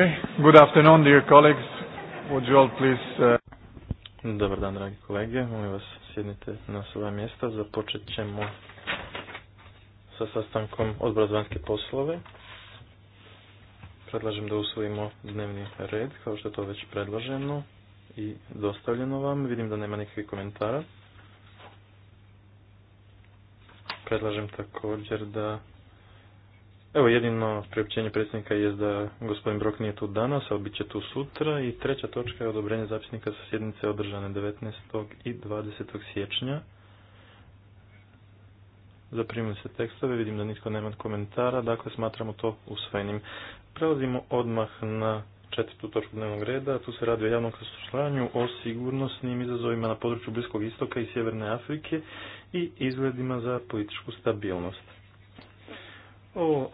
Okay. Good afternoon, dear colleagues. Would you all please... Uh, Dobar dan, dragi kolege. Molim vas, sjednite na svoje mjesta. Započet ćemo sa sastankom odbora za vanjske poslove. Predlažem da usvojimo dnevni red, kao što je to već predloženo i dostavljeno vam. Vidim da nema nikakvih komentara. Predlažem također da Evo jedino priopćenje predsjednika je da gospodin Brok nije tu danas, ali bit će tu sutra. I treća točka je odobrenje zapisnika sa sjednice održane 19. i 20. siječnja. Zaprimili se tekstove, vidim da nitko nema komentara, dakle smatramo to usvojenim. Prelazimo odmah na četvrtu točku dnevnog reda, tu se radi o javnom saslušanju o sigurnosnim izazovima na području Bliskog istoka i Sjeverne Afrike i izgledima za političku stabilnost. Ovo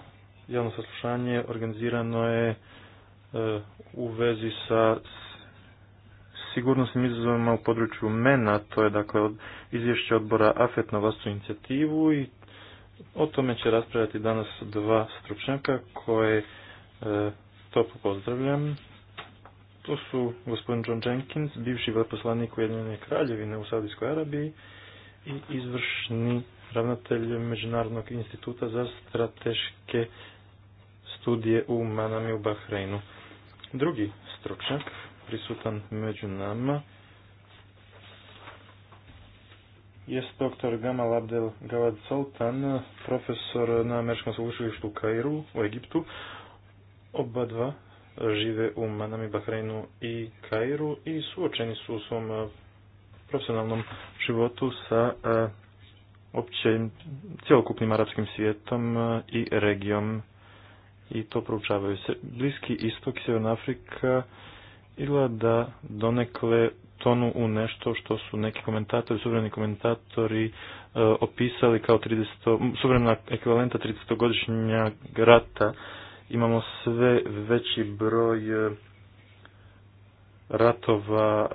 javno saslušanje organizirano je e, u vezi sa sigurnosnim izazovima u području MENA, to je dakle od izvješće odbora AFET na vlastnu inicijativu i o tome će raspravljati danas dva stručnjaka koje e, to pozdravljam. To su gospodin John Jenkins, bivši veleposlanik Ujedinjene kraljevine u Saudijskoj Arabiji i izvršni ravnatelj Međunarodnog instituta za strateške studije u Manami u Bahreinu. Drugi stručnjak prisutan među nama jest dr. Gamal Abdel Gawad Sultan, profesor na Američkom sveučilištu u Kairu u Egiptu. Oba dva žive u Manami, Bahreinu i Kairu i suočeni su u svom eh, profesionalnom životu sa eh, opće cjelokupnim arapskim svijetom e, i regijom i to proučavaju se. Bliski istok Sjeverna Afrika ili da donekle tonu u nešto što su neki komentatori, suvremeni komentatori e, opisali kao 30, suvremena ekvivalenta 30-godišnjeg rata. Imamo sve veći broj e, ratova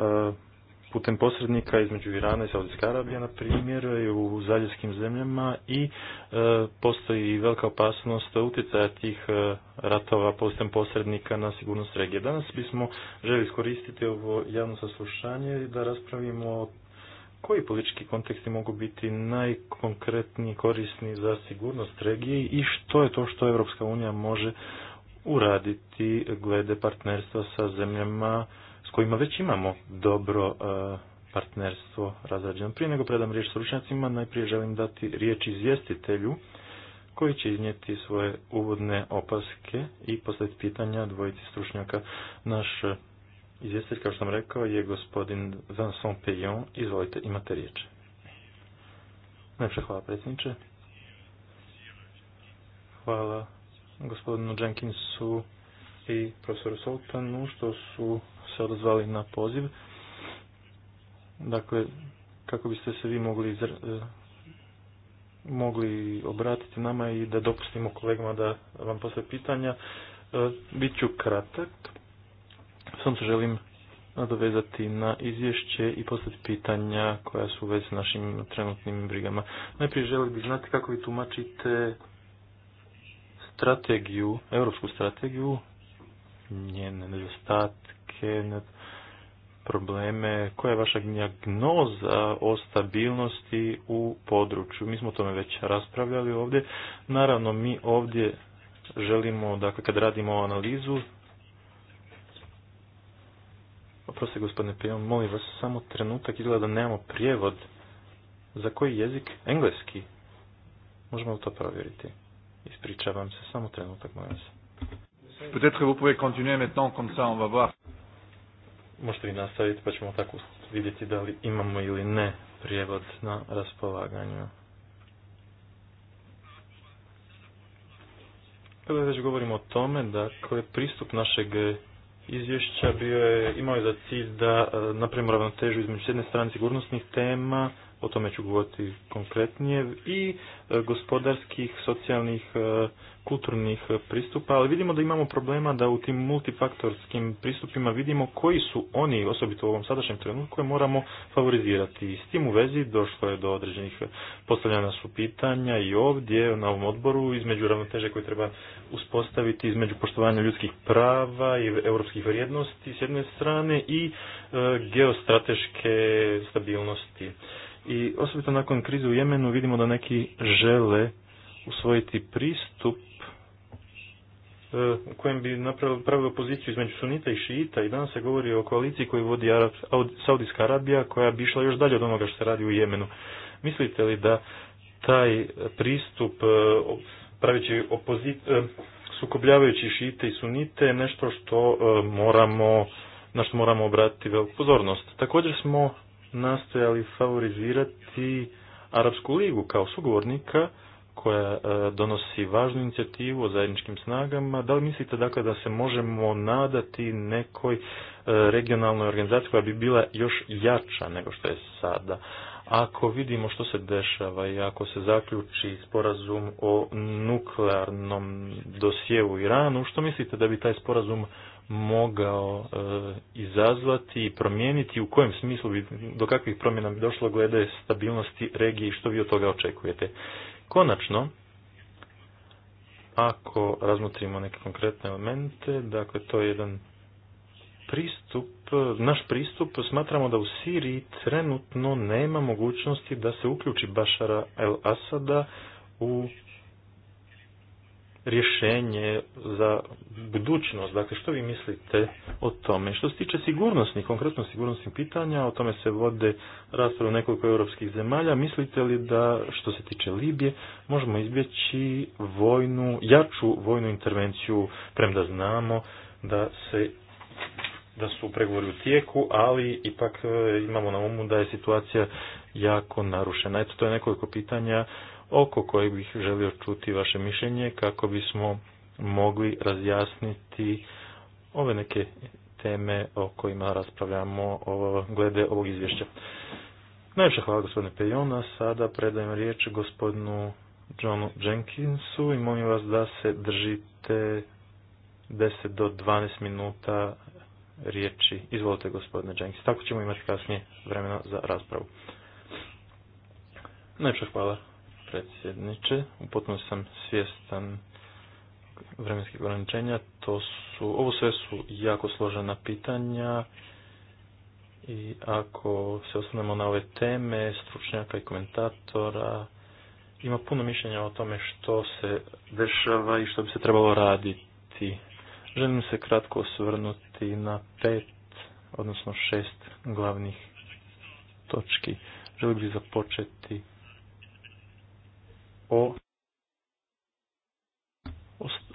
putem posrednika između Irana i Saudijske Arabije, na primjer, u zaljevskim zemljama i e, postoji velika opasnost utjecaja tih e, ratova putem posrednika na sigurnost regije. Danas bismo želi iskoristiti ovo javno saslušanje da raspravimo koji politički konteksti mogu biti najkonkretniji korisni za sigurnost regije i što je to što Europska unija može uraditi glede partnerstva sa zemljama kojima već imamo dobro e, partnerstvo razrađeno. Prije nego predam riječ stručnjacima, najprije želim dati riječ izvjestitelju koji će iznijeti svoje uvodne opaske i postaviti pitanja dvojici stručnjaka. Naš e, izvjestitelj, kao što sam rekao, je gospodin Vincent Peillon. Izvolite, imate riječ. Najprije hvala predsjedniče. Hvala gospodinu Jenkinsu i profesoru Soltanu što su se odozvali na poziv. Dakle, kako biste se vi mogli e, mogli obratiti nama i da dopustimo kolegama da vam postoje pitanja. E, bit ću kratak. Sam se želim nadovezati na izvješće i postati pitanja koja su u s našim trenutnim brigama. Najprije želim bih znati kako vi tumačite strategiju, europsku strategiju njene nedostatke, probleme, koja je vaša dijagnoza o stabilnosti u području. Mi smo o tome već raspravljali ovdje. Naravno, mi ovdje želimo, dakle, kad radimo analizu, oprosti gospodine Pijon, molim vas, samo trenutak izgleda da nemamo prijevod. Za koji jezik? Engleski. Možemo li to provjeriti? Ispričavam se, samo trenutak, molim vas. Peut-être que vous pouvez continuer maintenant, on va Možete vi nastaviti pa ćemo tako vidjeti da li imamo ili ne prijevod na raspolaganju. Kada već govorimo o tome, dakle, pristup našeg izvješća bio je, imao je za cilj da e, napravimo ravnotežu između jedne strane sigurnosnih tema, o tome ću govoriti konkretnije, i e, gospodarskih, socijalnih, e, kulturnih pristupa, ali vidimo da imamo problema da u tim multifaktorskim pristupima vidimo koji su oni, osobito u ovom sadašnjem trenutku, koje moramo favorizirati. I s tim u vezi došlo je do određenih postavljena su pitanja i ovdje na ovom odboru između ravnoteže koje treba uspostaviti između poštovanja ljudskih prava i europskih vrijednosti s jedne strane i e, geostrateške stabilnosti. I osobito nakon krize u Jemenu vidimo da neki žele usvojiti pristup e, u kojem bi napravili opoziciju poziciju između sunita i šita i danas se govori o koaliciji koju vodi Arab, Saudijska Arabija koja bi išla još dalje od onoga što se radi u Jemenu. Mislite li da taj pristup e, pravići opozit, e, sukobljavajući šite i sunite je nešto što moramo, na što moramo obratiti veliku pozornost. Također smo nastojali favorizirati Arapsku ligu kao sugovornika koja e, donosi važnu inicijativu o zajedničkim snagama. Da li mislite dakle da se možemo nadati nekoj e, regionalnoj organizaciji koja bi bila još jača nego što je sada? Ako vidimo što se dešava i ako se zaključi sporazum o nuklearnom dosjeu Iranu, što mislite da bi taj sporazum mogao e, izazvati i promijeniti u kojem smislu bi, do kakvih promjena bi došlo glede stabilnosti regije i što vi od toga očekujete. Konačno, ako razmotrimo neke konkretne elemente, dakle to je jedan pristup, naš pristup smatramo da u Siriji trenutno nema mogućnosti da se uključi Bašara el-Asada u rješenje za budućnost. Dakle, što vi mislite o tome? Što se tiče sigurnosnih, konkretno sigurnosnih pitanja, o tome se vode rasprave u nekoliko europskih zemalja. Mislite li da, što se tiče Libije, možemo izbjeći vojnu, jaču vojnu intervenciju, premda znamo da se da su pregovori u tijeku, ali ipak eh, imamo na umu da je situacija jako narušena. Eto, to je nekoliko pitanja oko kojeg bih želio čuti vaše mišljenje kako bismo mogli razjasniti ove neke teme o kojima raspravljamo ovo, glede ovog izvješća. Najviše hvala gospodine Pejona. Sada predajem riječ gospodinu Johnu Jenkinsu i molim vas da se držite 10 do 12 minuta riječi. Izvolite gospodine Jenkins. Tako ćemo imati kasnije vremena za raspravu. Najviše hvala predsjedniče. Upotno sam svjestan vremenskih ograničenja. To su, ovo sve su jako složena pitanja i ako se osnovimo na ove teme, stručnjaka i komentatora, ima puno mišljenja o tome što se dešava i što bi se trebalo raditi. Želim se kratko osvrnuti na pet, odnosno šest glavnih točki. Želim bi započeti o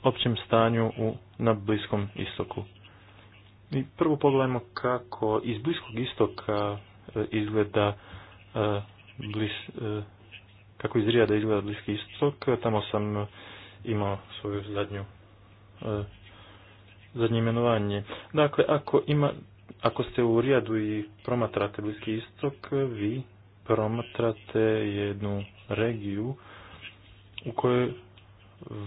općem stanju u, na Bliskom istoku. I prvo pogledajmo kako iz Bliskog istoka e, izgleda e, blis, e, kako iz Rijada izgleda Bliski istok. Tamo sam imao svoju zadnju zadnje imenovanje. Dakle, ako ima ako ste u Rijadu i promatrate Bliski istok, vi promatrate jednu regiju u kojoj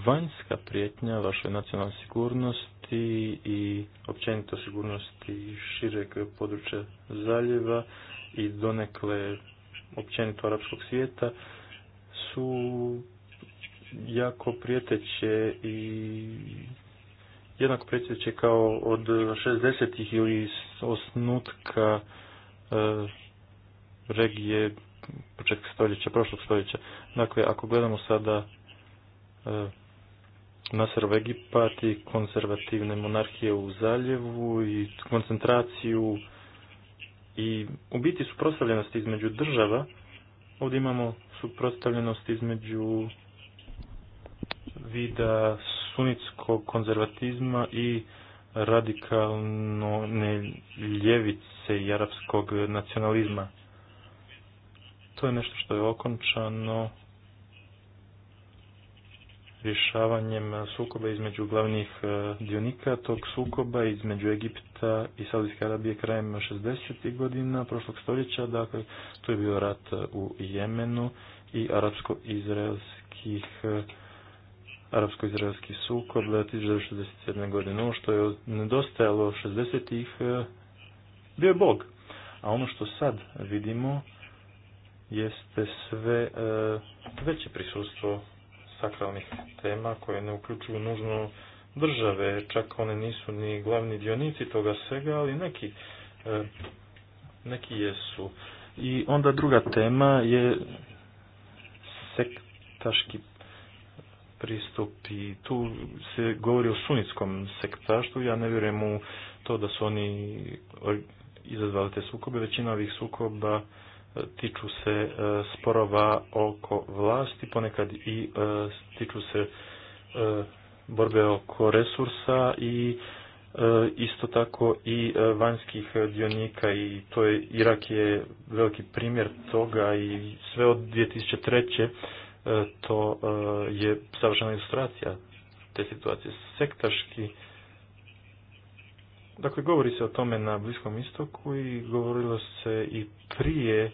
vanjska prijetnja vašoj nacionalnoj sigurnosti i općenito sigurnosti šireg područja zaljeva i donekle općenito arapskog svijeta su jako prijeteće i jednako prijeteće kao od 60 ili osnutka e, regije početka stoljeća, prošlog stoljeća. Dakle, ako gledamo sada e, Nasarov Egipat i konzervativne monarhije u Zaljevu i koncentraciju i u biti suprotstavljenost između država, ovdje imamo suprotstavljenost između vida sunitskog konzervatizma i radikalno ljevice i arapskog nacionalizma. To je nešto što je okončano rješavanjem sukoba između glavnih e, dionika tog sukoba između Egipta i Saudijske Arabije krajem 60. godina prošlog stoljeća. Dakle, to je bio rat e, u Jemenu i arapsko-izraelskih e, arapsko-izraelski sukob 1967. godine. Ono što je nedostajalo 60-ih bio je Bog. A ono što sad vidimo jeste sve e, veće prisustvo sakralnih tema koje ne uključuju nužno države, čak one nisu ni glavni dionici toga svega, ali neki, e, neki jesu. I onda druga tema je sektaški pristup i tu se govori o sunitskom sektaštu. ja ne vjerujem u to da su oni izazvali te sukobe, većina ovih sukoba tiču se e, sporova oko vlasti, ponekad i e, tiču se e, borbe oko resursa i isto tako i vanjskih dionika i to je Irak je veliki primjer toga i sve od 2003. to je savršena ilustracija te situacije sektaški Dakle, govori se o tome na Bliskom istoku i govorilo se i prije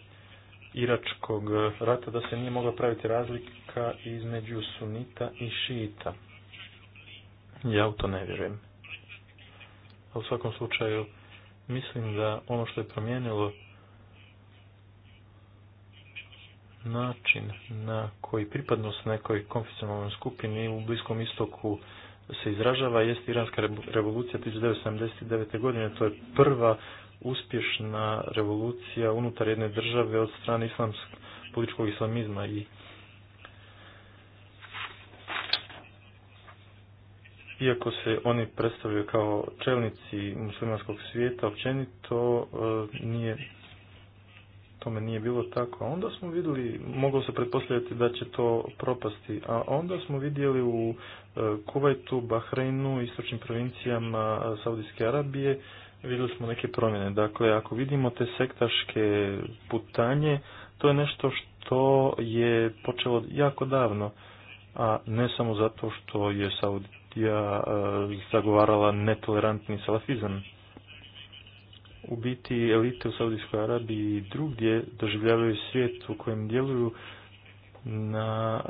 Iračkog rata da se nije mogla praviti razlika između sunita i šita. Ja u to ne vjerujem. A u svakom slučaju mislim da ono što je promijenilo način na koji pripadnost nekoj konfesionalnoj skupini u Bliskom istoku se izražava jest Iranska revolucija 1979. godine. To je prva uspješna revolucija unutar jedne države od strane islamsk, političkog islamizma i iako se oni predstavljaju kao čelnici muslimanskog svijeta općenito e, nije tome nije bilo tako. A onda smo vidjeli, moglo se pretpostavljati da će to propasti, a onda smo vidjeli u e, Kuvajtu, Bahreinu, istočnim provincijama e, Saudijske Arabije, vidjeli smo neke promjene. Dakle, ako vidimo te sektaške putanje, to je nešto što je počelo jako davno, a ne samo zato što je Saudija e, zagovarala netolerantni salafizam u biti elite u Saudijskoj Arabiji i drugdje doživljavaju svijet u kojem djeluju na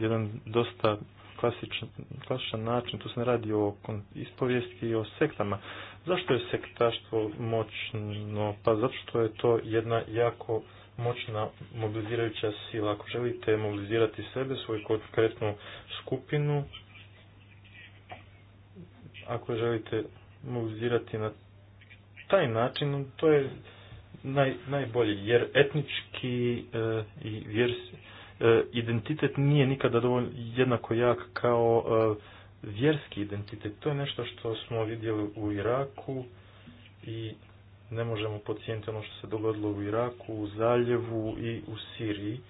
jedan dosta klasičan, način. Tu se ne radi o ispovijesti i o sektama. Zašto je sektaštvo moćno? Pa zato je to jedna jako moćna mobilizirajuća sila. Ako želite mobilizirati sebe, svoju konkretnu skupinu, ako želite mobilizirati na taj način to je naj, najbolji, jer etnički e, i vjerski e, identitet nije nikada dovoljno jednako jak kao e, vjerski identitet. To je nešto što smo vidjeli u Iraku i ne možemo pocijeniti ono što se dogodilo u Iraku, u Zaljevu i u Siriji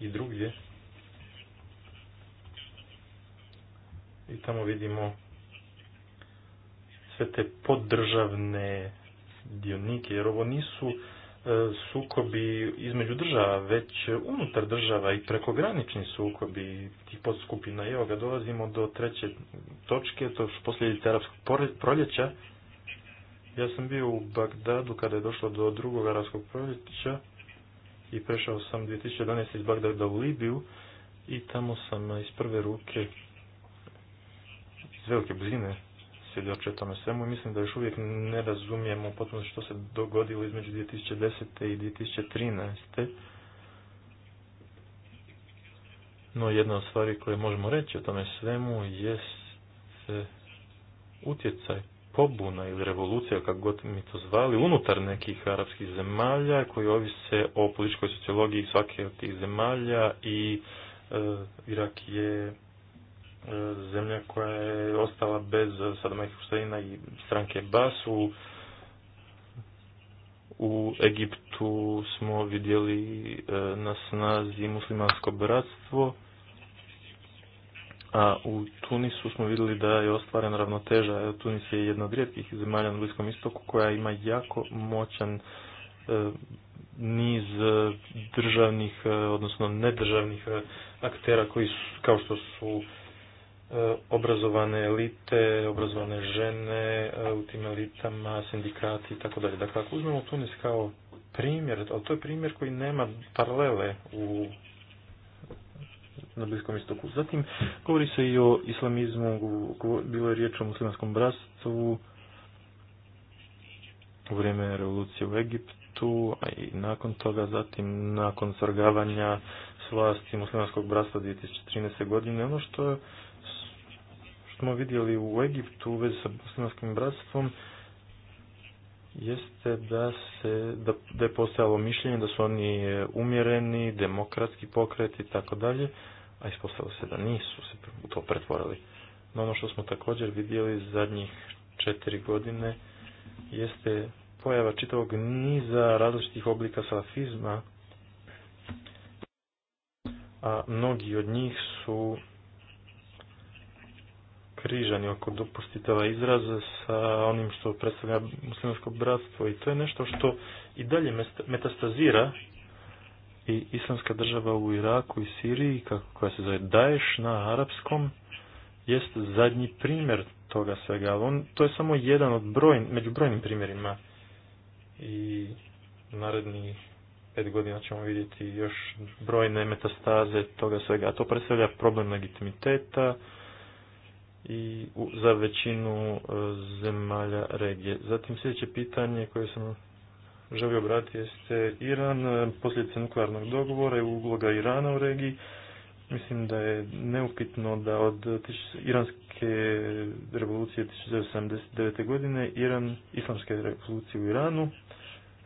i drugdje. I tamo vidimo sve te poddržavne dionike, jer ovo nisu e, sukobi između država, već unutar država i prekogranični sukobi tih podskupina. I evo ga, dolazimo do treće točke, to je posljedice arapskog proljeća. Ja sam bio u Bagdadu kada je došlo do drugog arapskog proljeća i prešao sam 2011. iz Bagdada u Libiju i tamo sam iz prve ruke iz velike blizine svjedoče tome svemu i mislim da još uvijek ne razumijemo potpuno što se dogodilo između 2010. i 2013. No jedna od stvari koje možemo reći o tome svemu jest e, utjecaj pobuna ili revolucija, kako god mi to zvali, unutar nekih arapskih zemalja koji ovise o političkoj sociologiji svake od tih zemalja i e, Irak je zemlja koja je ostala bez Sadama i i stranke Bas u, u Egiptu smo vidjeli e, na snazi muslimansko bratstvo a u Tunisu smo vidjeli da je ostvaren ravnoteža. Tunis je jedna od rijetkih zemalja na Bliskom istoku koja ima jako moćan e, niz državnih, e, odnosno nedržavnih aktera koji su, kao što su Eh, obrazovane elite, obrazovane žene eh, u tim elitama, sindikati i tako dalje. Dakle, ako uzmemo Tunis kao primjer, ali to je primjer koji nema paralele u na Bliskom istoku. Zatim, govori se i o islamizmu, bilo je riječ o muslimanskom bratstvu u vrijeme revolucije u Egiptu, a i nakon toga, zatim nakon svrgavanja s vlasti muslimanskog bratstva 2013. godine. Ono što smo vidjeli u Egiptu u vezi sa bosanskim bratstvom jeste da se da, da je postojalo mišljenje da su oni e, umjereni, demokratski pokret i tako dalje, a ispostavilo se da nisu se u to pretvorili. No ono što smo također vidjeli zadnjih četiri godine jeste pojava čitavog niza različitih oblika salafizma, a mnogi od njih su križani oko dopustiteva izraza... sa onim što predstavlja muslimansko bratstvo i to je nešto što i dalje metastazira i islamska država u Iraku i Siriji kako, koja se zove Daesh na arapskom jest zadnji primjer toga svega. On, to je samo jedan od brojn, među brojnim primjerima i naredni pet godina ćemo vidjeti još brojne metastaze toga svega. A to predstavlja problem legitimiteta, i za većinu e, zemalja regije. Zatim sljedeće pitanje koje sam želio obratiti jeste Iran, e, posljedice nuklearnog dogovora i uloga Irana u regiji. Mislim da je neupitno da od iranske revolucije 1979. godine Iran, islamske revolucije u Iranu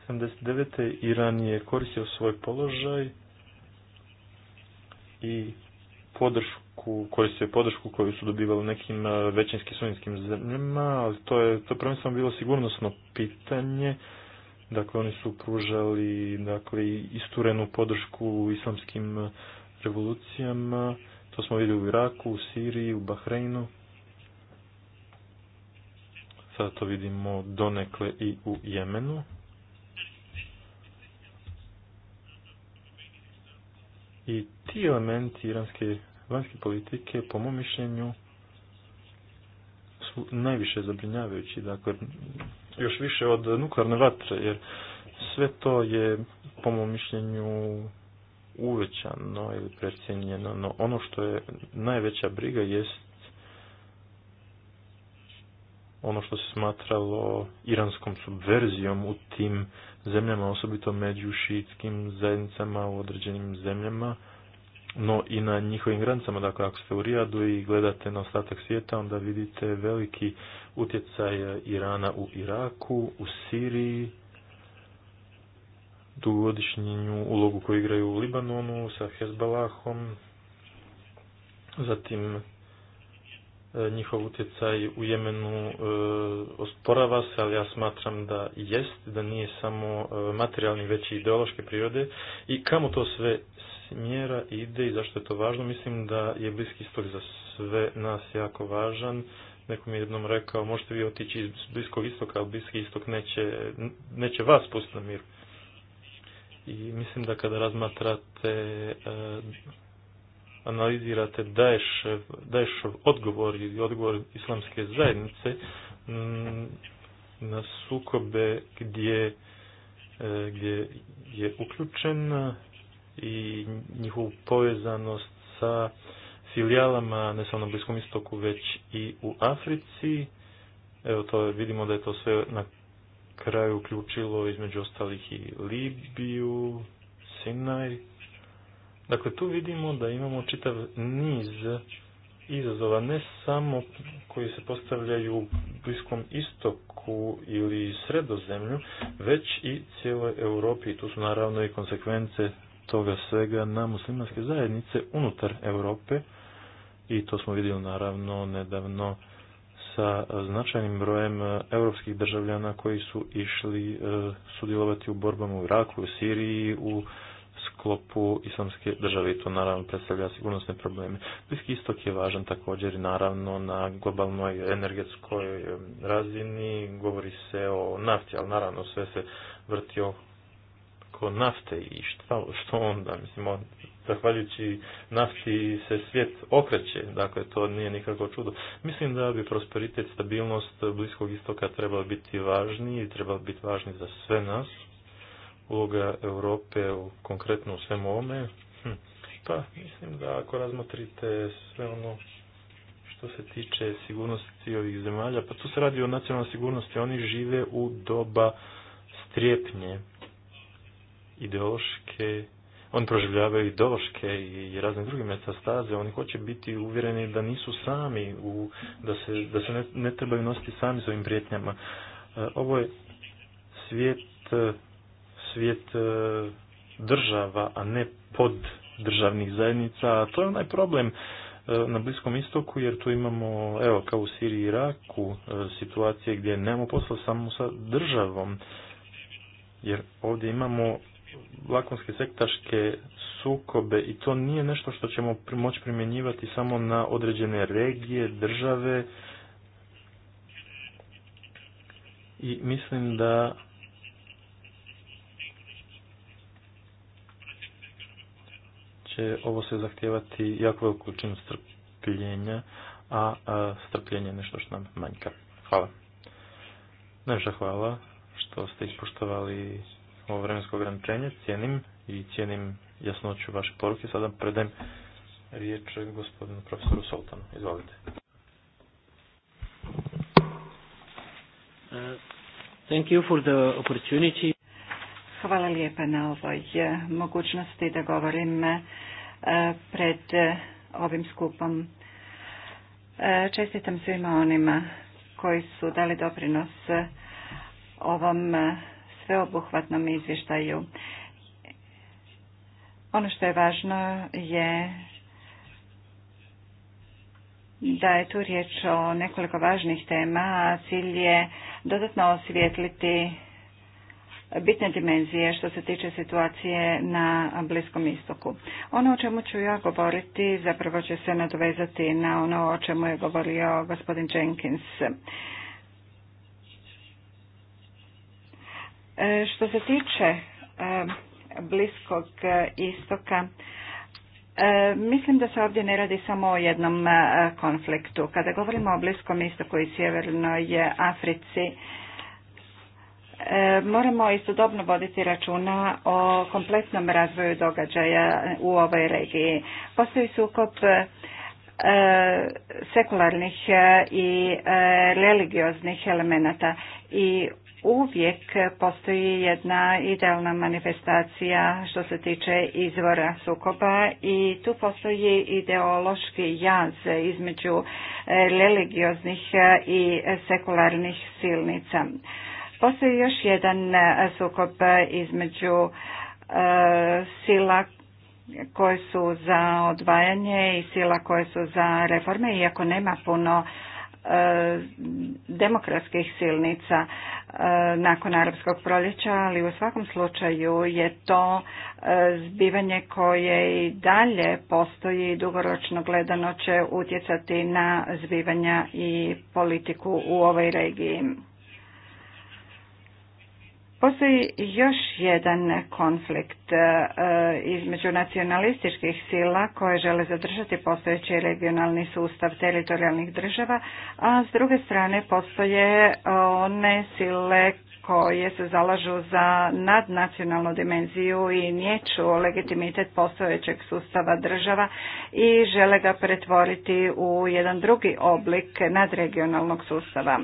1979. Iran je koristio svoj položaj i podršku koji se podršku koju su dobivali nekim e, većinskim sunijskim zemljama, ali to je to prvenstveno bilo sigurnosno pitanje. Dakle, oni su pružali dakle, isturenu podršku islamskim e, revolucijama. To smo vidjeli u Iraku, u Siriji, u Bahreinu. Sada to vidimo donekle i u Jemenu. I ti elementi iranske vanjske politike, po mom mišljenju, su najviše zabrinjavajući, dakle, još više od nuklearne vatre, jer sve to je, po mom mišljenju, uvećano ili precijenjeno, no ono što je najveća briga jest ono što se smatralo iranskom subverzijom u tim zemljama, osobito među šiitskim zajednicama u određenim zemljama, no i na njihovim granicama. Dakle, ako ste u Rijadu i gledate na ostatak svijeta, onda vidite veliki utjecaj e, Irana u Iraku, u Siriji, dugogodišnju ulogu koju igraju u Libanonu sa Hezbalahom, zatim e, njihov utjecaj u Jemenu e, osporava se, ali ja smatram da jest, da nije samo e, materijalni, već i ideološke prirode i kamo to sve mjera ide i zašto je to važno. Mislim da je Bliski istok za sve nas jako važan. Neko mi je jednom rekao, možete vi otići iz Bliskog istoka, ali Bliski istok neće, neće vas pustiti na mir. I mislim da kada razmatrate, eh, analizirate daješ, daješ odgovor i odgovor islamske zajednice mm, na sukobe gdje, eh, gdje je uključena i njihovu povezanost sa filijalama ne samo na Bliskom istoku već i u Africi. Evo to vidimo da je to sve na kraju uključilo između ostalih i Libiju, Sinaj. Dakle, tu vidimo da imamo čitav niz izazova, ne samo koji se postavljaju u Bliskom istoku ili sredozemlju, već i cijeloj Europi. Tu su naravno i konsekvence toga svega na muslimanske zajednice unutar Europe i to smo vidjeli naravno nedavno sa e, značajnim brojem e, europskih državljana koji su išli e, sudjelovati u borbama u Iraku, u Siriji, u sklopu islamske države i to naravno predstavlja sigurnosne probleme. Bliski istok je važan također i naravno na globalnoj energetskoj razini, govori se o nafti, ali naravno sve se vrti nafte i što onda, mislim, on, zahvaljujući nafti se svijet okreće, dakle to nije nikako čudo. Mislim da bi prosperitet, stabilnost Bliskog istoka trebala biti važniji i trebala biti važni za sve nas. Uloga Europe u konkretno u svemu ovome. Hm. Pa mislim da ako razmotrite sve ono što se tiče sigurnosti ovih zemalja, pa tu se radi o nacionalnoj sigurnosti, oni žive u doba strijepnje ideološke, oni proživljavaju ideološke i razne druge metastaze, oni hoće biti uvjereni da nisu sami, u, da se, da se ne, trebaju nositi sami s ovim prijetnjama. E, ovo je svijet, e, svijet e, država, a ne pod državnih zajednica, a to je onaj problem na Bliskom istoku, jer tu imamo, evo, kao u Siriji i Iraku, situacije gdje nemamo posla samo sa državom, jer ovdje imamo lakonske sektaške sukobe i to nije nešto što ćemo moći primjenjivati samo na određene regije, države i mislim da će ovo se zahtijevati jako veliku učinu strpljenja, a, a strpljenje je nešto što nam manjka. Hvala. hvala što ste ispoštovali smo vremensko ograničenje, cijenim i cijenim jasnoću vaše poruke. Sada predajem riječ gospodinu profesoru Soltanu. Izvolite. Uh, thank you for the opportunity. Hvala lijepa na ovoj eh, mogućnosti da govorim eh, pred eh, ovim skupom. Čestitam svima onima koji su dali doprinos ovom sveobuhvatnom izvještaju. Ono što je važno je da je tu riječ o nekoliko važnih tema, a cilj je dodatno osvijetliti bitne dimenzije što se tiče situacije na Bliskom istoku. Ono o čemu ću ja govoriti zapravo će se nadovezati na ono o čemu je govorio gospodin Jenkins. E, što se tiče e, Bliskog e, istoka, Mislim da se ovdje ne radi samo o jednom konfliktu. Kada govorimo o Bliskom istoku i Sjevernoj Africi, moramo istodobno voditi računa o kompletnom razvoju događaja u ovoj regiji. Postoji sukob sekularnih i religioznih elemenata i uvijek postoji jedna idealna manifestacija što se tiče izvora sukoba i tu postoji ideološki jaz između e, religioznih e, i sekularnih silnica. Postoji još jedan e, sukob između sila koje su za odvajanje i sila koje su za reforme, iako nema puno E, demokratskih silnica e, nakon arapskog proljeća, ali u svakom slučaju je to e, zbivanje koje i dalje postoji i dugoročno gledano će utjecati na zbivanja i politiku u ovoj regiji. Postoji još jedan konflikt e, između nacionalističkih sila koje žele zadržati postojeći regionalni sustav teritorijalnih država, a s druge strane postoje one sile koje se zalažu za nadnacionalnu dimenziju i nječu legitimitet postojećeg sustava država i žele ga pretvoriti u jedan drugi oblik nadregionalnog sustava.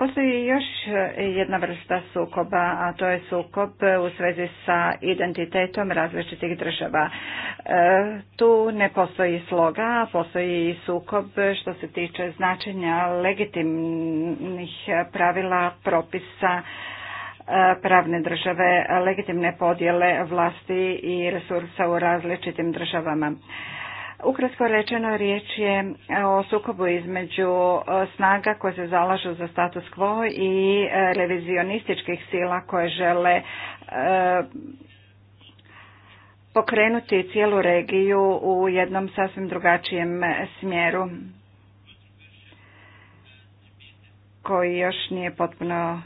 Postoji još e, jedna vrsta sukoba, a to je sukob u svezi sa identitetom različitih država. E, tu ne postoji sloga, postoji i sukob što se tiče značenja legitimnih pravila, propisa, e, pravne države, legitimne podjele vlasti i resursa u različitim državama. Ukratko rečeno riječ je o sukobu između e, snaga koje se zalažu za status quo i e, revizionističkih sila koje žele e, pokrenuti cijelu regiju u jednom sasvim drugačijem smjeru koji još nije potpuno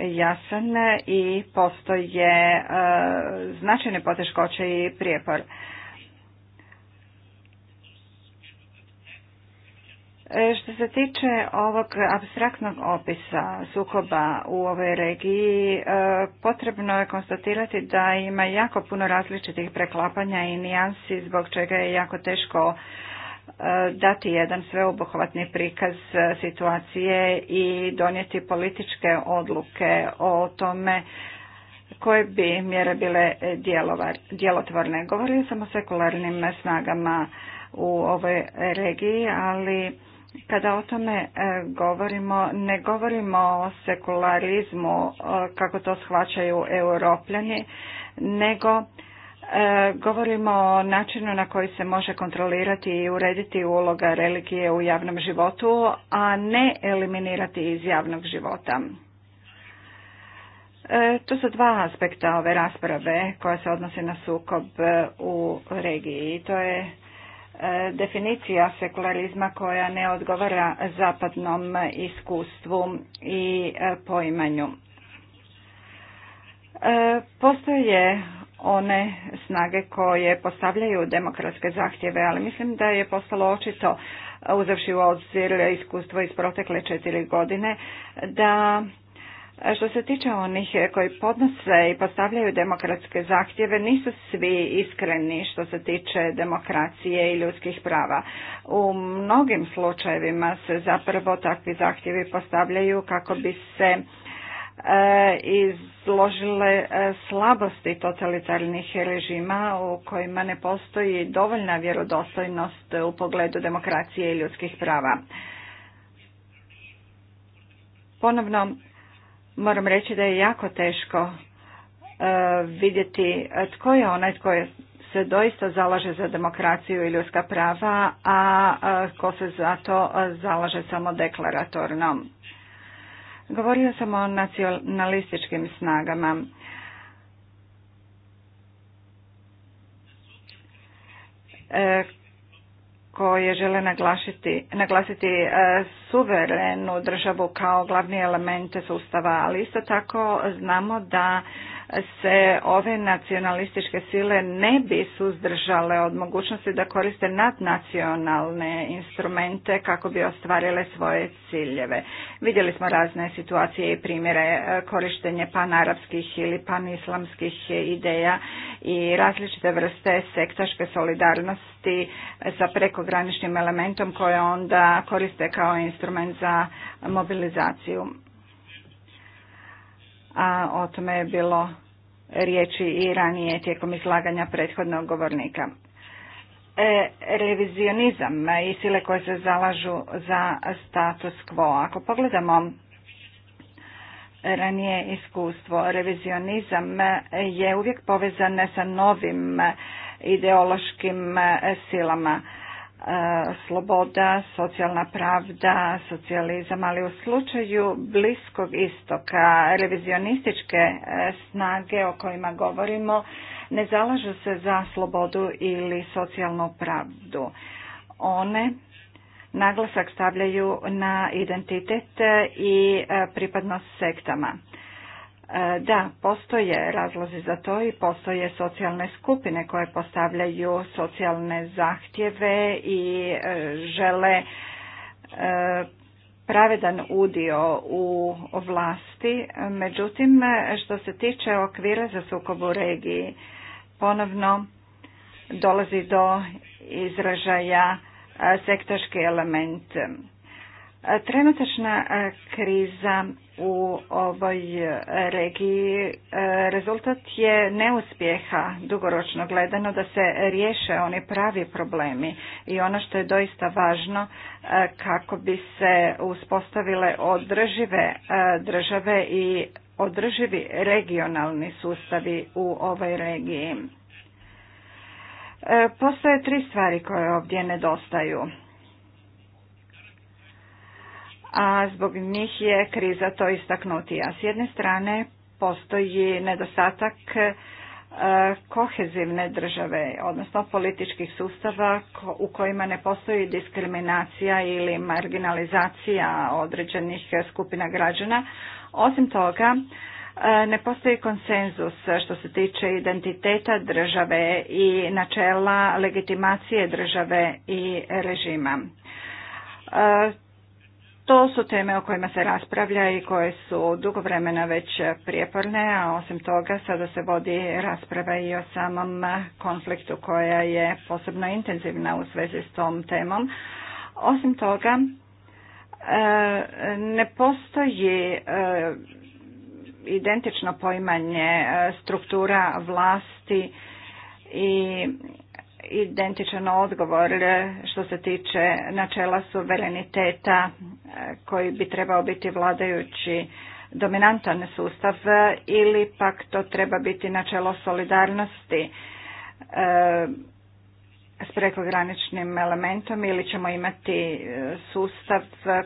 jasan i postoje značajne poteškoće i prijepor. E, što se tiče ovog abstraktnog opisa sukoba u ovoj regiji, e, potrebno je konstatirati da ima jako puno različitih preklapanja i nijansi zbog čega je jako teško e, dati jedan sveobuhvatni prikaz situacije i donijeti političke odluke o tome koje bi mjere bile djelotvorne. Govorio sam o sekularnim snagama u ovoj regiji, ali kada o tome e, govorimo, ne govorimo o sekularizmu e, kako to shvaćaju europljani, nego e, govorimo o načinu na koji se može kontrolirati i urediti uloga religije u javnom životu, a ne eliminirati iz javnog života. To su dva aspekta ove rasprave koja se odnose na sukob u regiji. To je E, definicija sekularizma koja ne odgovara zapadnom iskustvu i e, poimanju. E, postoje one snage koje postavljaju demokratske zahtjeve, ali mislim da je postalo očito, uzavši u obzir iskustvo iz protekle četiri godine, da što se tiče onih koji podnose i postavljaju demokratske zahtjeve, nisu svi iskreni što se tiče demokracije i ljudskih prava. U mnogim slučajevima se zapravo takvi zahtjevi postavljaju kako bi se e, izložile e, slabosti totalitarnih režima u kojima ne postoji dovoljna vjerodostojnost u pogledu demokracije i ljudskih prava. Ponovno, Moram reći da je jako teško e, vidjeti tko je onaj tko se doista zalaže za demokraciju i ljudska prava, a e, tko se za to zalaže samo deklaratorno. Govorio sam o nacionalističkim snagama. E, koje žele naglasiti, naglasiti e, suverenu državu kao glavni element sustava, ali isto tako znamo da se ove nacionalističke sile ne bi suzdržale od mogućnosti da koriste nadnacionalne instrumente kako bi ostvarile svoje ciljeve. Vidjeli smo razne situacije i primjere e, korištenje panarapskih ili panislamskih ideja i različite vrste sektaške solidarnosti sa prekograničnim elementom koje onda koriste kao instrument za mobilizaciju a o tome je bilo riječi i ranije tijekom izlaganja prethodnog govornika. E, revizionizam i sile koje se zalažu za status quo. Ako pogledamo ranije iskustvo, revizionizam je uvijek povezan sa novim ideološkim silama. E, sloboda, socijalna pravda, socijalizam, ali u slučaju Bliskog istoka, revizionističke e, snage o kojima govorimo ne zalažu se za slobodu ili socijalnu pravdu. One naglasak stavljaju na identitet i e, pripadnost sektama. E, da, postoje razlozi za to i postoje socijalne skupine koje postavljaju socijalne zahtjeve i e, žele e, pravedan udio u vlasti. Međutim, što se tiče okvira za sukob u regiji, ponovno dolazi do izražaja sektaški element. Trenutačna e, kriza u ovoj regiji e, rezultat je neuspjeha dugoročno gledano da se riješe oni pravi problemi i ono što je doista važno e, kako bi se uspostavile održive države i održivi regionalni sustavi u ovoj regiji. Postoje tri stvari koje ovdje nedostaju a zbog njih je kriza to istaknutija. S jedne strane postoji nedostatak e, kohezivne države, odnosno političkih sustava u kojima ne postoji diskriminacija ili marginalizacija određenih skupina građana. Osim toga, e, ne postoji konsenzus što se tiče identiteta države i načela legitimacije države i režima. E, to su teme o kojima se raspravlja i koje su dugo vremena već prijeporne, a osim toga sada se vodi rasprava i o samom konfliktu koja je posebno intenzivna u svezi s tom temom. Osim toga, e, ne postoji e, identično poimanje e, struktura vlasti i identičan odgovor što se tiče načela suvereniteta e, koji bi trebao biti vladajući dominantan sustav e, ili pak to treba biti načelo solidarnosti e, s prekograničnim elementom ili ćemo imati e, sustav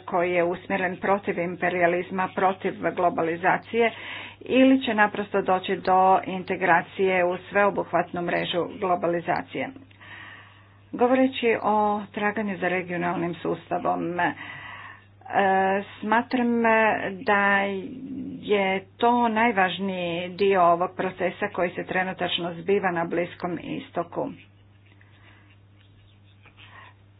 koji je usmjeren protiv imperializma, protiv globalizacije ili će naprosto doći do integracije u sveobuhvatnu mrežu globalizacije. Govoreći o traganju za regionalnim sustavom, e, smatram da je to najvažniji dio ovog procesa koji se trenutačno zbiva na Bliskom istoku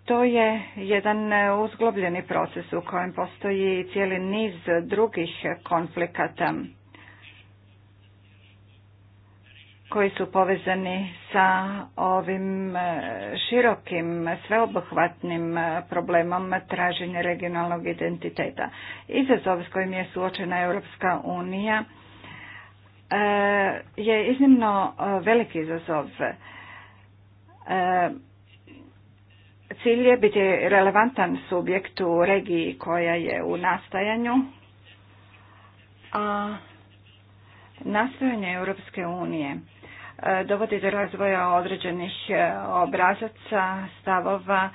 to je jedan e, uzglobljeni proces u kojem postoji cijeli niz drugih konflikata koji su povezani sa ovim e, širokim, sveobuhvatnim e, problemom traženja regionalnog identiteta. Izazov s kojim je suočena Europska unija je iznimno veliki izazov Cilj je biti relevantan subjekt u regiji koja je u nastajanju, a nastojanje Europske unije E, dovodi do razvoja određenih e, obrazaca, stavova,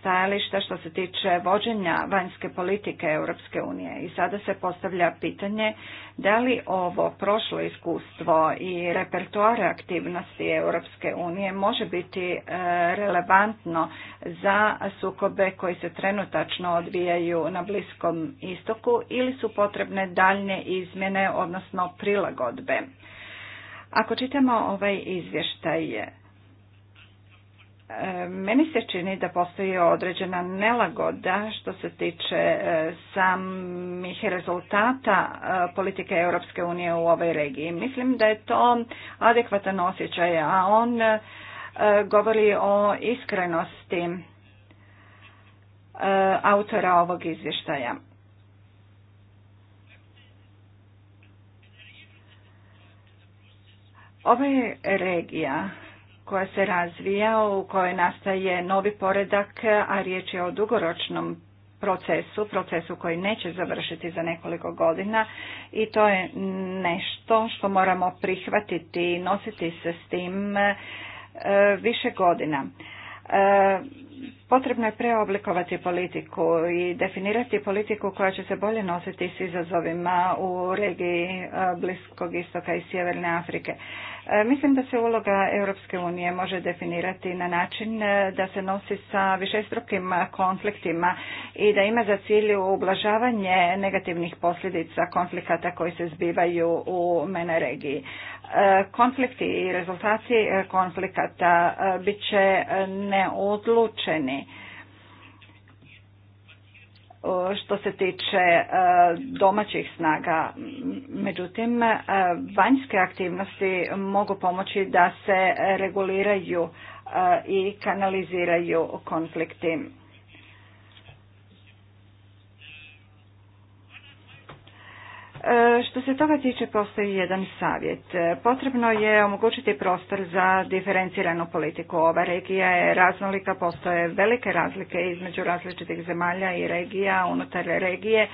stajališta što se tiče vođenja vanjske politike Europske unije. I sada se postavlja pitanje da li ovo prošlo iskustvo i repertoar aktivnosti Europske unije može biti e, relevantno za sukobe koji se trenutačno odvijaju na Bliskom istoku ili su potrebne daljnje izmjene, odnosno prilagodbe. Ako čitamo ovaj izvještaj, e, meni se čini da postoji određena nelagoda što se tiče e, samih rezultata e, politike Europske unije u ovoj regiji. Mislim da je to adekvatan osjećaj, a on govori o iskrenosti autora ovog izvještaja. Ova je regija koja se razvija, u kojoj nastaje novi poredak, a riječ je o dugoročnom procesu, procesu koji neće završiti za nekoliko godina i to je nešto što moramo prihvatiti i nositi se s tim e, više godina. E, potrebno je preoblikovati politiku i definirati politiku koja će se bolje nositi s izazovima u regiji e, Bliskog istoka i Sjeverne Afrike. E, mislim da se uloga Europske unije može definirati na način e, da se nosi sa višestrukim konfliktima i da ima za cilj ublažavanje negativnih posljedica konflikata koji se zbivaju u mene regiji. E, konflikti i rezultati konflikata bit će neodlučeni što se tiče e, domaćih snaga. Međutim, e, vanjske aktivnosti mogu pomoći da se reguliraju e, i kanaliziraju konflikti. Što se toga tiče, postoji jedan savjet. Potrebno je omogućiti prostor za diferenciranu politiku. Ova regija je raznolika, postoje velike razlike između različitih zemalja i regija, unutar regije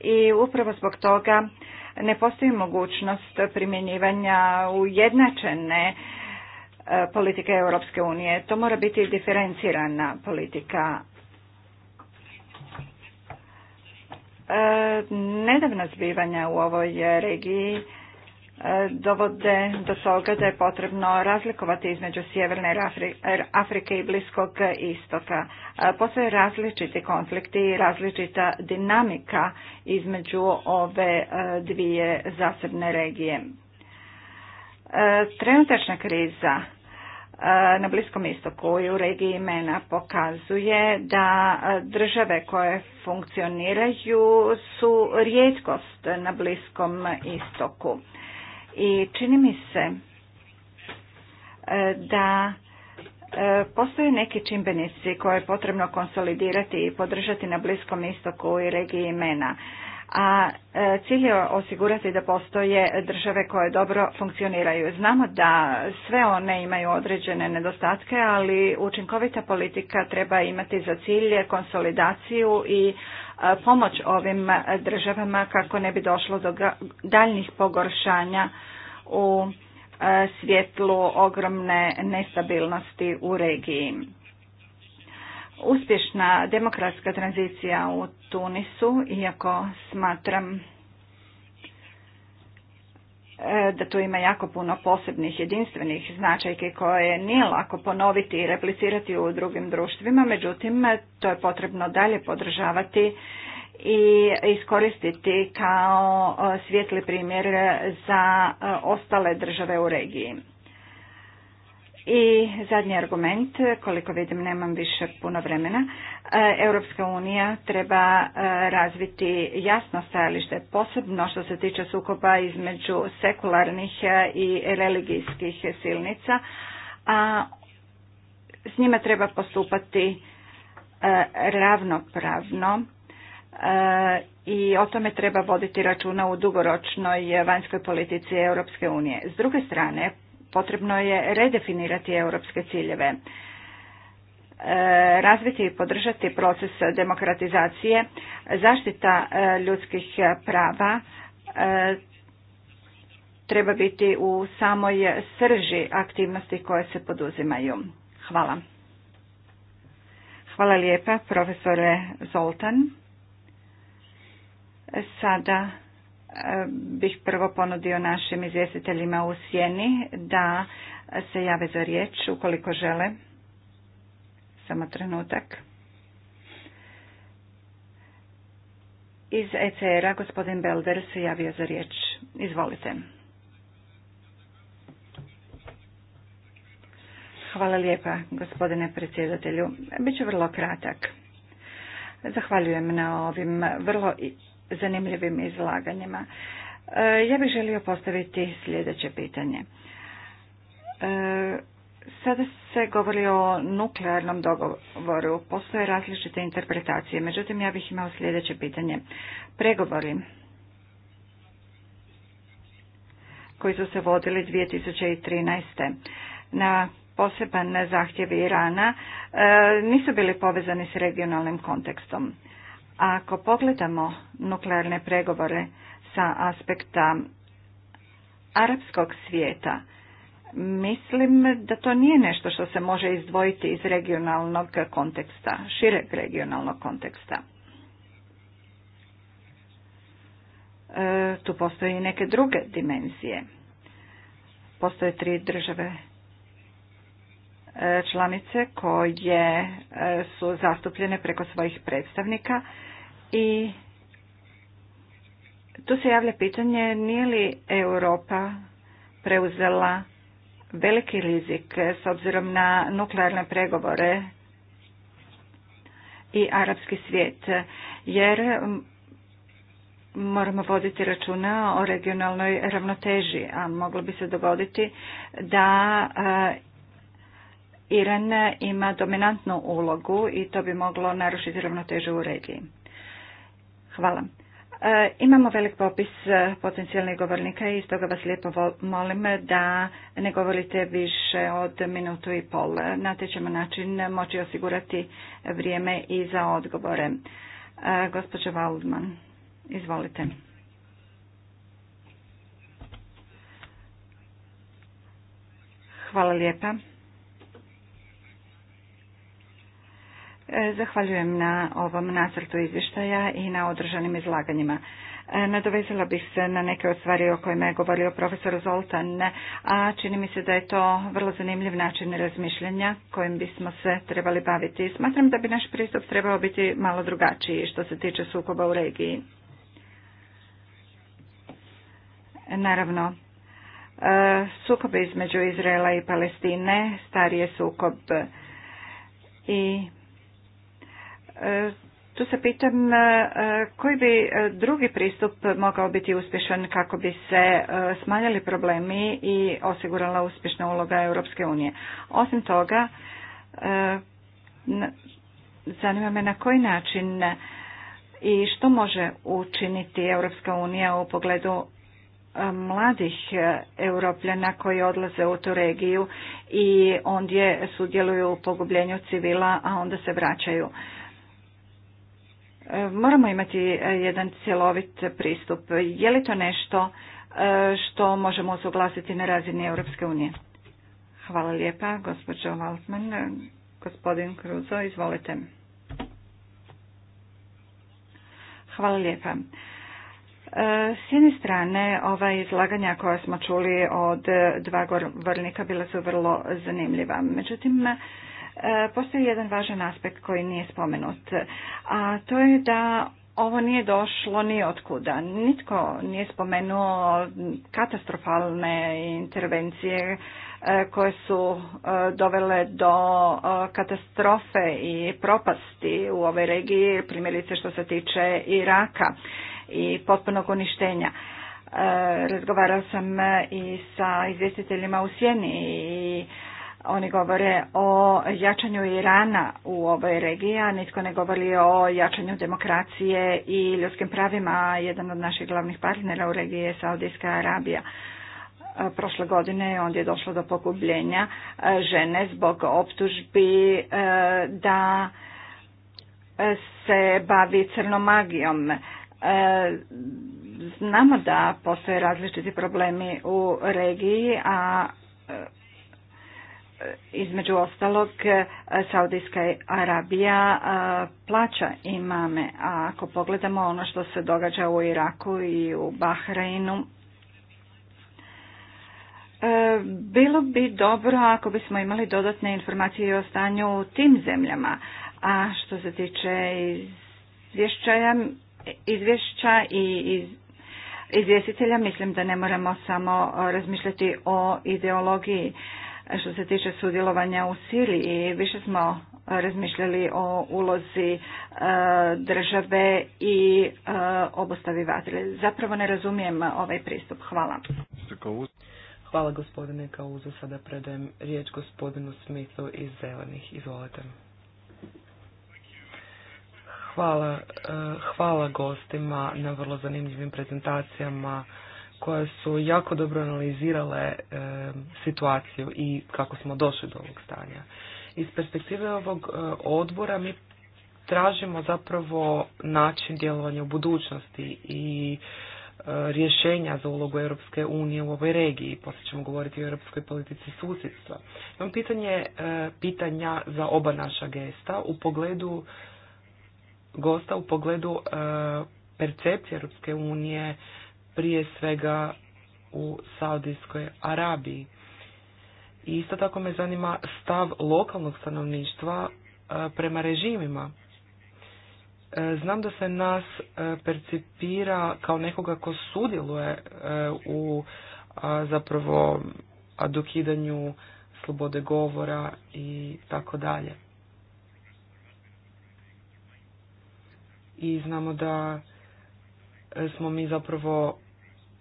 i upravo zbog toga ne postoji mogućnost primjenjivanja ujednačene e, politike Europske unije. To mora biti diferencirana politika, E, nedavna zbivanja u ovoj regiji e, dovode do toga da je potrebno razlikovati između Sjeverne er, Afrike i Bliskog istoka. E, postoje različiti konflikti i različita dinamika između ove dvije zasebne regije. Trenutačna kriza na Bliskom istoku i u regiji Imena pokazuje da e, države koje funkcioniraju su rijetkost na Bliskom istoku. I čini mi se e, da e, Postoje neki čimbenici koje je potrebno konsolidirati i podržati na Bliskom istoku i regiji Imena a e, cilj je osigurati da postoje države koje dobro funkcioniraju. Znamo da sve one imaju određene nedostatke, ali učinkovita politika treba imati za cilj konsolidaciju i e, pomoć ovim državama kako ne bi došlo do daljnjih pogoršanja u e, svjetlu ogromne nestabilnosti u regiji uspješna demokratska tranzicija u Tunisu, iako smatram e, da tu ima jako puno posebnih jedinstvenih značajke koje nije lako ponoviti i replicirati u drugim društvima, međutim to je potrebno dalje podržavati i iskoristiti kao e, svijetli primjer za e, ostale države u regiji. I zadnji argument, koliko vidim nemam više puno vremena, e, Europska unija treba e, razviti jasno stajalište, posebno što se tiče sukoba između sekularnih e, i religijskih silnica, a s njima treba postupati ravnopravno i o tome treba voditi računa u dugoročnoj vanjskoj politici Europske unije. S druge strane, Potrebno je redefinirati europske ciljeve, e, razviti i podržati proces demokratizacije, zaštita e, ljudskih prava e, treba biti u samoj srži aktivnosti koje se poduzimaju. Hvala. Hvala lijepa, profesore Zoltan. Sada bih prvo ponudio našim izvjestiteljima u sjeni da se jave za riječ ukoliko žele. Samo trenutak. Iz ECR-a gospodin Belder se javio za riječ. Izvolite. Hvala lijepa gospodine predsjedatelju. Biću vrlo kratak. Zahvaljujem na ovim vrlo zanimljivim izlaganjima. E, ja bih želio postaviti sljedeće pitanje. E, sada se govori o nuklearnom dogovoru. Postoje različite interpretacije. Međutim, ja bih imao sljedeće pitanje. Pregovori koji su se vodili 2013. na poseban zahtjev Irana e, nisu bili povezani s regionalnim kontekstom. Ako pogledamo nuklearne pregovore sa aspekta arapskog svijeta, mislim da to nije nešto što se može izdvojiti iz regionalnog konteksta, šireg regionalnog konteksta. E, tu postoje i neke druge dimenzije. Postoje tri države e, članice koje e, su zastupljene preko svojih predstavnika i tu se javlja pitanje nije li Europa preuzela veliki rizik s obzirom na nuklearne pregovore i arapski svijet, jer moramo voditi računa o regionalnoj ravnoteži, a moglo bi se dogoditi da Iran ima dominantnu ulogu i to bi moglo narušiti ravnotežu u regiji. Hvala. E, imamo velik popis e, potencijalnih govornika i stoga vas lijepo molim da ne govorite više od minutu i pol. Na ćemo način moći osigurati vrijeme i za odgovore. E, gospođa Waldman, izvolite. Hvala lijepa. E, zahvaljujem na ovom nacrtu izvještaja i na održanim izlaganjima. E, nadovezala bih se na neke od stvari o kojima je govorio profesor Zoltan, a čini mi se da je to vrlo zanimljiv način razmišljanja kojim bismo se trebali baviti. Smatram da bi naš pristup trebao biti malo drugačiji što se tiče sukoba u regiji. Naravno, e, sukob između Izraela i Palestine, starije sukob i E, tu se pitam e, koji bi e, drugi pristup mogao biti uspješan kako bi se smanjili problemi i osigurala uspješna uloga Europske unije. Osim toga, zanima me na koji način i što može učiniti Europska unija u pogledu mladih europljana koji odlaze u tu regiju i ondje sudjeluju u pogubljenju civila, a onda se vraćaju. Moramo imati e, jedan cjelovit pristup. Je li to nešto e, što možemo usuglasiti na razini Europske unije? Hvala lijepa, gospođo Valtman. Gospodin Kruzo, izvolite. Hvala lijepa. E, s jedne strane, ova izlaganja koja smo čuli od dva govornika bila su vrlo zanimljiva. Međutim, E, postoji jedan važan aspekt koji nije spomenut, a to je da ovo nije došlo ni otkuda. Nitko nije spomenuo katastrofalne intervencije e, koje su e, dovele do katastrofe i propasti u ovoj regiji, primjerice što se tiče Iraka i potpunog uništenja. Razgovarala sam i sa izvjestiteljima u Sjeni i oni govore o jačanju Irana u ovoj regiji, a nitko ne govori o jačanju demokracije i ljudskim pravima. Jedan od naših glavnih partnera u regiji je Saudijska Arabija. E, prošle godine ondje je došlo do pogubljenja e, žene zbog optužbi e, da se bavi crnom magijom. Znamo da postoje različiti problemi u regiji, a između ostalog e, Saudijska Arabija e, plaća imame, a ako pogledamo ono što se događa u Iraku i u Bahreinu, e, bilo bi dobro ako bismo imali dodatne informacije o stanju u tim zemljama. A što se tiče izvješća izvješća i izvjestitelja, mislim da ne moramo samo razmišljati o ideologiji što se tiče sudjelovanja u Siriji, više smo razmišljali o ulozi e, države i e, obostavi Zapravo ne razumijem ovaj pristup. Hvala. Hvala gospodine Kauzu. Sada predajem riječ gospodinu Smithu iz Zelenih. Izvolite. Hvala, e, hvala gostima na vrlo zanimljivim prezentacijama koje su jako dobro analizirale e, situaciju i kako smo došli do ovog stanja. Iz perspektive ovog e, odbora mi tražimo zapravo način djelovanja u budućnosti i e, rješenja za ulogu Europske unije u ovoj regiji. Poslije ćemo govoriti o europskoj politici susjedstva. Imam pitanje, pitanja za oba naša gesta u pogledu gosta u pogledu percepcije Europske unije prije svega u Saudijskoj Arabiji. I isto tako me zanima stav lokalnog stanovništva e, prema režimima. E, znam da se nas e, percipira kao nekoga ko sudjeluje u zapravo adukidanju slobode govora i tako dalje. I znamo da smo mi zapravo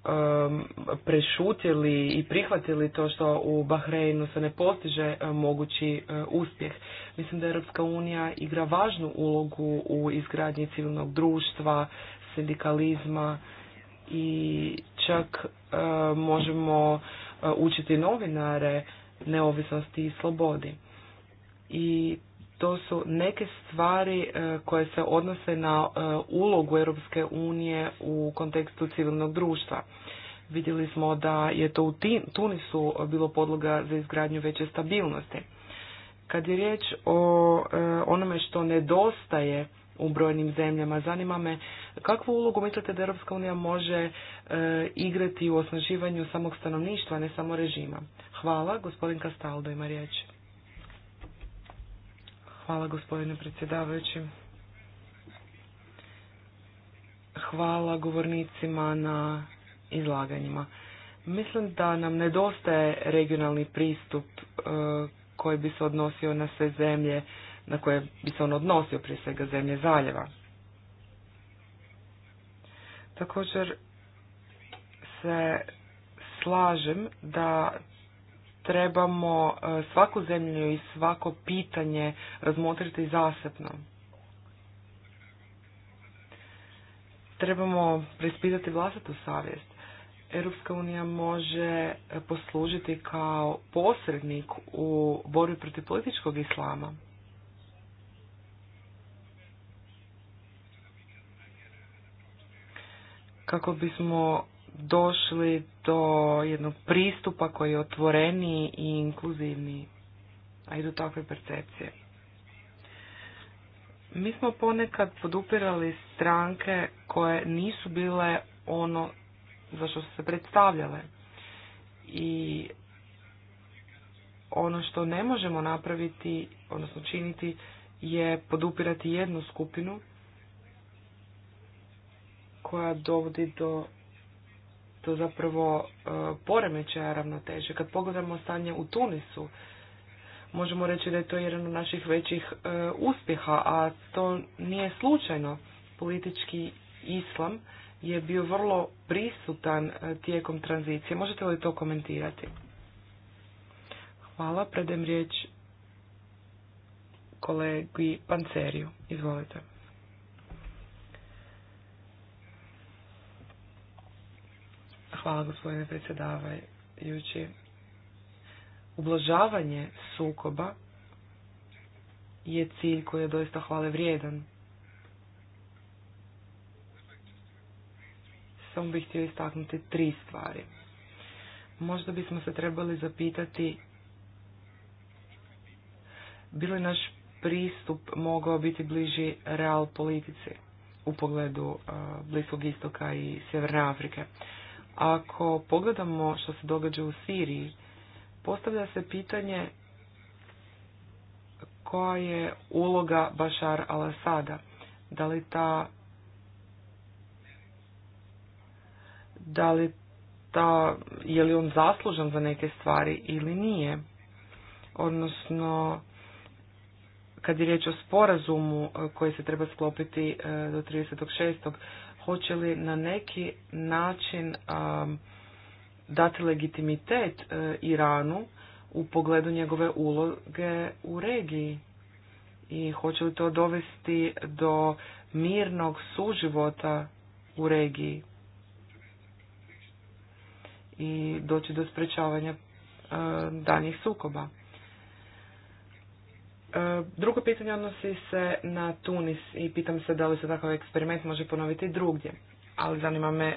Um, prešutili i prihvatili to što u Bahreinu se ne postiže um, mogući uh, uspjeh. Mislim da Europska unija igra važnu ulogu u izgradnji civilnog društva, sindikalizma i čak uh, možemo uh, učiti novinare neovisnosti i slobodi. I to su neke stvari e, koje se odnose na e, ulogu Europske unije u kontekstu civilnog društva. Vidjeli smo da je to u Tunisu bilo podloga za izgradnju veće stabilnosti. Kad je riječ o e, onome što nedostaje u brojnim zemljama, zanima me kakvu ulogu mislite da Europska unija može igrati u osnaživanju samog stanovništva, ne samo režima. Hvala, gospodin Kastaldo ima riječ. Hvala gospodine predsjedavajući. Hvala govornicima na izlaganjima. Mislim da nam nedostaje regionalni pristup e, koji bi se odnosio na sve zemlje na koje bi se on odnosio, prije svega zemlje zaljeva. Također se slažem da trebamo e, svaku zemlju i svako pitanje razmotriti zasebno. Trebamo prispitati vlastitu savjest. Europska unija može poslužiti kao posrednik u borbi protiv političkog islama. Kako bismo došli do jednog pristupa koji je otvoreniji i inkluzivniji, a i do takve percepcije. Mi smo ponekad podupirali stranke koje nisu bile ono za što su se predstavljale. I ono što ne možemo napraviti, odnosno činiti, je podupirati jednu skupinu koja dovodi do to zapravo e, poremećaja ravnoteže. Kad pogledamo stanje u Tunisu, možemo reći da je to jedan od naših većih e, uspjeha, a to nije slučajno. Politički islam je bio vrlo prisutan e, tijekom tranzicije. Možete li to komentirati? Hvala, predem riječ kolegi Panceriju. Izvolite. Hvala gospodine predsjedavajući. Ublažavanje sukoba je cilj koji je doista hvale vrijedan. Samo bih htio istaknuti tri stvari. Možda bismo se trebali zapitati li naš pristup mogao biti bliži real politici u pogledu uh, Bliskog istoka i Sjeverne Afrike. Ako pogledamo što se događa u Siriji, postavlja se pitanje koja je uloga Bašar al-Asada. Da li ta da li ta, je li on zaslužan za neke stvari ili nije. Odnosno, kad je riječ o sporazumu e, koji se treba sklopiti e, do 36 hoće li na neki način um, dati legitimitet uh, Iranu u pogledu njegove uloge u regiji i hoće li to dovesti do mirnog suživota u regiji i doći do sprečavanja uh, danjih sukoba. Drugo pitanje odnosi se na Tunis i pitam se da li se takav eksperiment može ponoviti drugdje, ali zanima me e,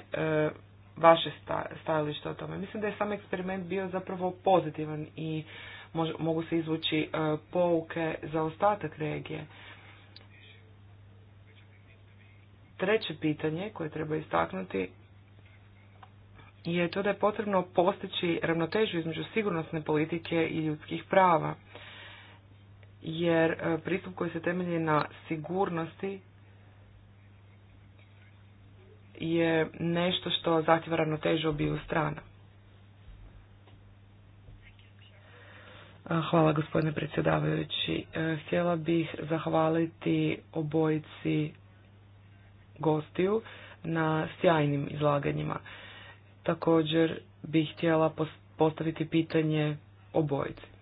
vaše stajalište o tome. Mislim da je sam eksperiment bio zapravo pozitivan i mogu se izvući e, pouke za ostatak regije. Treće pitanje koje treba istaknuti je to da je potrebno postići ravnotežu između sigurnosne politike i ljudskih prava jer e, pristup koji se temelji na sigurnosti je nešto što zahtjeva ravnotežu obiju strana. E, hvala gospodine predsjedavajući. E, htjela bih zahvaliti obojici gostiju na sjajnim izlaganjima. Također bih htjela postaviti pitanje obojici.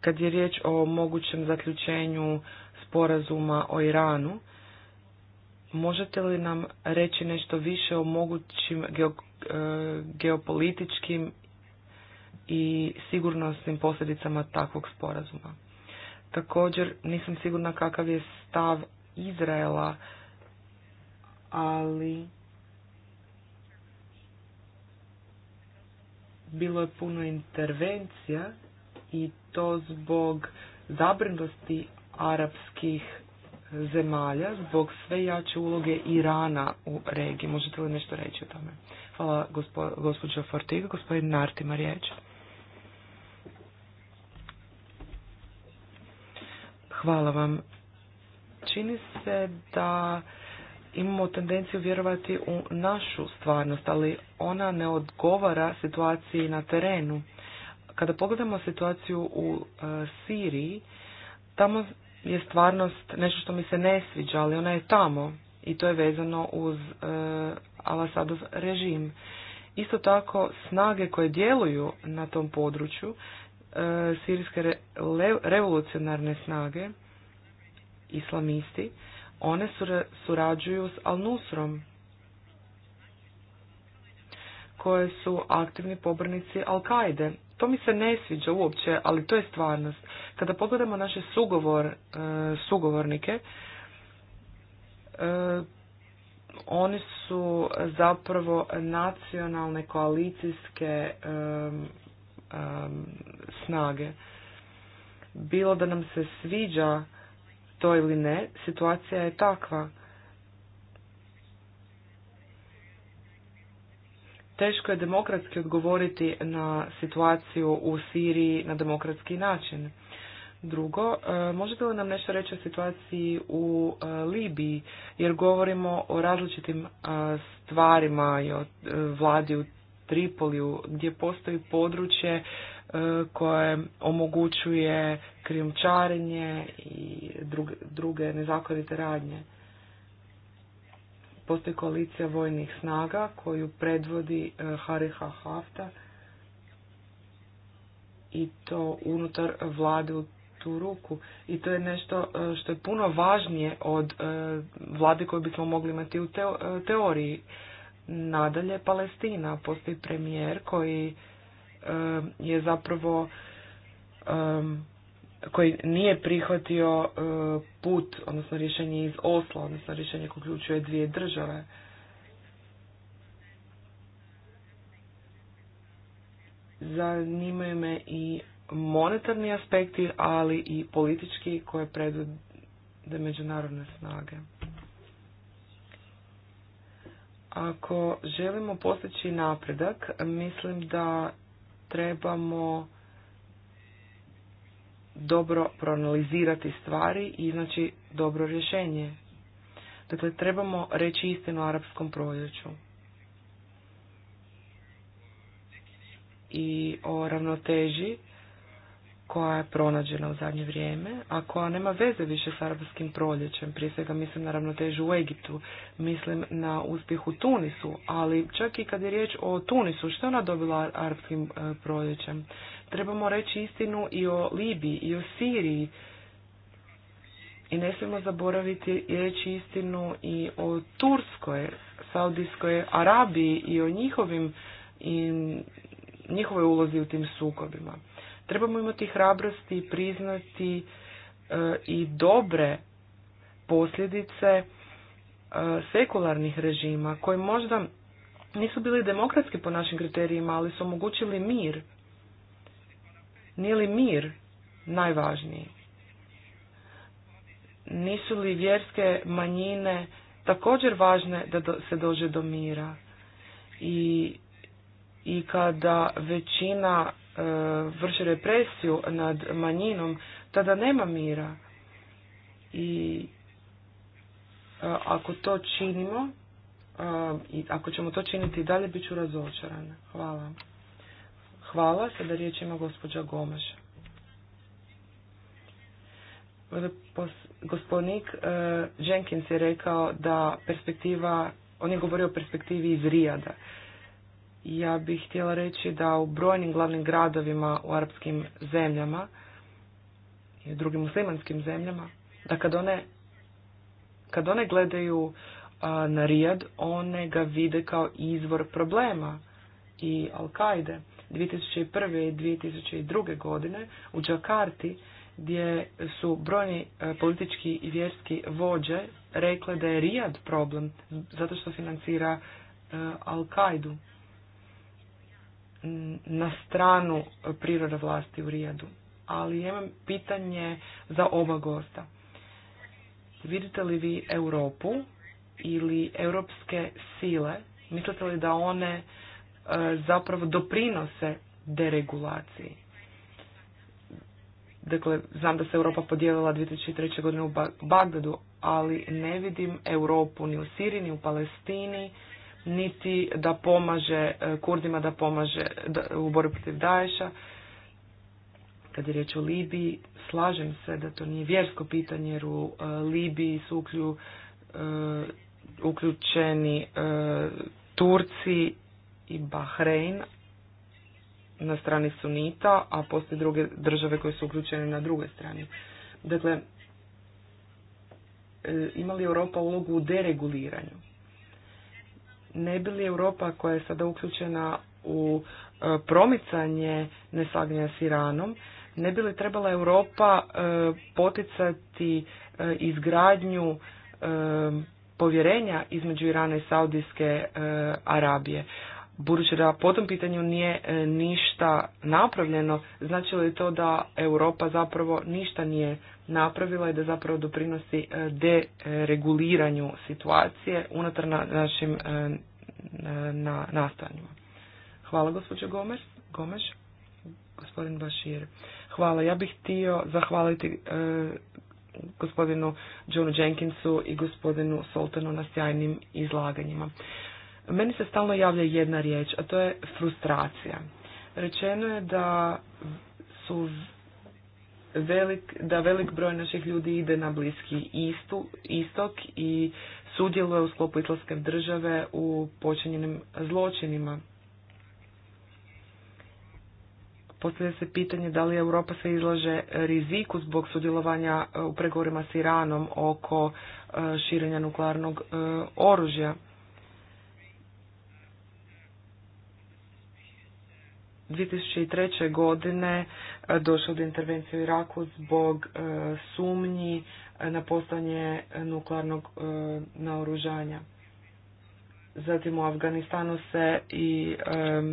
kad je riječ o mogućem zaključenju sporazuma o Iranu, možete li nam reći nešto više o mogućim e, geopolitičkim i sigurnosnim posljedicama takvog sporazuma? Također nisam sigurna kakav je stav Izraela, ali bilo je puno intervencija i to zbog zabrinutosti arapskih zemalja, zbog sve jače uloge Irana u regiji. Možete li nešto reći o tome? Hvala gospođo Fortiga, gospodin Nartima riječ. Hvala vam. Čini se da imamo tendenciju vjerovati u našu stvarnost, ali ona ne odgovara situaciji na terenu. Kada pogledamo situaciju u e, Siriji, tamo je stvarnost nešto što mi se ne sviđa, ali ona je tamo i to je vezano uz e, Al-Asadov režim. Isto tako, snage koje djeluju na tom području, e, sirijske revolucionarne snage, islamisti, one surađuju s Al-Nusrom, koje su aktivni pobornici Al-Kaide. To mi se ne sviđa uopće, ali to je stvarnost. Kada pogledamo naše sugovor, e, sugovornike, e, oni su zapravo nacionalne koalicijske e, snage. Bilo da nam se sviđa to ili ne, situacija je takva. Teško je demokratski odgovoriti na situaciju u Siriji na demokratski način. Drugo, e, možete li nam nešto reći o situaciji u e, Libiji, jer govorimo o različitim e, stvarima i o vladi u Tripoliju, gdje postoji područje koje omogućuje krijumčarenje i druge, druge nezakonite radnje. Postoji koalicija vojnih snaga koju predvodi e, Hariha Hafta i to unutar vlade u tu ruku. I to je nešto e, što je puno važnije od e, vlade koju bismo mogli imati u teoriji. Nadalje, Palestina. Postoji premijer koji je zapravo koji nije prihvatio e, put, odnosno rješenje iz Osla, odnosno rješenje koje uključuje dvije države. Zanimaju me i monetarni aspekti, ali i politički koje predvode međunarodne snage. Ako želimo postići napredak, mislim da trebamo dobro proanalizirati stvari i znači dobro rješenje. Dakle, trebamo reći istinu o arapskom proljeću. I o ravnoteži koja je pronađena u zadnje vrijeme, a koja nema veze više s arabskim proljećem. Prije svega mislim na ravnotežu u Egiptu, mislim na uspjeh u Tunisu, ali čak i kad je riječ o Tunisu, što ona dobila arabskim e, proljećem? Trebamo reći istinu i o Libiji i o Siriji. I ne smijemo zaboraviti reći istinu i o Turskoj, Saudijskoj Arabiji i o njihovim i njihovoj ulozi u tim sukobima. Trebamo imati hrabrosti priznati e, i dobre posljedice e, sekularnih režima koji možda nisu bili demokratski po našim kriterijima, ali su omogućili mir. Nije li mir najvažniji? Nisu li vjerske manjine također važne da se dođe do mira? I, i kada većina E, vrši represiju nad manjinom, tada nema mira. I e, ako to činimo, e, i ako ćemo to činiti i dalje, bit ću razočarana. Hvala. Hvala, sada riječ ima gospođa Gomaša. Gospodnik Jenkins je rekao da perspektiva, on je govorio o perspektivi iz Rijada. Ja bih htjela reći da u brojnim glavnim gradovima u arapskim zemljama i u drugim muslimanskim zemljama, da kad one, kad one gledaju na Rijad, one ga vide kao izvor problema i Al-Kaide. 2001. i 2002. godine u Džakarti, gdje su brojni politički i vjerski vođe rekle da je Rijad problem zato što financira Al-Kaidu na stranu prirode vlasti u Rijadu. Ali imam pitanje za oba gosta. Vidite li vi Europu ili europske sile? Mislite li da one e, zapravo doprinose deregulaciji? Dakle, znam da se Europa podijelila 2003. godine u Bagdadu, ali ne vidim Europu ni u Siriji, ni u Palestini, niti da pomaže e, Kurdima da pomaže u borbi protiv Daesha. Kad je riječ o Libiji, slažem se da to nije vjersko pitanje jer u e, Libiji su uklju, e, uključeni Turci i Bahrein na strani Sunita, a postoje druge države koje su uključene na druge strani. Dakle, ima li Europa ulogu u dereguliranju? ne bi li Europa koja je sada uključena u e, promicanje neslaganja s Iranom, ne bi li trebala Europa e, poticati e, izgradnju povjerenja između Irana i Saudijske Arabije budući da po tom pitanju nije e, ništa napravljeno, znači li to da Europa zapravo ništa nije napravila i da zapravo doprinosi e, dereguliranju situacije unutar na našim e, na nastanjima. Hvala gospođo Gomes, Gospodin Bašir. Hvala. Ja bih htio zahvaliti gospodinu Johnu Jenkinsu i gospodinu Soltanu na sjajnim izlaganjima. Meni se stalno javlja jedna riječ, a to je frustracija. Rečeno je da su velik, da velik broj naših ljudi ide na bliski istu, istok i sudjeluje u sklopu italske države u počinjenim zločinima. Postavlja se pitanje da li Europa se izlaže riziku zbog sudjelovanja e, u pregovorima s Iranom oko e, širenja nuklearnog e, oružja. 2003. godine e, došlo do intervencije u Iraku zbog e, sumnji e, na postanje nuklearnog naoružanja. Zatim u Afganistanu se i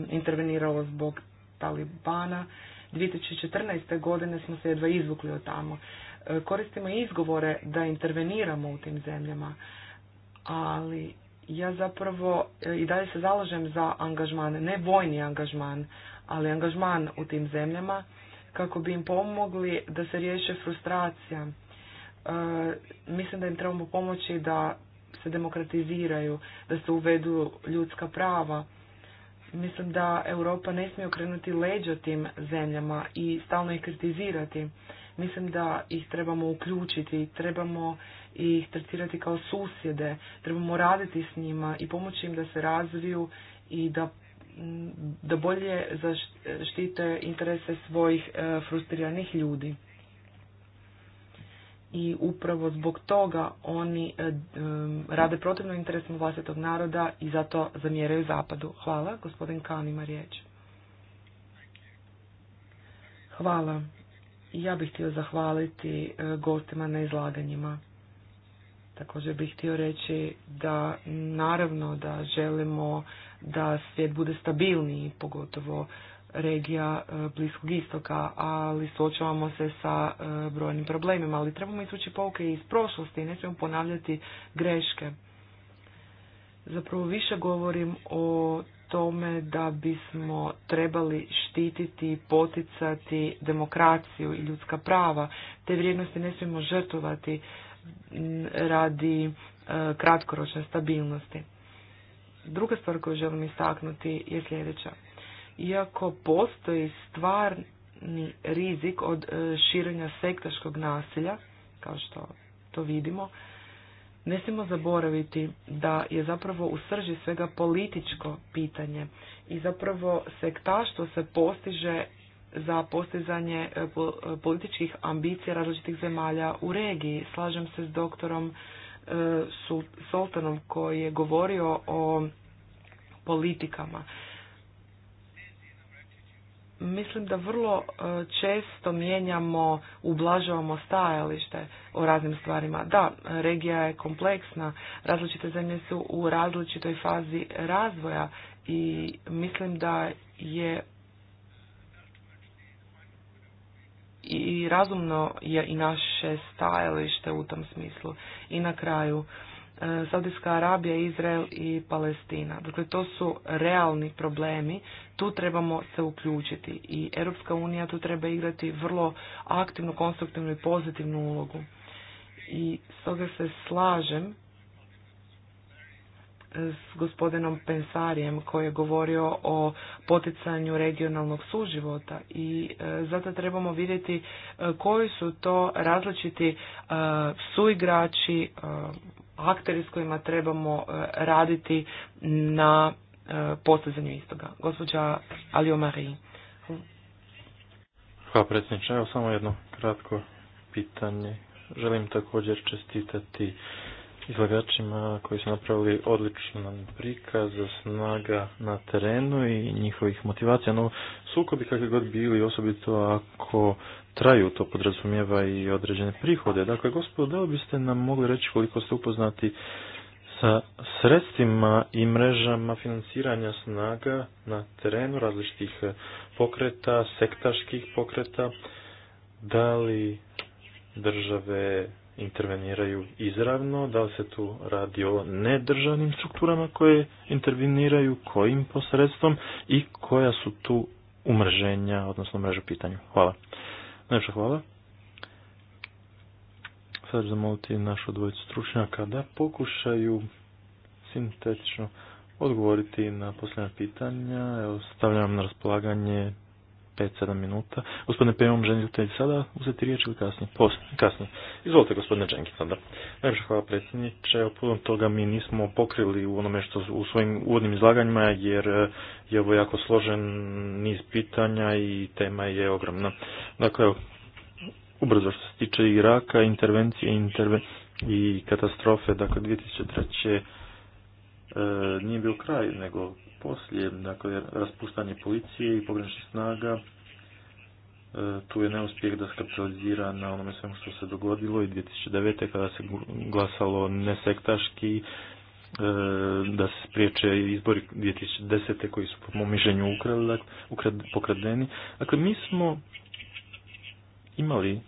interveniralo zbog Talibana. 2014. godine smo se jedva izvukli od tamo. Koristimo izgovore da interveniramo u tim zemljama, ali ja zapravo i dalje se zalažem za angažman, ne vojni angažman, ali angažman u tim zemljama kako bi im pomogli da se riješe frustracija. E, mislim da im trebamo pomoći da se demokratiziraju, da se uvedu ljudska prava. Mislim da Europa ne smije okrenuti leđa tim zemljama i stalno ih kritizirati. Mislim da ih trebamo uključiti, trebamo ih tretirati kao susjede, trebamo raditi s njima i pomoći im da se razviju i da da bolje zaštite interese svojih e, frustriranih ljudi. I upravo zbog toga oni e, e, rade protivno interesima vlastitog naroda i zato zamjeraju zapadu. Hvala. Gospodin Kan ima riječ. Hvala. Ja bih htio zahvaliti gostima na izlaganjima. Također bih htio reći da naravno da želimo da svijet bude stabilniji, pogotovo regija e, Bliskog istoka, ali suočavamo se sa e, brojnim problemima, ali trebamo izvući pouke iz prošlosti i ne smijemo ponavljati greške. Zapravo više govorim o tome da bismo trebali štititi poticati demokraciju i ljudska prava. Te vrijednosti ne smijemo žrtovati radi e, kratkoročne stabilnosti. Druga stvar koju želim istaknuti je sljedeća. Iako postoji stvarni rizik od e, širenja sektaškog nasilja, kao što to vidimo, ne smijemo zaboraviti da je zapravo u srži svega političko pitanje i zapravo sektaštvo se postiže za postizanje e, e, političkih ambicija različitih zemalja u regiji. Slažem se s doktorom sultanom koji je govorio o politikama. Mislim da vrlo e, često mijenjamo, ublažavamo stajalište o raznim stvarima. Da, regija je kompleksna, različite zemlje su u različitoj fazi razvoja i mislim da je i razumno je i naše stajalište u tom smislu. I na kraju, e, Saudijska Arabija, Izrael i Palestina. Dakle, to su realni problemi, tu trebamo se uključiti i Europska unija tu treba igrati vrlo aktivnu, konstruktivnu i pozitivnu ulogu. I stoga se slažem s gospodinom Pensarijem koji je govorio o poticanju regionalnog suživota i e, zato trebamo vidjeti e, koji su to različiti e, suigrači, akteri s kojima trebamo raditi na postizanju istoga. Gospođa Alio Mariji. Hvala predsjedniče. Evo samo jedno kratko pitanje. Želim također čestitati izlagačima koji su napravili odličan prikaz za snaga na terenu i njihovih motivacija, no sukobi kakvi god bili, osobito ako traju, to podrazumijeva i određene prihode. Dakle, gospodo, da li biste nam mogli reći koliko ste upoznati sa sredstvima i mrežama financiranja snaga na terenu različitih pokreta, sektaških pokreta, da li države interveniraju izravno, da li se tu radi o nedržavnim strukturama koje interveniraju, kojim posredstvom i koja su tu umrženja, odnosno mrežu pitanja? Hvala. Najviše hvala. Sad zamoliti našu dvojicu stručnjaka da pokušaju sintetično odgovoriti na posljedna pitanja. Evo, stavljam na raspolaganje 5-7 minuta. Gospodine Pemom, želite li sada uzeti riječ ili kasnije? Poslije, kasnije. Izvolite, gospodine Jenkins, hvala predsjedniče. Puno toga mi nismo pokrili u onome što u svojim uvodnim izlaganjima, jer eh, je ovo jako složen niz pitanja i tema je ogromna. Dakle, ubrzo što se tiče Iraka, intervencije interve, i katastrofe, dakle 2003. E, eh, nije bio kraj, nego poslije, dakle, raspustanje policije i pogrešnih snaga, e, tu je neuspjeh da skapitalizira na onome svemu što se dogodilo i 2009. kada se glasalo nesektaški, e, da se spriječe izbori 2010. koji su po mom mišljenju pokradeni. Dakle, mi smo imali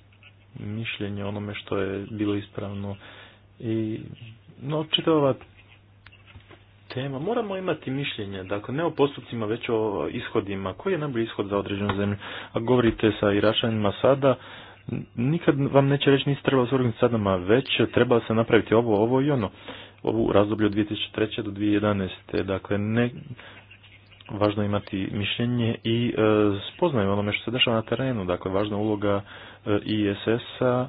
mišljenje onome što je bilo ispravno i no, čitava tema. Moramo imati mišljenje, dakle ne o postupcima, već o ishodima. Koji je najbolji ishod za određenu zemlju? a govorite sa Irašanima sada, nikad vam neće reći niste trebalo s sadama, već treba se napraviti ovo, ovo i ono. Ovu razdoblju od 2003. do 2011. Dakle, ne, važno imati mišljenje i e, spoznaju onome što se dešava na terenu. Dakle, važna uloga e, ISS-a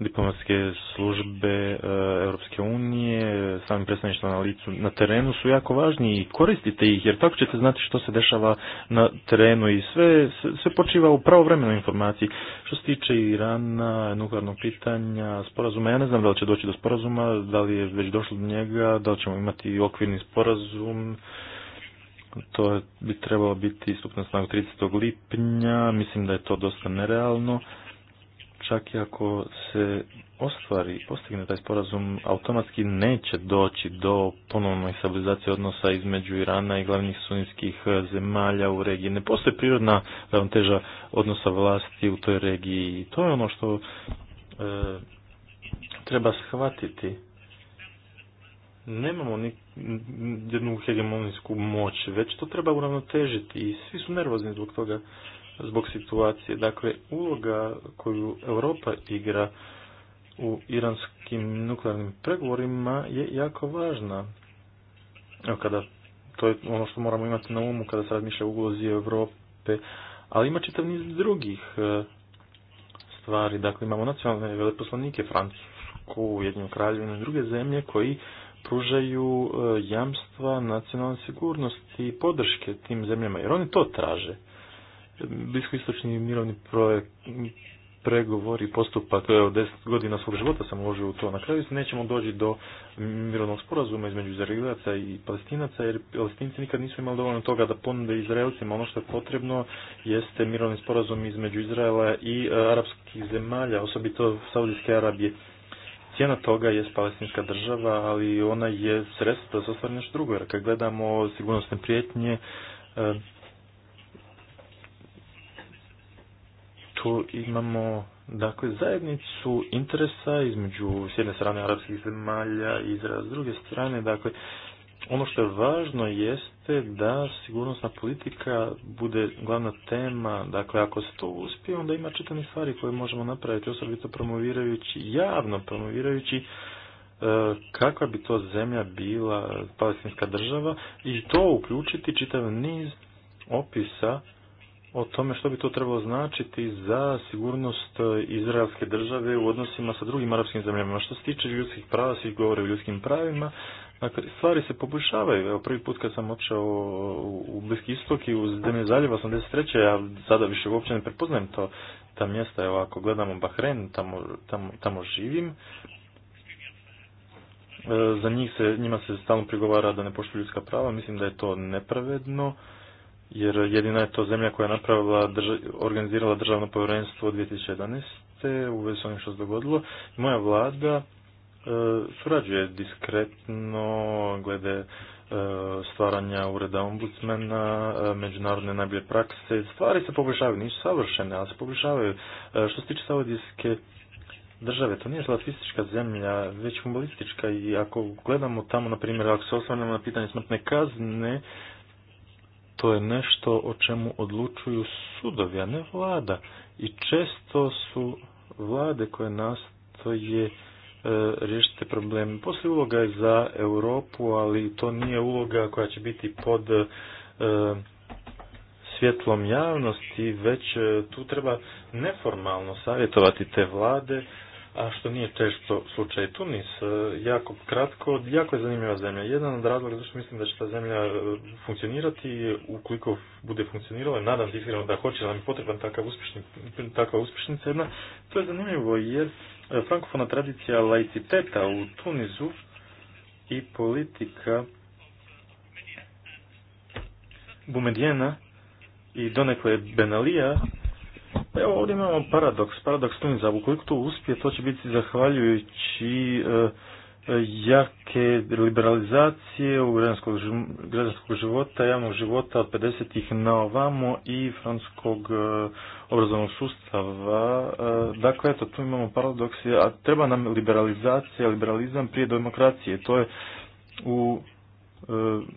diplomatske službe e, Europske unije, sami predstavništva na licu na terenu su jako važni i koristite ih jer tako ćete znati što se dešava na terenu i sve, sve počiva u pravovremenoj informaciji. Što se tiče Irana, nuklearnog pitanja, sporazuma, ja ne znam da li će doći do sporazuma, da li je već došlo do njega, da li ćemo imati okvirni sporazum to bi trebalo biti stupno snagu 30. lipnja, mislim da je to dosta nerealno čak i ako se ostvari, postigne taj sporazum, automatski neće doći do ponovne stabilizacije odnosa između Irana i glavnih sunijskih eh, zemalja u regiji. Ne postoji prirodna ravnoteža odnosa vlasti u toj regiji. I to je ono što eh, treba shvatiti. Nemamo ni, jednu hegemonijsku moć, već to treba uravnotežiti i svi su nervozni zbog toga zbog situacije. Dakle, uloga koju Europa igra u iranskim nuklearnim pregovorima je jako važna. Evo, kada, to je ono što moramo imati na umu kada se razmišlja o ulozi Europe, ali ima čitav niz drugih e, stvari. Dakle, imamo nacionalne veleposlanike Francusku, jednom kraljevinu i druge zemlje koji pružaju e, jamstva nacionalne sigurnosti i podrške tim zemljama, jer oni to traže bliskoistočni mirovni projekt, pregovor i postupak, evo, deset godina svog života sam uložio u to. Na kraju nećemo doći do mirovnog sporazuma između Izraelaca i Palestinaca, jer Palestinci nikad nisu imali dovoljno toga da ponude Izraelcima. Ono što je potrebno jeste mirovni sporazum između Izraela i e, arapskih zemalja, osobito Saudijske Arabije. Cijena toga je palestinska država, ali ona je sredstvo da se ostvari nešto drugo, jer kad gledamo sigurnosne prijetnje, e, tu imamo dakle, zajednicu interesa između s jedne strane arapskih zemalja i s druge strane. Dakle, ono što je važno jeste da sigurnosna politika bude glavna tema. Dakle, ako se to uspije, onda ima čitani stvari koje možemo napraviti, osobito promovirajući, javno promovirajući e, kakva bi to zemlja bila palestinska država i to uključiti čitav niz opisa o tome što bi to trebalo značiti za sigurnost izraelske države u odnosima sa drugim arapskim zemljama. Što se tiče ljudskih prava, svi govore o ljudskim pravima, dakle, stvari se poboljšavaju. Evo, prvi put kad sam otišao u Bliski istok i u zemlje zaljeva 83. ja sada više uopće ne prepoznajem to, ta mjesta. Evo, ako gledamo Bahren, tamo, tamo, tamo živim, e, za njih se, njima se stalno prigovara da ne poštuju ljudska prava, mislim da je to nepravedno jer jedina je to zemlja koja je napravila, organizirala državno povjerenstvo 2011. u vezi s onim što se dogodilo. Moja vlada e, surađuje diskretno glede e, stvaranja ureda ombudsmana, e, međunarodne najbolje prakse. Stvari se poboljšavaju, nisu savršene, ali se poboljšavaju. E, što se tiče saudijske države, to nije zlatistička zemlja, već humbolistička i ako gledamo tamo, na primjer, ako se osvrnemo na pitanje smrtne kazne, to je nešto o čemu odlučuju sudovi, a ne vlada. I često su vlade koje nastoje e, riješiti probleme. Poslije uloga je za Europu, ali to nije uloga koja će biti pod e, svjetlom javnosti, već e, tu treba neformalno savjetovati te vlade a što nije često slučaj Tunis. E, jako kratko, jako je zanimljiva zemlja. Jedan od razloga zašto mislim da će ta zemlja e, funkcionirati, ukoliko bude funkcionirala, nadam se iskreno da hoće, da mi potreban takva uspješnica jedna, to je zanimljivo jer e, frankofona tradicija laiciteta u Tunizu i politika Bumedijena i donekle Benalija pa evo ovdje imamo paradoks, paradoks za Ukoliko to uspije, to će biti zahvaljujući e, e, jake liberalizacije u građanskog, života, javnog života od 50-ih na ovamo i francuskog e, obrazovnog sustava. dakle, eto, tu imamo paradoks, a treba nam liberalizacija, liberalizam prije demokracije. To je u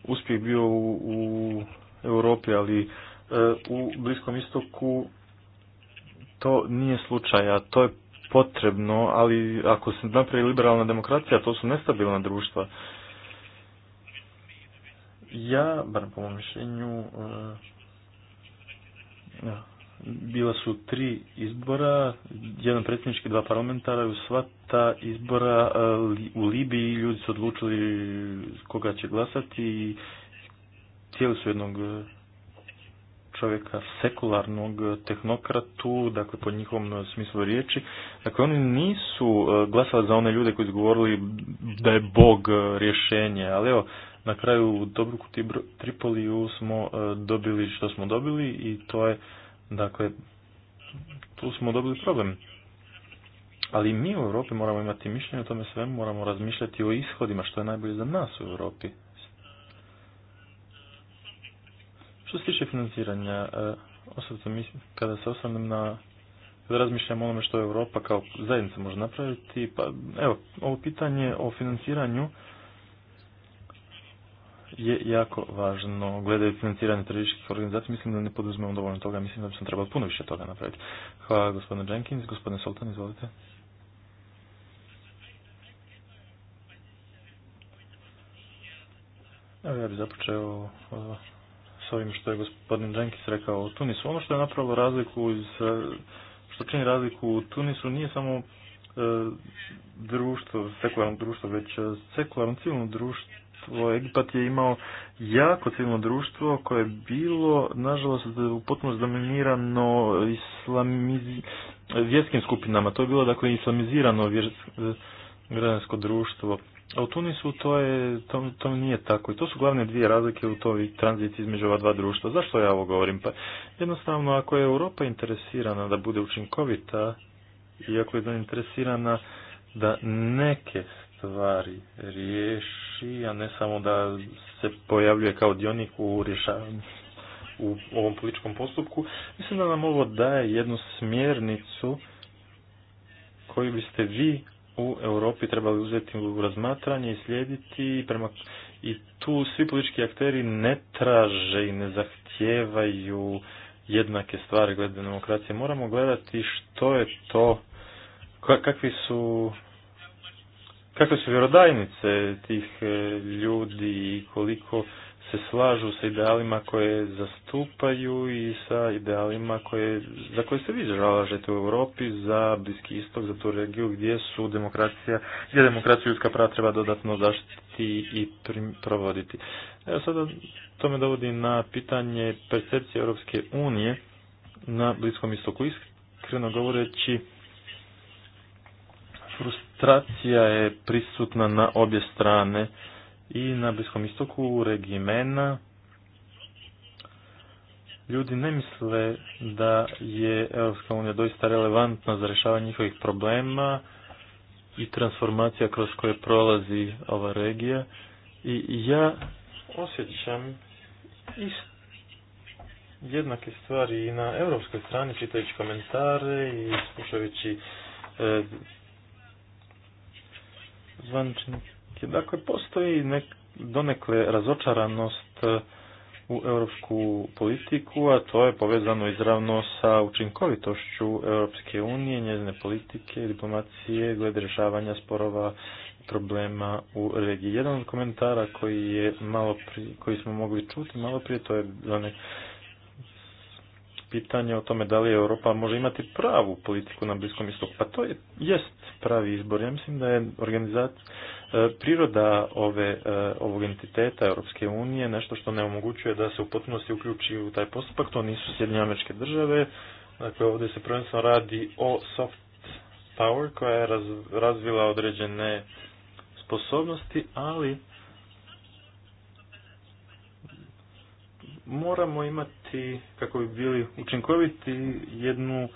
uspjeh bio u, u Europi, ali u Bliskom istoku to nije slučaj, a to je potrebno, ali ako se napravi liberalna demokracija, to su nestabilna društva. Ja, bar po mom mišljenju, eh, bila su tri izbora, jedan predsjednički, dva parlamentara, u sva ta izbora eh, u Libiji ljudi su odlučili koga će glasati i cijeli su jednog eh, čovjeka sekularnog tehnokratu, dakle po njihovom smislu riječi. Dakle, oni nisu e, glasali za one ljude koji su govorili da je Bog e, rješenje, ali evo, na kraju u Dobruku Tripoliju smo e, dobili što smo dobili i to je, dakle, tu smo dobili problem. Ali mi u Europi moramo imati mišljenje o tome svemu, moramo razmišljati o ishodima što je najbolje za nas u Europi. Što se tiče financiranja, e, osobno mislim, kada se osvrnem na kada razmišljam o onome što Europa kao zajednica može napraviti, pa evo, ovo pitanje o financiranju je jako važno. Gledaju financiranje turističkih organizacija, mislim da ne poduzmemo dovoljno toga, mislim da bi sam trebalo puno više toga napraviti. Hvala gospodine Jenkins, gospodine Sultan, izvolite. Evo ja bih započeo ovim što je gospodin Jenkins rekao u Tunisu. Ono što je napravilo razliku iz, e, što čini razliku u Tunisu nije samo e, društvo, sekularno društvo, već e, sekularno civilno društvo. Egipat je imao jako civilno društvo koje je bilo, nažalost, u potpunosti dominirano islamiz... vjerskim skupinama. To je bilo, dakle, islamizirano vjersko e, građansko društvo a u Tunisu to, je, to, to nije tako. I to su glavne dvije razlike u toj tranziciji između ova dva društva. Zašto ja ovo govorim? Pa jednostavno, ako je Europa interesirana da bude učinkovita i ako je zainteresirana da neke stvari riješi, a ne samo da se pojavljuje kao dionik u rješavanju u ovom političkom postupku, mislim da nam ovo daje jednu smjernicu koju biste vi u Europi trebali uzeti u razmatranje i slijediti prema, i tu svi politički akteri ne traže i ne zahtijevaju jednake stvari glede demokracije. Moramo gledati što je to, kakvi su kakve su vjerodajnice tih eh, ljudi i koliko se slažu sa idealima koje zastupaju i sa idealima koje, za koje se vi zalažete u Europi, za Bliski istok, za tu regiju gdje su demokracija, gdje demokraciju ljudska prava treba dodatno zaštiti i provoditi. Evo sada to me dovodi na pitanje percepcije Europske unije na Bliskom istoku. Iskreno govoreći, frustracija je prisutna na obje strane i na Bliskom istoku u regiji Mena ljudi ne misle da je Europska unija doista relevantna za rješavanje njihovih problema i transformacija kroz koje prolazi ova regija i ja osjećam jednake stvari i na europskoj strani čitajući komentare i slušajući e, Dakle, dakle, postoji donekle razočaranost e, u europsku politiku, a to je povezano izravno sa učinkovitošću Europske unije, njezine politike diplomacije glede rješavanja sporova problema u regiji. Jedan od komentara koji je malo prije, koji smo mogli čuti malo prije, to je pitanje o tome da li Europa može imati pravu politiku na Bliskom istoku. Pa to je, jest pravi izbor. Ja mislim da je organizacija, e, priroda ove, e, ovog entiteta Europske unije nešto što ne omogućuje da se u potpunosti uključi u taj postupak. To nisu Sjedinje američke države. Dakle, ovdje se prvenstveno radi o soft power koja je razvila određene sposobnosti, ali moramo imati i kako bi bili učinkoviti, jednu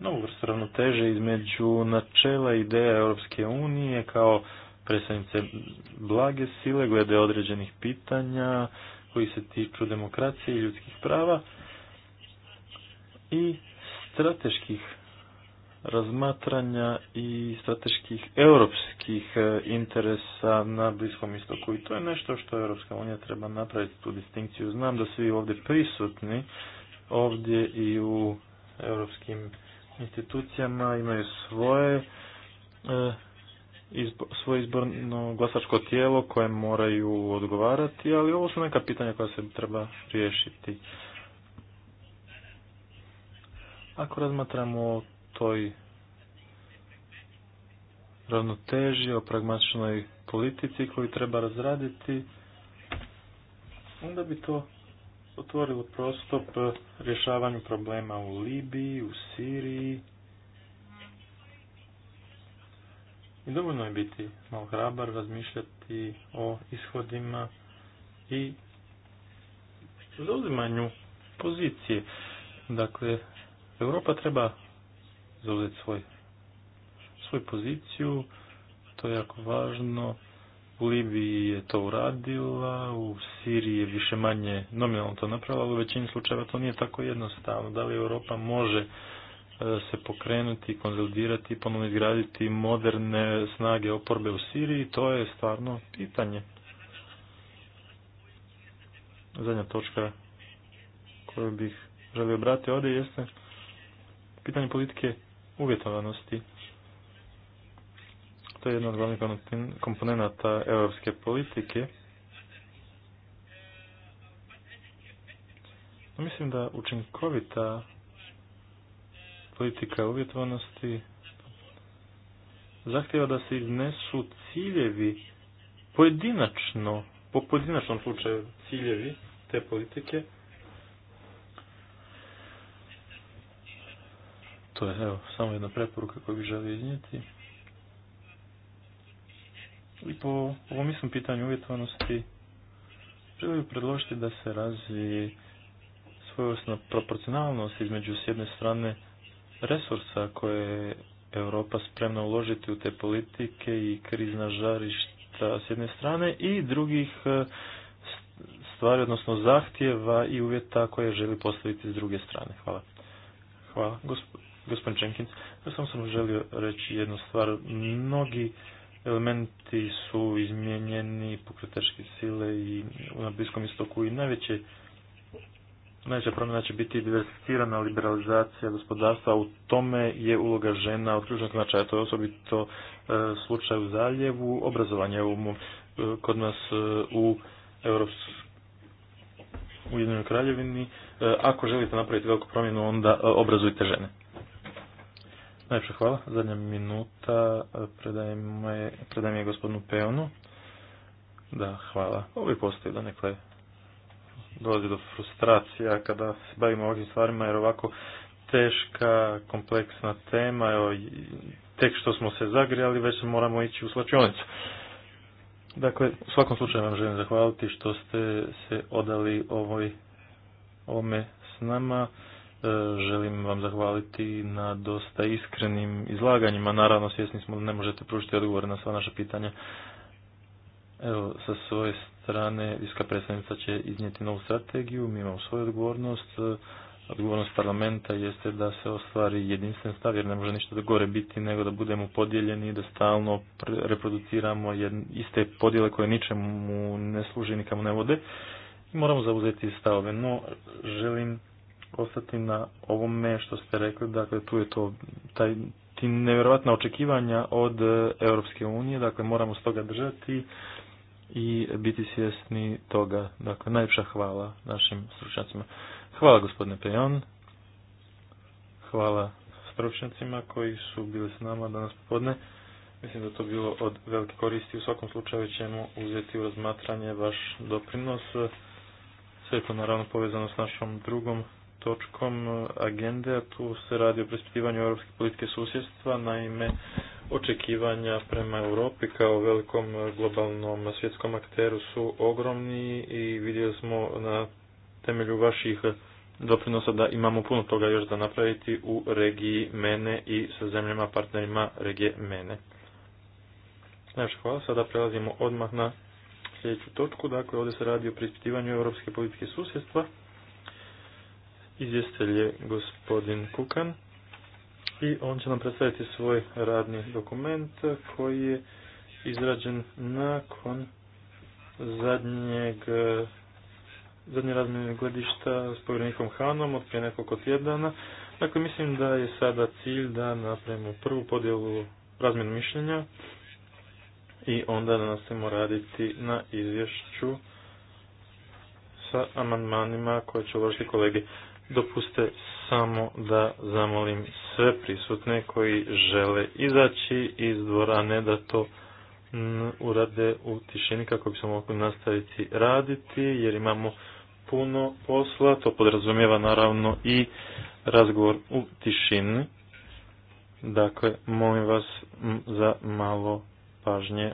novu vrstu ravnoteže između načela ideja Europske unije kao predstavnice blage sile glede određenih pitanja koji se tiču demokracije i ljudskih prava i strateških razmatranja i strateških europskih e, interesa na Bliskom istoku. I to je nešto što Europska unija treba napraviti tu distinkciju. Znam da svi ovdje prisutni, ovdje i u europskim institucijama imaju svoje e, Izbo, svoje izborno glasačko tijelo koje moraju odgovarati, ali ovo su neka pitanja koja se treba riješiti. Ako razmatramo toj ravnoteži o pragmatičnoj politici koju treba razraditi, onda bi to otvorilo prostop e, rješavanju problema u Libiji, u Siriji. I dovoljno je biti malo hrabar, razmišljati o ishodima i zauzimanju pozicije. Dakle, Europa treba zauzeti svoj, svoju poziciju. To je jako važno. U Libiji je to uradila, u Siriji je više manje nominalno to napravila, ali u većini slučajeva to nije tako jednostavno. Da li Europa može e, se pokrenuti, konzolidirati i ponovno izgraditi moderne snage oporbe u Siriji, to je stvarno pitanje. Zadnja točka koju bih želio brati ovdje jeste pitanje politike uvjetovanosti. To je jedna od glavnih komponenata europske politike. mislim da učinkovita politika uvjetovanosti zahtjeva da se iznesu ciljevi pojedinačno, po pojedinačnom slučaju ciljevi te politike, To je evo, samo jedna preporuka koju bih želio iznijeti. I po ovom istom pitanju uvjetovanosti želio predložiti da se razvije svojevrsna proporcionalnost između s jedne strane resursa koje je Europa spremna uložiti u te politike i krizna žarišta s jedne strane i drugih e, stvari, odnosno zahtjeva i uvjeta koje želi postaviti s druge strane. Hvala. Hvala. gospod. Gospodin Jenkins, ja sam sam želio reći jednu stvar. Mnogi elementi su izmijenjeni, pokretačke sile i na Bliskom istoku i najveće Najveća promjena će biti diversificirana liberalizacija gospodarstva, u tome je uloga žena od ključnog značaja, to je osobito e, slučaj u zaljevu, obrazovanje u, e, kod nas e, u Europskoj Ujedinjenoj kraljevini. Ako želite napraviti veliku promjenu, onda obrazujte žene. Najprej hvala. Zadnja minuta eh, predajem je, je gospodinu Peonu. Da, hvala. Ovi postoji da nekle dolazi do frustracija kada se bavimo ovakvim stvarima jer ovako teška, kompleksna tema, tek što smo se zagrijali, već moramo ići u slačionicu. Dakle, u svakom slučaju vam želim zahvaliti što ste se odali ovoj, ovome s nama. E, želim vam zahvaliti na dosta iskrenim izlaganjima. Naravno, svjesni smo da ne možete pružiti odgovore na sva naša pitanja. Evo, sa svoje strane, iska predstavnica će iznijeti novu strategiju, mi imamo svoju odgovornost. E, odgovornost parlamenta jeste da se ostvari jedinstven stav, jer ne može ništa da gore biti nego da budemo podijeljeni, da stalno reproduciramo iste podjele koje ničemu ne služe, nikamo ne vode. I moramo zauzeti stavove, no želim ostati na ovome što ste rekli, dakle tu je to, taj, ti nevjerojatna očekivanja od e, Europske unije, dakle moramo s toga držati i biti svjesni toga. Dakle, najljepša hvala našim stručnjacima. Hvala gospodine Pejon, hvala stručnjacima koji su bili s nama danas popodne. Mislim da to bilo od velike koristi. U svakom slučaju ćemo uzeti u razmatranje vaš doprinos. Sve je to naravno povezano s našom drugom točkom agende, a tu se radi o prispitivanju europske politike susjedstva, naime očekivanja prema Europi kao velikom globalnom svjetskom akteru su ogromni i vidjeli smo na temelju vaših doprinosa da imamo puno toga još da napraviti u regiji mene i sa zemljama partnerima regije mene. Znači, hvala, sada prelazimo odmah na sljedeću točku, dakle ovdje se radi o prispitivanju europske politike susjedstva. Izvjestelj je gospodin Kukan i on će nam predstaviti svoj radni dokument koji je izrađen nakon zadnjeg zadnje razmjene gledišta s povjerenikom Hanom od prije nekoliko tjedana. Dakle, mislim da je sada cilj da napravimo prvu podjelu razmjenu mišljenja i onda da nastavimo raditi na izvješću sa amandmanima koje će uvršiti kolege. Dopuste samo da zamolim sve prisutne koji žele izaći iz dvora, ne da to urade u tišini kako bismo mogli nastaviti raditi jer imamo puno posla, to podrazumijeva naravno i razgovor u tišini. Dakle, molim vas za malo pažnje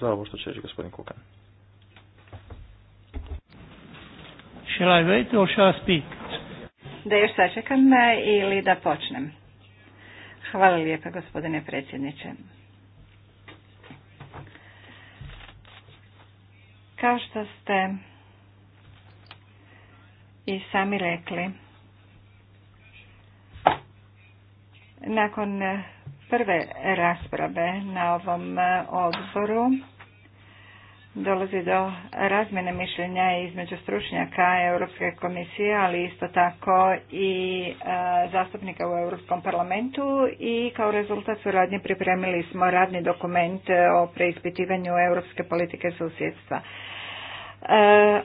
za ovo što će reći gospodin Kukan. Shall I wait da još sačekam e, ili da počnem? Hvala lijepa gospodine predsjedniče. Kao što ste i sami rekli, nakon prve rasprave na ovom e, odboru dolazi do razmjene mišljenja između stručnjaka Europske komisije, ali isto tako i e, zastupnika u Europskom parlamentu i kao rezultat suradnje pripremili smo radni dokument o preispitivanju europske politike susjedstva. E,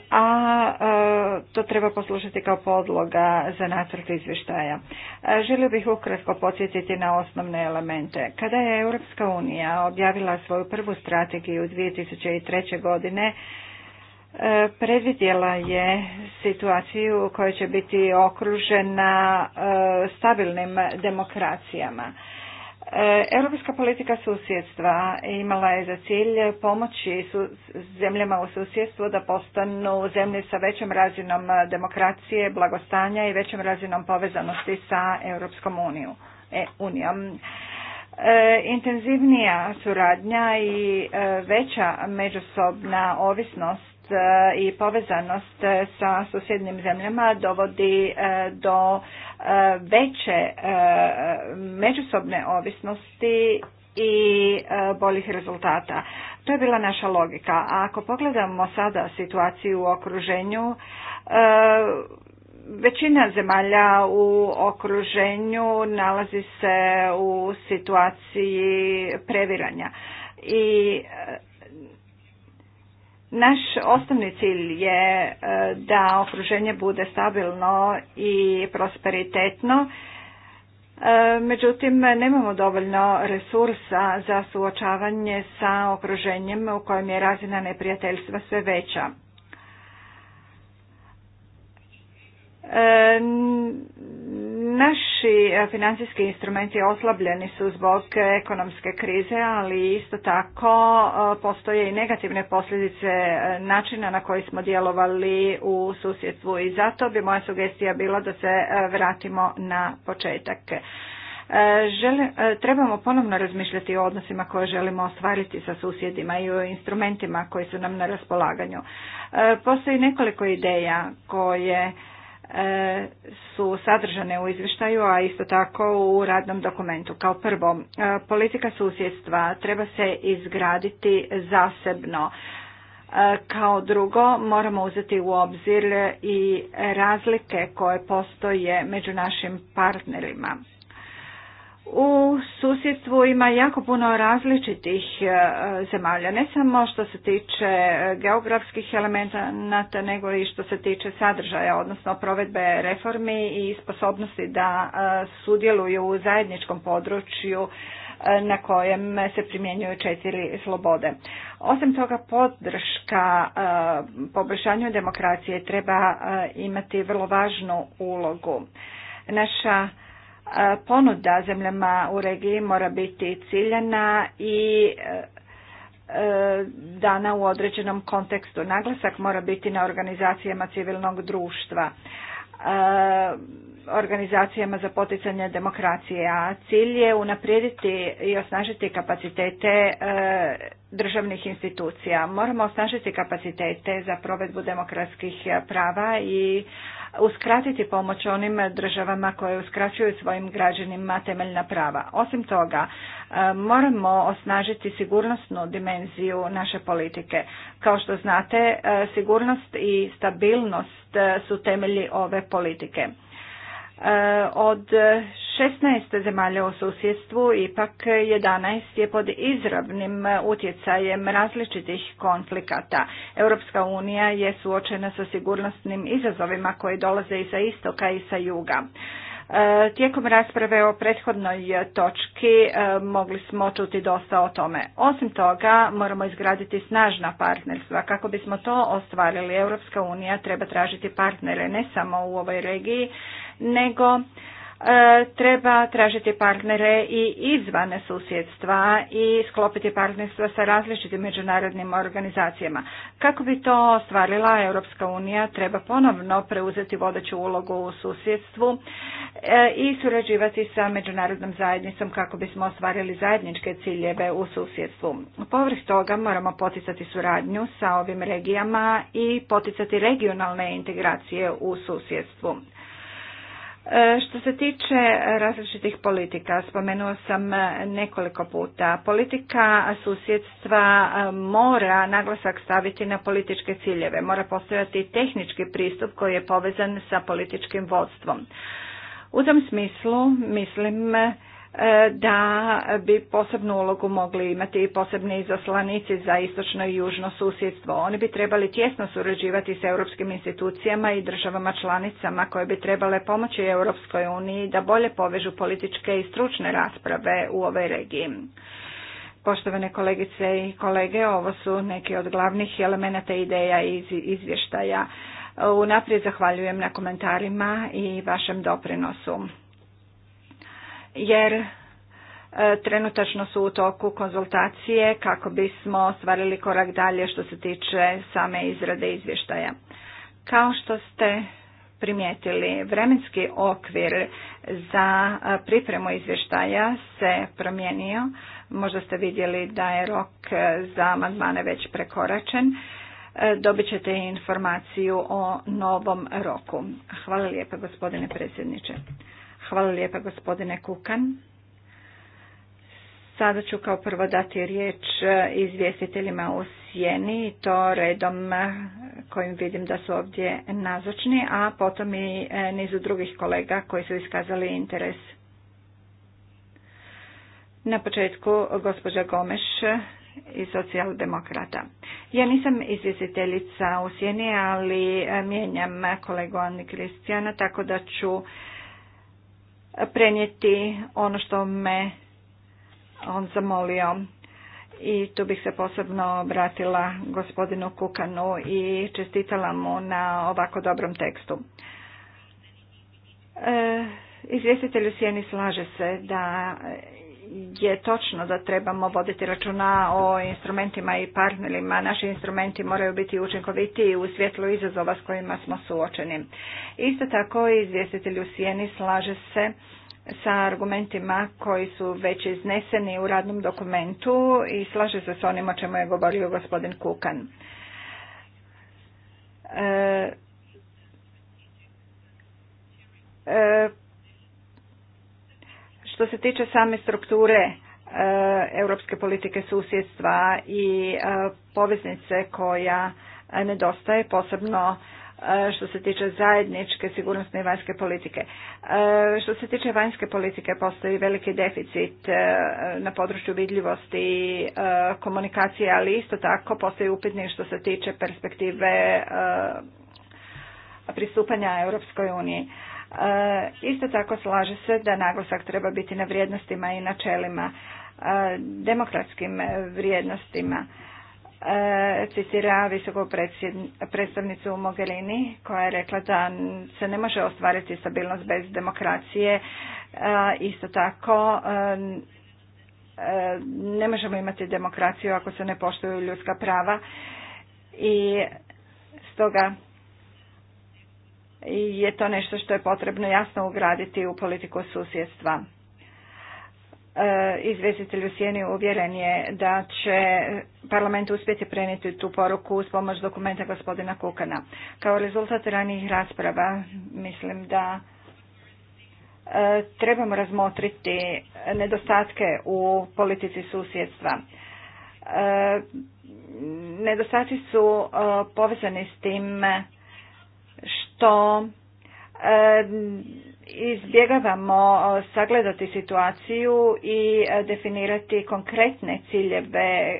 a e, to treba poslušati kao podloga za nacrt izvještaja. E, želio bih ukratko podsjetiti na osnovne elemente. Kada je Europska unija objavila svoju prvu strategiju 2003. godine, predvidjela je situaciju koja će biti okružena stabilnim demokracijama. E, europska politika susjedstva imala je za cilj pomoći zemljama u susjedstvu da postanu zemlje sa većom razinom demokracije, blagostanja i većom razinom povezanosti sa Europskom e, unijom. E, intenzivnija suradnja i veća međusobna ovisnost E, i povezanost e, sa susjednim zemljama dovodi e, do veće međusobne ovisnosti i boljih rezultata. To je bila naša logika. A ako pogledamo sada situaciju u okruženju, većina zemalja u okruženju nalazi se u situaciji previranja. I naš osnovni cilj je e, da okruženje bude stabilno i prosperitetno, e, međutim nemamo dovoljno resursa za suočavanje sa okruženjem u kojem je razina neprijateljstva sve veća. E, Naši e, financijski instrumenti oslabljeni su zbog ekonomske krize, ali isto tako e, postoje i negativne posljedice e, načina na koji smo djelovali u susjedstvu i zato bi moja sugestija bila da se vratimo na početak. trebamo ponovno razmišljati o odnosima koje želimo ostvariti sa susjedima i o instrumentima koji su nam na raspolaganju. Postoji nekoliko ideja koje E, su sadržane u izvještaju, a isto tako u radnom dokumentu. Kao prvo, e, politika susjedstva treba se izgraditi zasebno. E, kao drugo, moramo uzeti u obzir i razlike koje postoje među našim partnerima u susjedstvu ima jako puno različitih e, zemalja, ne samo što se tiče e, geografskih elemenata, nego i što se tiče sadržaja, odnosno provedbe reformi i sposobnosti da e, sudjeluju u zajedničkom području na kojem se primjenjuju četiri slobode. Osim toga, podrška poboljšanju demokracije treba imati vrlo važnu ulogu. Naša ponuda zemljama u regiji mora biti ciljena i e, e, dana u određenom kontekstu. Naglasak mora biti na organizacijama civilnog društva, e, organizacijama za poticanje demokracije, a cilj je unaprijediti i osnažiti kapacitete državnih institucija. Moramo osnažiti kapacitete za provedbu demokratskih prava i uskratiti pomoć onim državama koje uskraćuju svojim građanima temeljna prava. Osim toga, e, moramo osnažiti sigurnosnu dimenziju naše politike. Kao što znate, e, sigurnost i stabilnost e, su temelji ove politike. Eh, od 16 zemalja u susjedstvu ipak 11 je pod izravnim utjecajem različitih konflikata. Europska unija je suočena sa sigurnosnim izazovima koji dolaze i sa istoka i sa juga. Eh, tijekom rasprave o prethodnoj točki eh, mogli smo čuti dosta o tome. Osim toga, moramo izgraditi snažna partnerstva. Kako bismo to ostvarili, Europska unija treba tražiti partnere ne samo u ovoj regiji, nego e, treba tražiti partnere i izvan susjedstva i sklopiti partnerstva sa različitim međunarodnim organizacijama. Kako bi to ostvarila Europska unija treba ponovno preuzeti vodeću ulogu u susjedstvu e, i surađivati sa međunarodnom zajednicom kako bismo ostvarili zajedničke ciljeve u susjedstvu. Povrh toga moramo poticati suradnju sa ovim regijama i poticati regionalne integracije u susjedstvu. Što se tiče različitih politika, spomenuo sam nekoliko puta, politika susjedstva e, mora naglasak staviti na političke ciljeve, mora postojati tehnički pristup koji je povezan sa političkim vodstvom. U tom smislu mislim E, da bi posebnu ulogu mogli imati i posebni izaslanici za istočno i južno susjedstvo. Oni bi trebali tjesno surađivati s europskim institucijama i državama članicama koje bi trebale pomoći Europskoj uniji da bolje povežu političke i stručne rasprave u ovoj regiji. Poštovane kolegice i kolege, ovo su neki od glavnih elemenata ideja iz izvještaja. Unaprijed zahvaljujem na komentarima i vašem doprinosu jer e, Trenutačno su u toku konzultacije kako bismo ostvarili korak dalje što se tiče same izrade izvještaja. Kao što ste primijetili, vremenski okvir za e, pripremu izvještaja se promijenio. Možda ste vidjeli da je rok e, za amandmane već prekoračen. Dobit ćete informaciju o novom roku. Hvala lijepa gospodine predsjedniče. Hvala lijepa gospodine Kukan. Sada ću kao prvo dati riječ e, izvjestiteljima u sjeni i to redom e, kojim vidim da su ovdje nazočni, a potom i e, nizu drugih kolega koji su iskazali interes. Na početku gospođa Gomeš i socijaldemokrata. Ja nisam izvjestiteljica u sjeni, ali mijenjam kolegu Anni Kristijana, tako da ću prenijeti ono što me on zamolio. I tu bih se posebno obratila gospodinu Kukanu i čestitala mu na ovako dobrom tekstu. E, Izvjestitelj u sjeni slaže se da je točno da trebamo voditi računa o instrumentima i partnerima. Naši instrumenti moraju biti učinkoviti u svjetlu izazova s kojima smo suočeni. Isto tako izvjestitelj u Sijeni slaže se sa argumentima koji su već izneseni u radnom dokumentu i slaže se s onim o čemu je govorio gospodin Kukan. E, e, što se tiče same strukture e, europske politike susjedstva i e, poveznice koja nedostaje, posebno e, što se tiče zajedničke sigurnosne i vanjske politike. Što se tiče vanjske politike postoji veliki deficit na području vidljivosti i komunikacije, ali isto tako postoji upitnik što se tiče perspektive pristupanja Europskoj uniji. E, isto tako slaže se da naglasak treba biti na vrijednostima i načelima, e, demokratskim vrijednostima. E, citira visoko predstavnicu Mogherini koja je rekla da se ne može ostvariti stabilnost bez demokracije. Isto tako ne možemo imati demokraciju ako se ne poštuju ljudska prava i stoga i je to nešto što je potrebno jasno ugraditi u politiku susjedstva. E, izvjestitelj u Sjeni uvjeren je da će parlament uspjeti prenijeti tu poruku uz pomoć dokumenta gospodina Kukana. Kao rezultat ranijih rasprava mislim da e, trebamo razmotriti nedostatke u politici susjedstva. E, nedostaci su povezani s tim što e, izbjegavamo sagledati situaciju i definirati konkretne ciljeve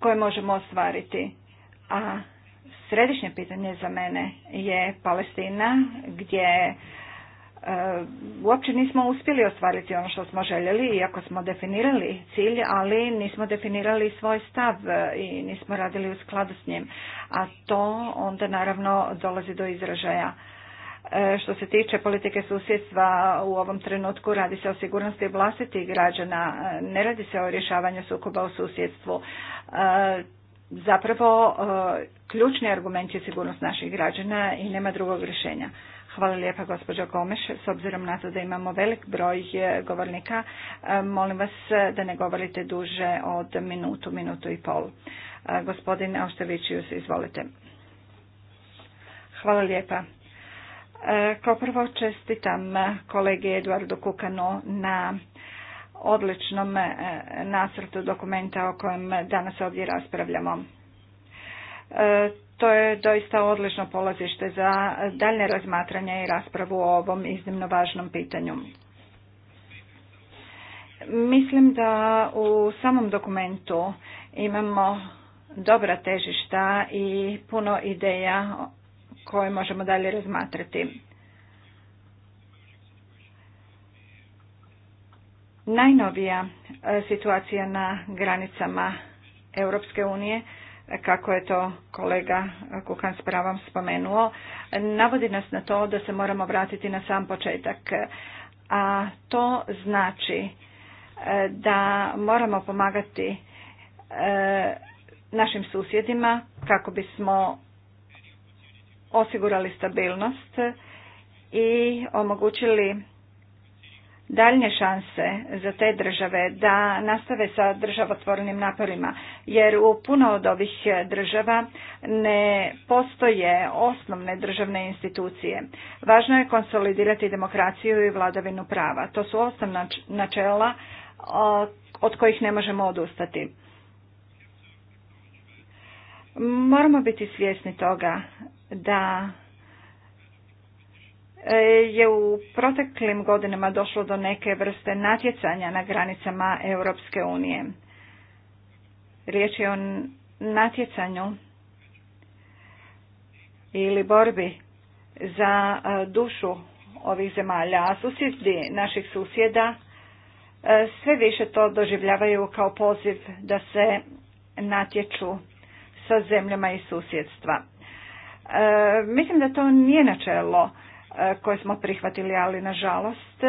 koje možemo ostvariti. A središnje pitanje za mene je Palestina gdje E, uopće nismo uspjeli ostvariti ono što smo željeli, iako smo definirali cilj, ali nismo definirali svoj stav e, i nismo radili u skladu s njim. A to onda naravno dolazi do izražaja. E, što se tiče politike susjedstva, u ovom trenutku radi se o sigurnosti vlastitih građana, ne radi se o rješavanju sukoba u susjedstvu. Zapravo, ključni argument je sigurnost naših građana i nema drugog rješenja. Hvala lijepa gospođo Gomeš. S obzirom na to da imamo velik broj eh, govornika, eh, molim vas eh, da ne govorite duže od minutu, minutu i pol. Gospodin Auštevićius, izvolite. Hvala lijepa. Kao prvo čestitam kolege Eduardu Kukanu na odličnom nasrtu dokumenta o kojem danas ovdje raspravljamo. To je doista odlično polazište za daljne razmatranje i raspravu o ovom iznimno važnom pitanju. Mislim da u samom dokumentu imamo dobra težišta i puno ideja koje možemo dalje razmatrati. Najnovija e, situacija na granicama Europske unije kako je to kolega Kukan s pravom spomenuo, navodi nas na to da se moramo vratiti na sam početak. A to znači e, da moramo pomagati e, našim susjedima kako bismo osigurali stabilnost i omogućili daljnje šanse za te države da nastave sa državotvornim naporima, jer u puno od ovih država ne postoje osnovne državne institucije. Važno je konsolidirati demokraciju i vladavinu prava. To su osnovna načela od kojih ne možemo odustati. Moramo biti svjesni toga da E, je u proteklim godinama došlo do neke vrste natjecanja na granicama Europske unije. Riječ je o natjecanju ili borbi za e, dušu ovih zemalja, a susjedi naših susjeda e, sve više to doživljavaju kao poziv da se natječu sa zemljama i susjedstva. Mislim da to nije načelo koje smo prihvatili, ali nažalost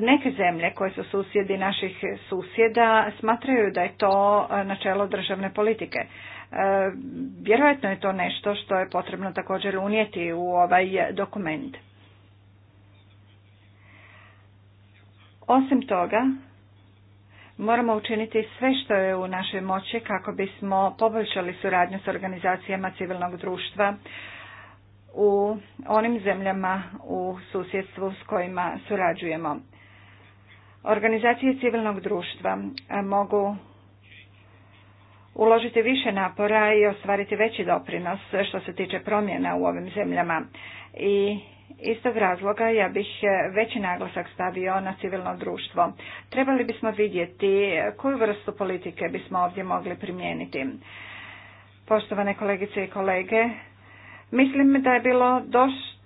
neke zemlje koje su susjedi naših susjeda smatraju da je to e, načelo državne politike. E, vjerojatno je to nešto što je potrebno također unijeti u ovaj dokument. Osim toga, moramo učiniti sve što je u našoj moći kako bismo poboljšali suradnju s organizacijama civilnog društva, u onim zemljama u susjedstvu s kojima surađujemo. Organizacije civilnog društva mogu uložiti više napora i ostvariti veći doprinos što se tiče promjena u ovim zemljama. I istog razloga ja bih e, veći naglasak stavio na civilno društvo. Trebali bismo vidjeti e, koju vrstu politike bismo ovdje mogli primijeniti. Poštovane kolegice i kolege, Mislim da je bilo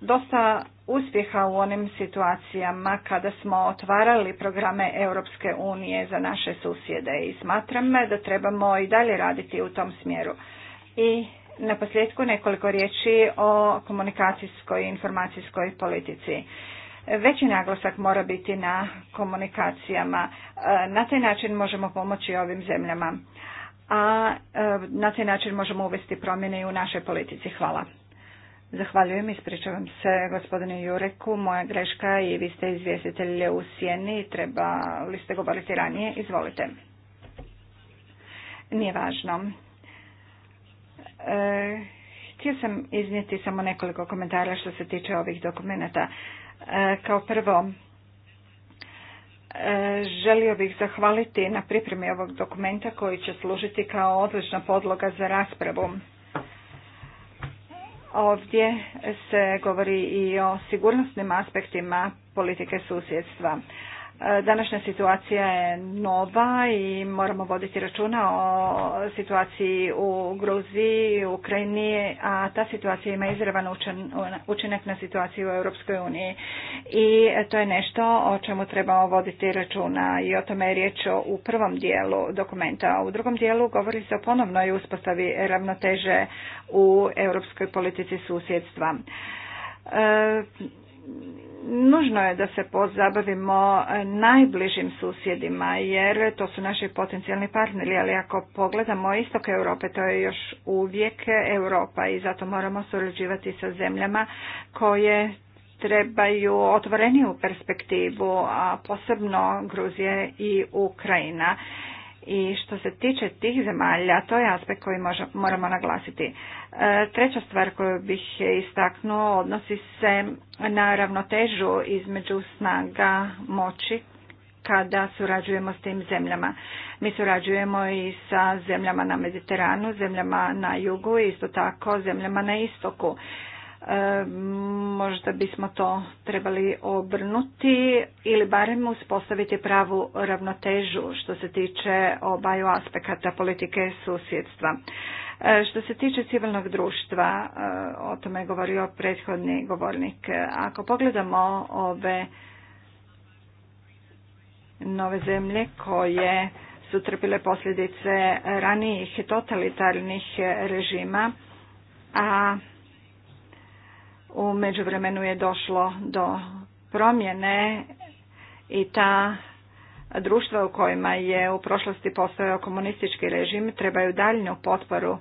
dosta uspjeha u onim situacijama kada smo otvarali programe Europske unije za naše susjede i smatram da trebamo i dalje raditi u tom smjeru. I na posljedku nekoliko riječi o komunikacijskoj i informacijskoj politici. Veći naglasak mora biti na komunikacijama. E, na taj način možemo pomoći ovim zemljama. A e, na taj način možemo uvesti promjene i u našoj politici. Hvala. Zahvaljujem, ispričavam se gospodinu Jureku, moja greška i vi ste izvjestitelj u Sjeni, treba li ste govoriti ranije, izvolite. Nije važno. E, htio sam iznijeti samo nekoliko komentara što se tiče ovih dokumenta. E, kao prvo, e, Želio bih zahvaliti na pripremi ovog dokumenta koji će služiti kao odlična podloga za raspravu. Ovdje se govori i o sigurnosnim aspektima politike susjedstva. Današnja situacija je nova i moramo voditi računa o situaciji u Gruziji, Ukrajini, a ta situacija ima izravan učinak na situaciju u Europskoj uniji. I to je nešto o čemu trebamo voditi računa i o tome je riječ u prvom dijelu dokumenta. U drugom dijelu govori se o ponovnoj uspostavi ravnoteže u europskoj politici susjedstva. E, Nužno je da se pozabavimo najbližim susjedima jer to su naši potencijalni partneri, ali ako pogledamo istok Europe, to je još uvijek Europa i zato moramo surađivati sa zemljama koje trebaju otvoreniju perspektivu, a posebno Gruzije i Ukrajina i što se tiče tih zemalja, to je aspekt koji možemo, moramo naglasiti. E, treća stvar koju bih istaknuo odnosi se na ravnotežu između snaga moći kada surađujemo s tim zemljama. Mi surađujemo i sa zemljama na Mediteranu, zemljama na jugu i isto tako zemljama na istoku. E, možda bismo to trebali obrnuti ili barem uspostaviti pravu ravnotežu što se tiče obaju aspekata politike susjedstva. E, što se tiče civilnog društva, e, o tome je govorio prethodni govornik, ako pogledamo ove nove zemlje koje su trpile posljedice ranijih totalitarnih režima, a u međuvremenu je došlo do promjene i ta društva u kojima je u prošlosti postojao komunistički režim trebaju daljnju potporu.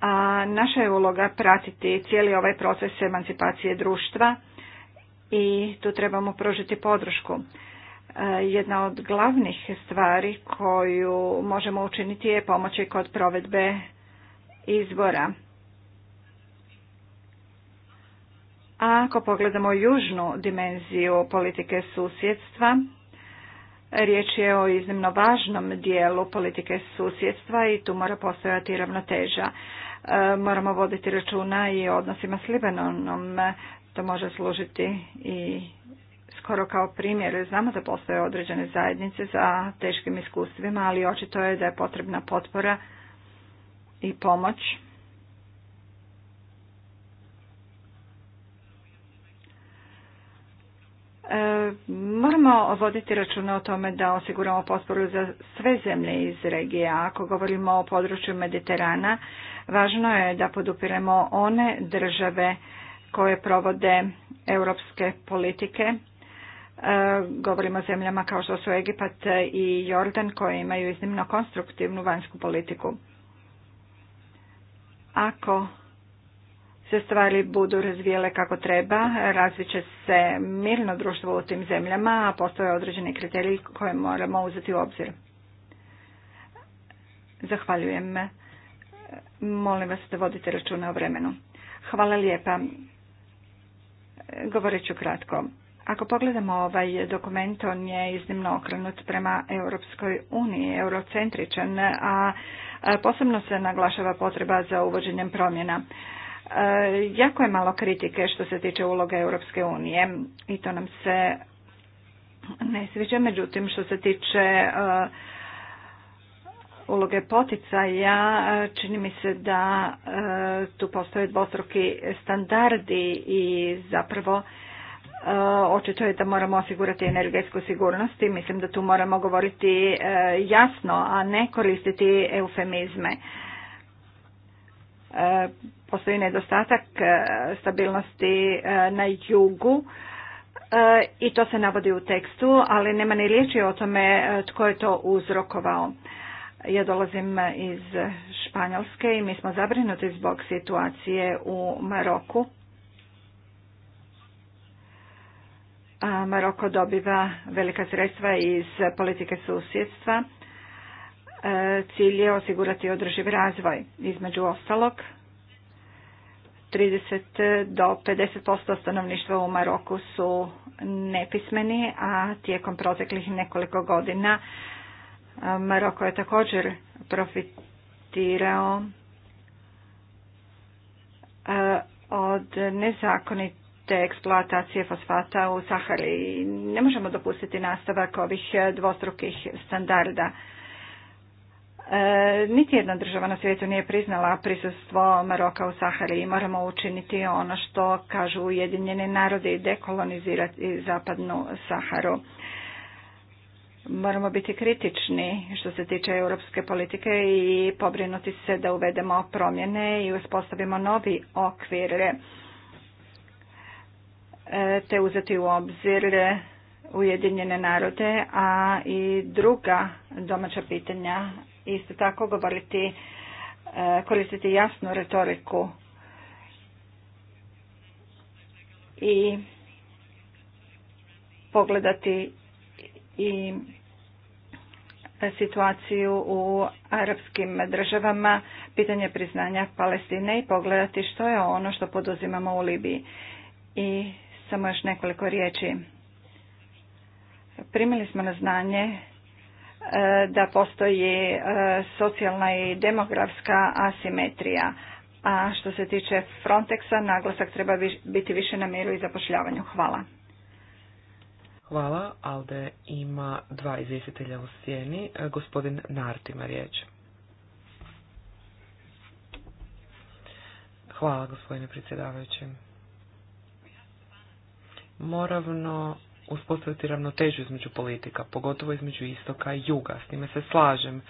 A naša je uloga pratiti cijeli ovaj proces emancipacije društva i tu trebamo pružiti podršku. E, jedna od glavnih stvari koju možemo učiniti je pomoći kod provedbe izbora. A ako pogledamo južnu dimenziju politike susjedstva, riječ je o iznimno važnom dijelu politike susjedstva i tu mora postojati ravnoteža. E, moramo voditi računa i o odnosima s Libanonom. To može služiti i skoro kao primjer. Znamo da postoje određene zajednice za teškim iskustvima, ali očito je da je potrebna potpora i pomoć Moramo voditi računa o tome da osiguramo potporu za sve zemlje iz regije. Ako govorimo o području Mediterana, važno je da podupiremo one države koje provode europske politike. E, govorimo o zemljama kao što su Egipat i Jordan koje imaju iznimno konstruktivnu vanjsku politiku. Ako se stvari budu razvijele kako treba, će se mirno društvo u tim zemljama, a postoje određeni kriteriji koje moramo uzeti u obzir. Zahvaljujem. Molim vas da vodite računa o vremenu. Hvala lijepa. Govorit ću kratko. Ako pogledamo ovaj dokument, on je iznimno okrenut prema Europskoj uniji, eurocentričan, a posebno se naglašava potreba za uvođenjem promjena. E, jako je malo kritike što se tiče uloga Europske unije i to nam se ne sviđa. Međutim, što se tiče e, uloge poticaja, čini mi se da e, tu postoje dvostruki standardi i zapravo očito je da moramo osigurati energetsku sigurnost i mislim da tu moramo govoriti jasno, a ne koristiti eufemizme postoji nedostatak e, stabilnosti e, na jugu e, i to se navodi u tekstu, ali nema ni riječi o tome tko je to uzrokovao. Ja dolazim iz Španjolske i mi smo zabrinuti zbog situacije u Maroku. Maroko dobiva velika sredstva iz politike susjedstva. Cilj je osigurati održiv razvoj, između ostalog. 30 do 50% stanovništva u Maroku su nepismeni, a tijekom proteklih nekoliko godina e, Maroko je također profitirao e, od nezakonite eksploatacije fosfata u Sahari. Ne možemo dopustiti nastavak ovih dvostrukih standarda. E, niti jedna država na svijetu nije priznala prisustvo Maroka u Sahari i moramo učiniti ono što kažu Ujedinjeni narodi i dekolonizirati zapadnu Saharu. Moramo biti kritični što se tiče europske politike i pobrinuti se da uvedemo promjene i uspostavimo novi okvir e, te uzeti u obzir Ujedinjene narode, a i druga domaća pitanja isto tako govoriti, e, koristiti jasnu retoriku i pogledati i situaciju u arapskim državama, pitanje priznanja Palestine i pogledati što je ono što poduzimamo u Libiji. I samo još nekoliko riječi. Primili smo na znanje E, da postoji e, socijalna i demografska asimetrija. A što se tiče Frontexa, naglasak treba biti više na miru i zapošljavanju. Hvala. Hvala, Alde ima dva izvjestitelja u sjeni. E, gospodin Nart ima riječ. Hvala, gospodine predsjedavajući. Moravno, uspostaviti ravnotežu između politika, pogotovo između istoka i juga. S time se slažem.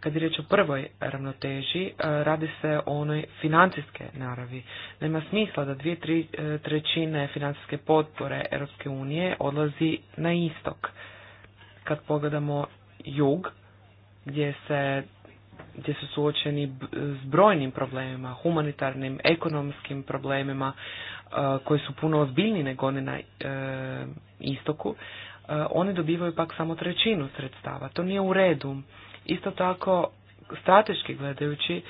Kad je riječ o prvoj ravnoteži, e, radi se o onoj financijske naravi. Nema smisla da dvije tri, e, trećine financijske potpore Europske unije odlazi na istok. Kad pogledamo jug, gdje se gdje su suočeni s brojnim problemima, humanitarnim, ekonomskim problemima e, koji su puno ozbiljniji nego oni na e, istoku, e, oni dobivaju pak samo trećinu sredstava. To nije u redu. Isto tako, strateški gledajući,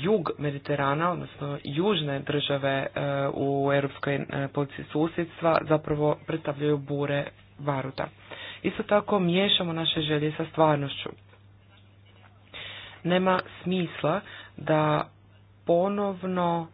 jug Mediterana, odnosno južne države u europskoj policiji susjedstva zapravo predstavljaju bure baruta. Isto tako miješamo naše želje sa stvarnošću. Nema smisla da ponovno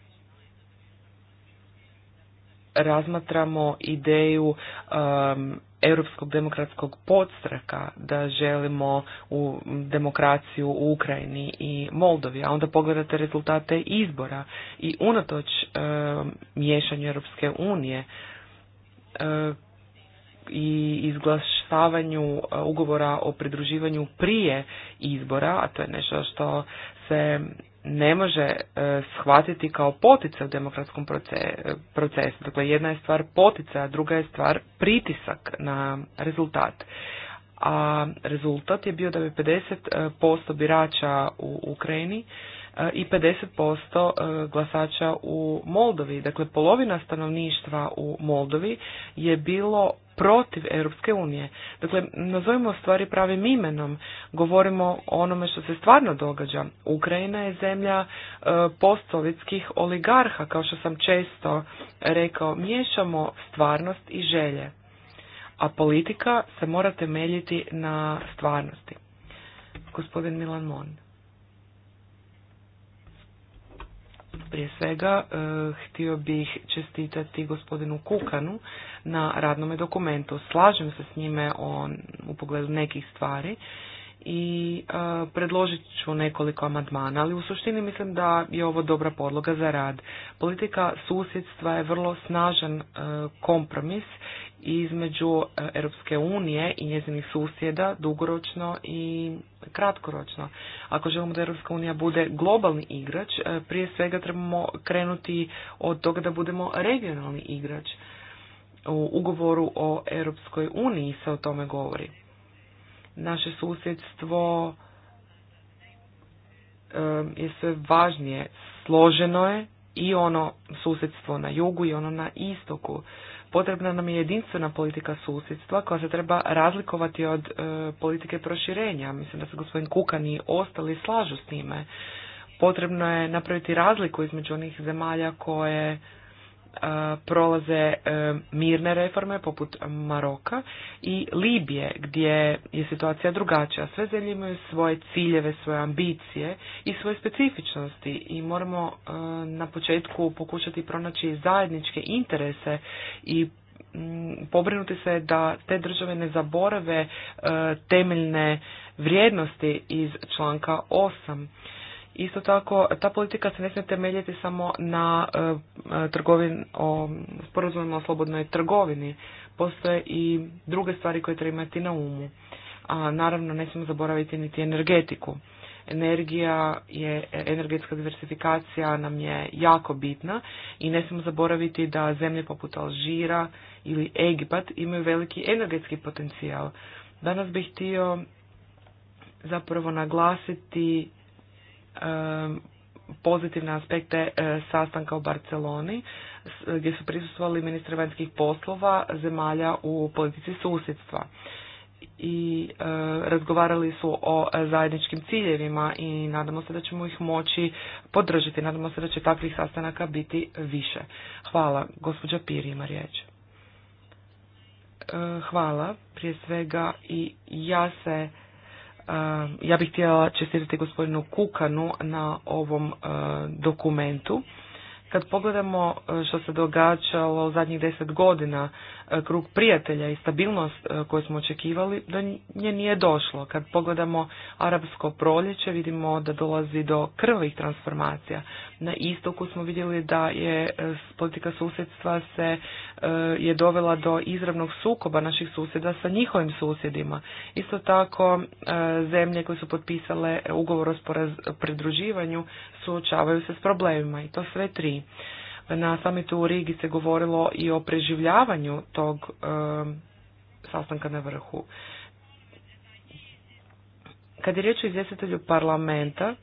razmatramo ideju um, europskog demokratskog podstraka da želimo u demokraciju u Ukrajini i Moldovi, a onda pogledate rezultate izbora i unatoč um, miješanju Europske unije uh, i izglašavanju e, ugovora o pridruživanju prije izbora, a to je nešto što se ne može e, shvatiti kao potica u demokratskom e, procesu. Dakle, jedna je stvar potica, a druga je stvar pritisak na rezultat. A rezultat je bio da bi 50% birača u Ukrajini i 50% glasača u Moldovi. Dakle, polovina stanovništva u Moldovi je bilo protiv Europske unije. Dakle, nazovimo stvari pravim imenom. Govorimo o onome što se stvarno događa. Ukrajina je zemlja e, postsovjetskih oligarha, kao što sam često rekao. Miješamo stvarnost i želje. A politika se mora temeljiti na stvarnosti. Gospodin Milan Mon. Prije svega e, htio bih čestitati gospodinu Kukanu na radnome dokumentu. Slažem se s njime on, u pogledu nekih stvari i e, predložit ću nekoliko amandmana, ali u suštini mislim da je ovo dobra podloga za rad. Politika susjedstva je vrlo snažan e, kompromis između e, Europske unije i njezinih susjeda dugoročno i kratkoročno. Ako želimo da Europska unija bude globalni igrač, e, prije svega trebamo krenuti od toga da budemo regionalni igrač. U ugovoru o Europskoj uniji se o tome govori. Naše susjedstvo e, je sve važnije. Složeno je i ono susjedstvo na jugu i ono na istoku. Potrebna nam je jedinstvena politika susjedstva koja se treba razlikovati od e, politike proširenja. Mislim da se gospodin Kukan i ostali slažu s time. Potrebno je napraviti razliku između onih zemalja koje prolaze e, mirne reforme poput Maroka i Libije gdje je situacija drugačija. Sve zemlje imaju svoje ciljeve, svoje ambicije i svoje specifičnosti i moramo e, na početku pokušati pronaći zajedničke interese i pobrinuti se da te države ne zaborave e, temeljne vrijednosti iz članka osam. Isto tako, ta politika se ne smije temeljiti samo na e, e, trgovin, o sporazumima o slobodnoj trgovini. Postoje i druge stvari koje treba imati na umu. A naravno, ne smijemo zaboraviti niti energetiku. Energija je, e, energetska diversifikacija nam je jako bitna i ne smijemo zaboraviti da zemlje poput Alžira ili Egipat imaju veliki energetski potencijal. Danas bih htio zapravo naglasiti pozitivne aspekte e, sastanka u Barceloni gdje su prisustvovali ministri vanjskih poslova zemalja u politici susjedstva i e, razgovarali su o zajedničkim ciljevima i nadamo se da ćemo ih moći podržati. Nadamo se da će takvih sastanaka biti više. Hvala. Gospođa Piri ima riječ. E, hvala. Prije svega i ja se Eh, ja bih htjela čestitati gospodinu Kukanu na ovom eh, dokumentu. Kad pogledamo eh, što se događalo u zadnjih deset godina krug prijatelja i stabilnost e, koju smo očekivali, do nje nije došlo. Kad pogledamo arapsko proljeće, vidimo da dolazi do krvih transformacija. Na istoku smo vidjeli da je e, politika susjedstva se e, je dovela do izravnog sukoba naših susjeda sa njihovim susjedima. Isto tako, zemlje koje su potpisale ugovor o pridruživanju suočavaju se s problemima i to sve tri. Na samitu u Rigi se govorilo i o preživljavanju tog sastanka na vrhu. Kad je riječ o izvjestitelju parlamenta,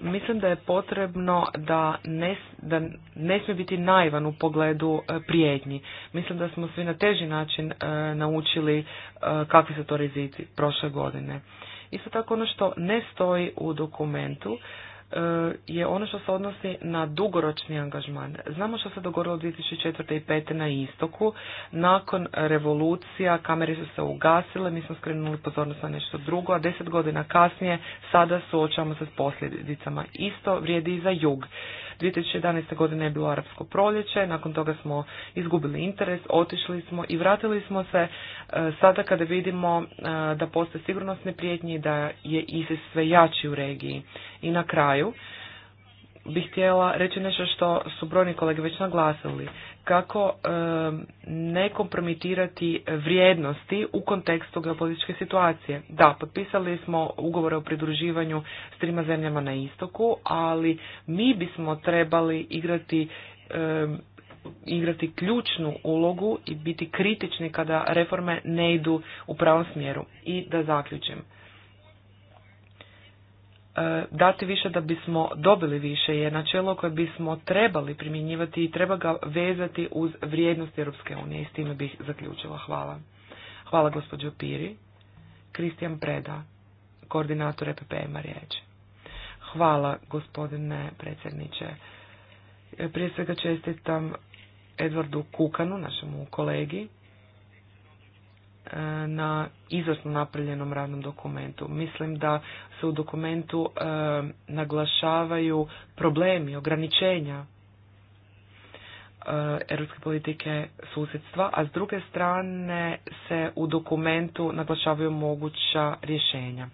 mislim da je potrebno da ne, da ne smije biti naivan u pogledu e, prijetnji. Mislim da smo svi na teži način e, naučili e, kakvi su to rizici prošle godine. Isto tako ono što ne stoji u dokumentu E, je ono što se odnosi na dugoročni angažman. Znamo što se dogodilo 2004. i 2005. na istoku. Nakon revolucija kamere su se ugasile, mi smo skrenuli pozornost na nešto drugo, a deset godina kasnije sada suočavamo se s posljedicama. Isto vrijedi i za jug. 2011. godine je bilo arapsko proljeće, nakon toga smo izgubili interes, otišli smo i vratili smo se e, sada kada vidimo e, da postoje sigurnosne prijetnje i da je ISIS sve jači u regiji. I na kraju bih htjela reći nešto što su brojni kolege već naglasili kako ne kompromitirati vrijednosti u kontekstu geopolitičke situacije. Da, potpisali smo ugovore o pridruživanju s trima zemljama na istoku, ali mi bismo trebali igrati igrati ključnu ulogu i biti kritični kada reforme ne idu u pravom smjeru. I da zaključim. E, dati više da bismo dobili više je načelo koje bismo trebali primjenjivati i treba ga vezati uz vrijednost Europske unije i s time bih zaključila. Hvala. Hvala gospođo Piri. Kristijan Preda, koordinator EPP a Hvala gospodine predsjedniče. E, prije svega čestitam Edvardu Kukanu, našemu kolegi, E, na izvrsno napravljenom radnom dokumentu. Mislim da se u dokumentu e, naglašavaju problemi, ograničenja e, europske politike susjedstva, a s druge strane se u dokumentu naglašavaju moguća rješenja.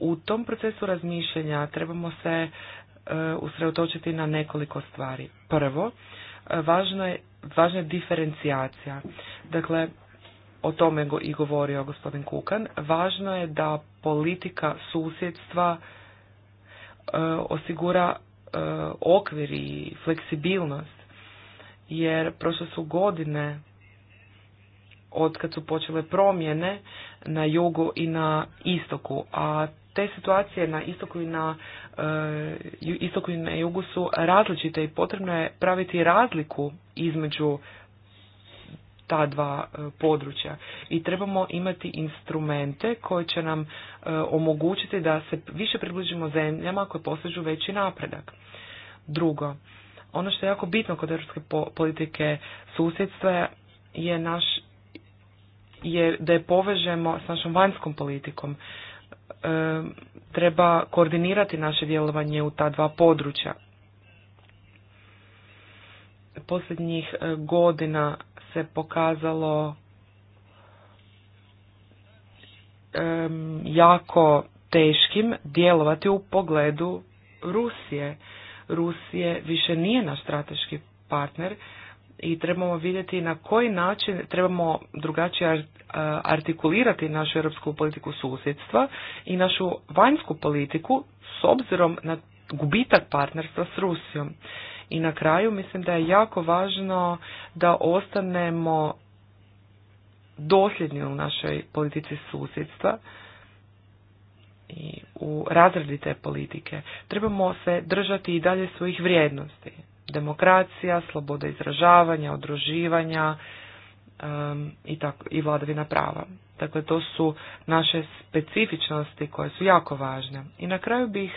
U tom procesu razmišljanja trebamo se usreotočiti usredotočiti na nekoliko stvari. Prvo, važno je, važna je diferencijacija. Dakle, o tome i govorio gospodin Kukan, važno je da politika susjedstva e, osigura e, okvir i fleksibilnost, jer prošle su godine od kad su počele promjene na jugu i na istoku, a te situacije na istoku i na, e, istoku i na jugu su različite i potrebno je praviti razliku između ta dva e, područja i trebamo imati instrumente koji će nam e, omogućiti da se više približimo zemljama koje postižu veći napredak. Drugo, ono što je jako bitno kod europske politike susjedstva je naš je da je povežemo s našom vanjskom politikom. E, treba koordinirati naše djelovanje u ta dva područja. Posljednjih godina se pokazalo jako teškim djelovati u pogledu Rusije. Rusije više nije naš strateški partner i trebamo vidjeti na koji način trebamo drugačije artikulirati našu europsku politiku susjedstva i našu vanjsku politiku s obzirom na gubitak partnerstva s Rusijom. I na kraju mislim da je jako važno da ostanemo dosljedni u našoj politici susjedstva i u razredi te politike. Trebamo se držati i dalje svojih vrijednosti. Demokracija, sloboda izražavanja, odruživanja um, i, i vladavina prava. Dakle, to su naše specifičnosti koje su jako važne. I na kraju bih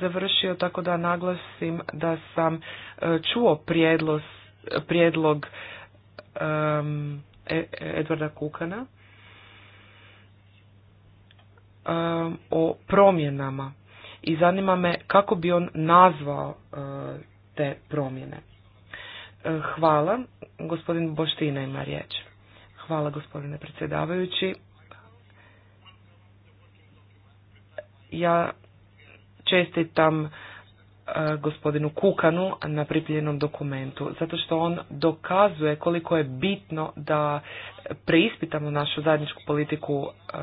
završio tako da naglasim da sam e, čuo prijedlog, prijedlog e, Edvarda Kukana um, o promjenama i zanima me kako bi on nazvao e, te promjene. Hvala. Gospodin Boština ima riječ. Hvala gospodine predsjedavajući. Ja čestitam e, gospodinu Kukanu na pripljenom dokumentu, zato što on dokazuje koliko je bitno da preispitamo našu zajedničku politiku e,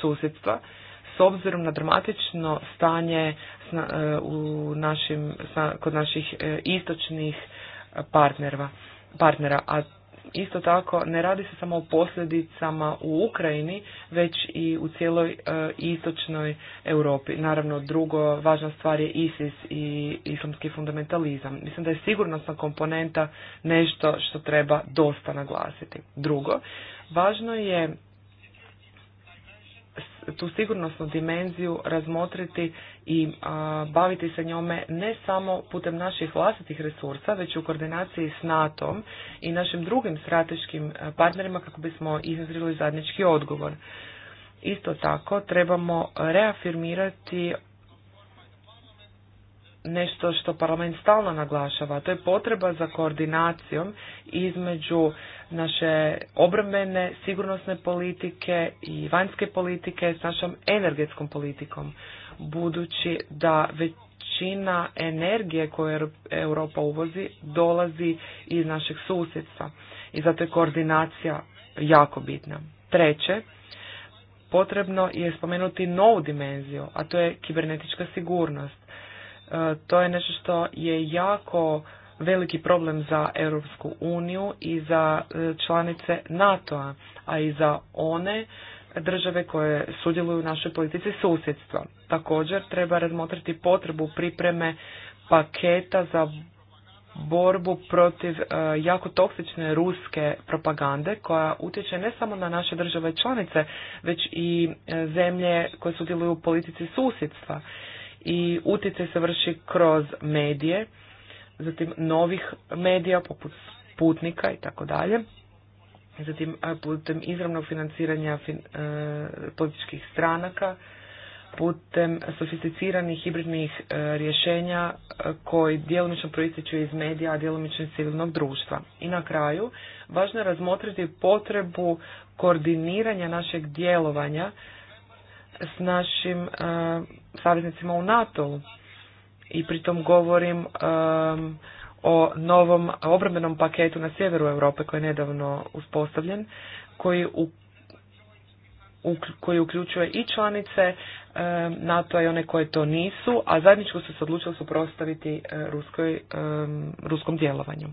susjedstva s obzirom na dramatično stanje e, u našim, kod naših istočnih partnera, a isto tako ne radi se samo o posljedicama u Ukrajini, već i u cijeloj e, istočnoj Europi. Naravno, drugo važna stvar je ISIS i islamski fundamentalizam. Mislim da je sigurnosna komponenta nešto što treba dosta naglasiti. Drugo, važno je tu sigurnosnu dimenziju razmotriti i a, baviti se njome ne samo putem naših vlastitih resursa, već u koordinaciji s NATO-om i našim drugim strateškim partnerima kako bismo iznazrili zajednički odgovor. Isto tako trebamo reafirmirati nešto što parlament stalno naglašava, to je potreba za koordinacijom između naše obrambene, sigurnosne politike i vanjske politike s našom energetskom politikom budući da većina energije koju Europa uvozi dolazi iz našeg susjedstva i zato je koordinacija jako bitna. Treće, potrebno je spomenuti novu dimenziju, a to je kibernetička sigurnost. E, to je nešto što je jako veliki problem za Europsku uniju i za e, članice NATO-a, a i za one države koje sudjeluju u našoj politici susjedstva. Također treba razmotriti potrebu pripreme paketa za borbu protiv e, jako toksične ruske propagande koja utječe ne samo na naše države članice, već i e, zemlje koje sudjeluju u politici susjedstva. I utjecaj se vrši kroz medije, zatim novih medija poput putnika i tako dalje zatim putem izravnog financiranja e, političkih stranaka, putem sofisticiranih hibridnih e, rješenja e, koji djelomično proističu iz medija, a djelomično iz civilnog društva. I na kraju, važno je razmotriti potrebu koordiniranja našeg djelovanja s našim e, saveznicima u NATO-u. I pritom govorim o novom obrambenom paketu na sjeveru Europe koji je nedavno uspostavljen, koji, u, koji uključuje i članice e, NATO-a i one koje to nisu, a zajedničko su se odlučili suprotstaviti e, ruskoj, e, ruskom djelovanju.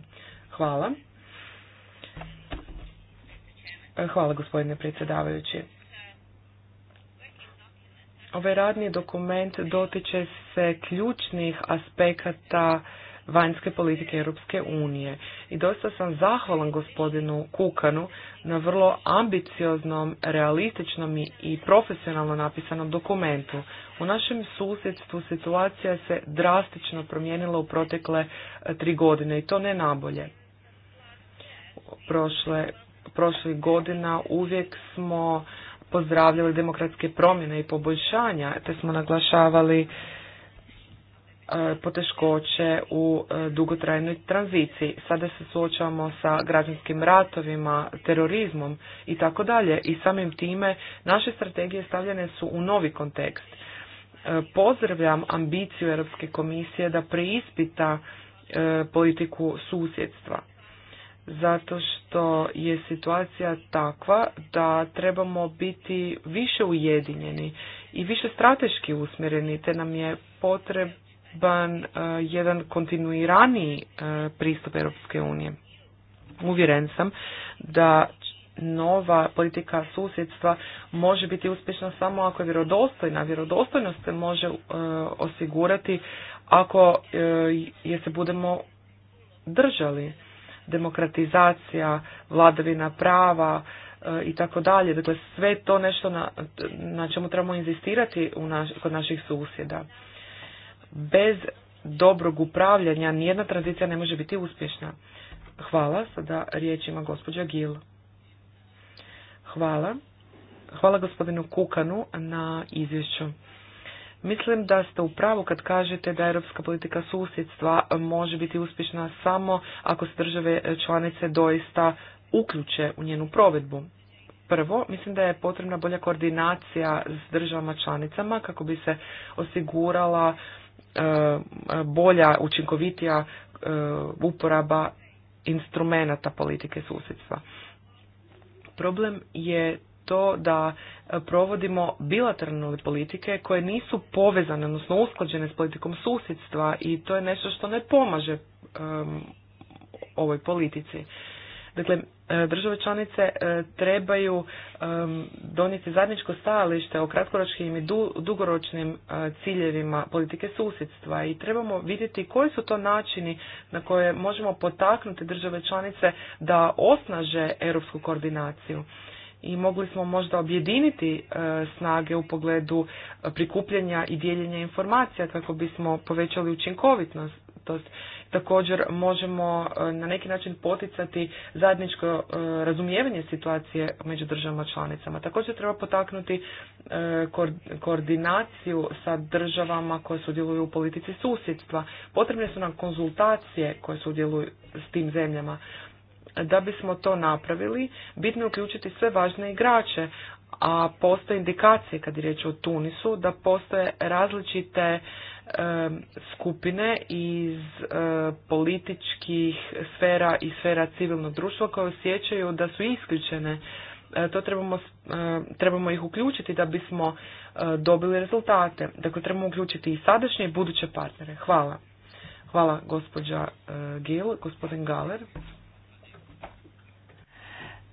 Hvala. E, hvala gospodine predsjedavajući. Ovaj radni dokument dotiče se ključnih aspekata vanjske politike Europske unije. I dosta sam zahvalan gospodinu Kukanu na vrlo ambicioznom, realističnom i profesionalno napisanom dokumentu. U našem susjedstvu situacija se drastično promijenila u protekle e, tri godine i to ne nabolje. Prošle, prošlih godina uvijek smo pozdravljali demokratske promjene i poboljšanja, te smo naglašavali E, poteškoće u e, dugotrajnoj tranziciji. Sada se suočavamo sa građanskim ratovima, terorizmom i tako dalje i samim time naše strategije stavljene su u novi kontekst. E, pozdravljam ambiciju Europske komisije da preispita politiku susjedstva. Zato što je situacija takva da trebamo biti više ujedinjeni i više strateški usmjereni, te nam je potreb ban e, jedan kontinuiraniji e, pristup Europske unije. Uvjeren sam da nova politika susjedstva može biti uspješna samo ako je vjerodostojna. Vjerodostojnost se može e, osigurati ako je se budemo držali. Demokratizacija, vladavina prava i tako dalje. Dakle, sve to nešto na, na čemu trebamo inzistirati u naš, kod naših susjeda bez dobrog upravljanja nijedna tranzicija ne može biti uspješna. Hvala, sada riječ ima gospođa Gil. Hvala. Hvala gospodinu Kukanu na izvješću. Mislim da ste u pravu kad kažete da europska politika susjedstva može biti uspješna samo ako se države članice doista uključe u njenu provedbu. Prvo, mislim da je potrebna bolja koordinacija s državama članicama kako bi se osigurala E, bolja, učinkovitija e, uporaba instrumenata politike susjedstva. Problem je to da provodimo bilateralne politike koje nisu povezane, odnosno usklađene s politikom susjedstva i to je nešto što ne pomaže e, ovoj politici. Dakle, E, države članice e, trebaju e, donijeti zajedničko stajalište o kratkoročnim i dugoročnim ciljevima politike susjedstva i trebamo vidjeti koji su to načini na koje možemo potaknuti države članice da osnaže europsku koordinaciju i mogli smo možda objediniti snage u pogledu prikupljanja i dijeljenja informacija kako bismo povećali učinkovitnost. Također možemo e, na neki način poticati zajedničko e, razumijevanje situacije među državama članicama. Također treba potaknuti e, koordinaciju sa državama koje sudjeluju u politici susjedstva. Potrebne su nam konzultacije koje sudjeluju s tim zemljama. Da bismo to napravili, bitno je uključiti sve važne igrače, a postoje indikacije kad je riječ o Tunisu da postoje različite e, skupine iz e, političkih sfera i sfera civilnog društva koje osjećaju da su isključene. E, to trebamo, trebamo ih uključiti da bismo dobili rezultate. Dakle, trebamo uključiti i sadašnje i buduće partnere. Hvala. Hvala gospođa Gil, gospodin Galer.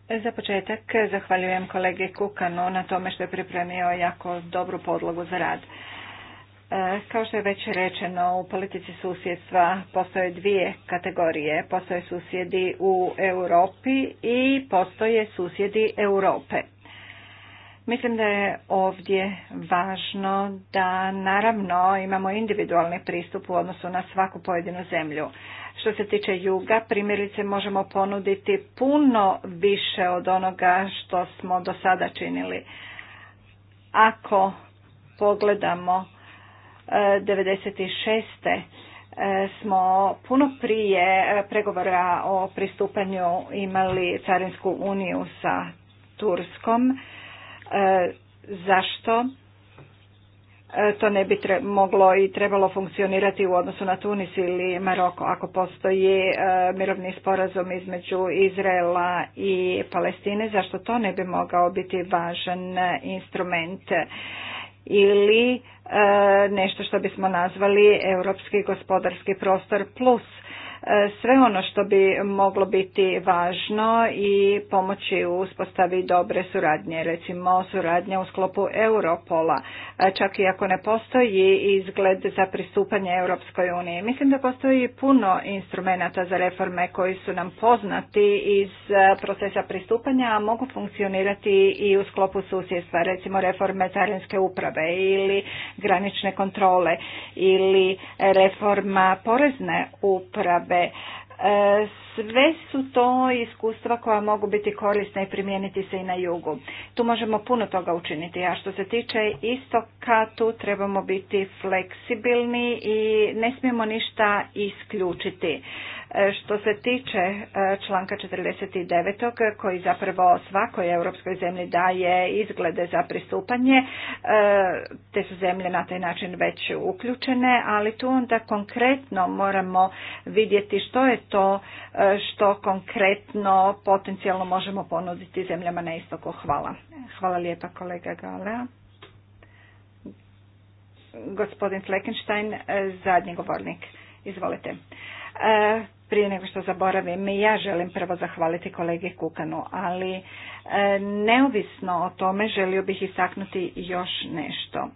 Za početak zahvaljujem kolegi Kukanu na tome što je pripremio jako dobru podlogu za rad. E, kao što je već rečeno, u politici susjedstva postoje dvije kategorije. Postoje susjedi u Europi i postoje susjedi Europe. Mislim da je ovdje važno da naravno imamo individualni pristup u odnosu na svaku pojedinu zemlju. Što se tiče juga, primjerice možemo ponuditi puno više od onoga što smo do sada činili. Ako pogledamo 96 e, e, smo puno prije e, pregovora o pristupanju imali Carinsku uniju sa Turskom. Zašto? E, to ne bi tre moglo i trebalo funkcionirati u odnosu na Tunis ili Maroko ako postoji e, mirovni sporazum između Izraela i Palestine zašto to ne bi mogao biti važan instrument ili e, nešto što bismo nazvali europski gospodarski prostor plus sve ono što bi moglo biti važno i pomoći u uspostavi dobre suradnje, recimo suradnja u sklopu Europola, čak i ako ne postoji izgled za pristupanje Europskoj uniji. Mislim da postoji puno instrumenata za reforme koji su nam poznati iz procesa pristupanja, a mogu funkcionirati i u sklopu susjedstva, recimo reforme carinske uprave ili granične kontrole ili reforma porezne uprave E, sve su to iskustva koja mogu biti korisna i primijeniti se i na jugu. Tu možemo puno toga učiniti, a što se tiče istoka, tu trebamo biti fleksibilni i ne smijemo ništa isključiti. Što se tiče e, članka 49. koji zapravo svakoj europskoj zemlji daje izglede za pristupanje, e, te su zemlje na taj način već uključene, ali tu onda konkretno moramo vidjeti što je to e, što konkretno potencijalno možemo ponuditi zemljama na istoku. Hvala. Hvala lijepa kolega Galea. Gospodin Fleckenstein, zadnji govornik. Izvolite prije nego što zaboravim, ja želim prvo zahvaliti kolegi Kukanu, ali e, neovisno o tome želio bih istaknuti još nešto.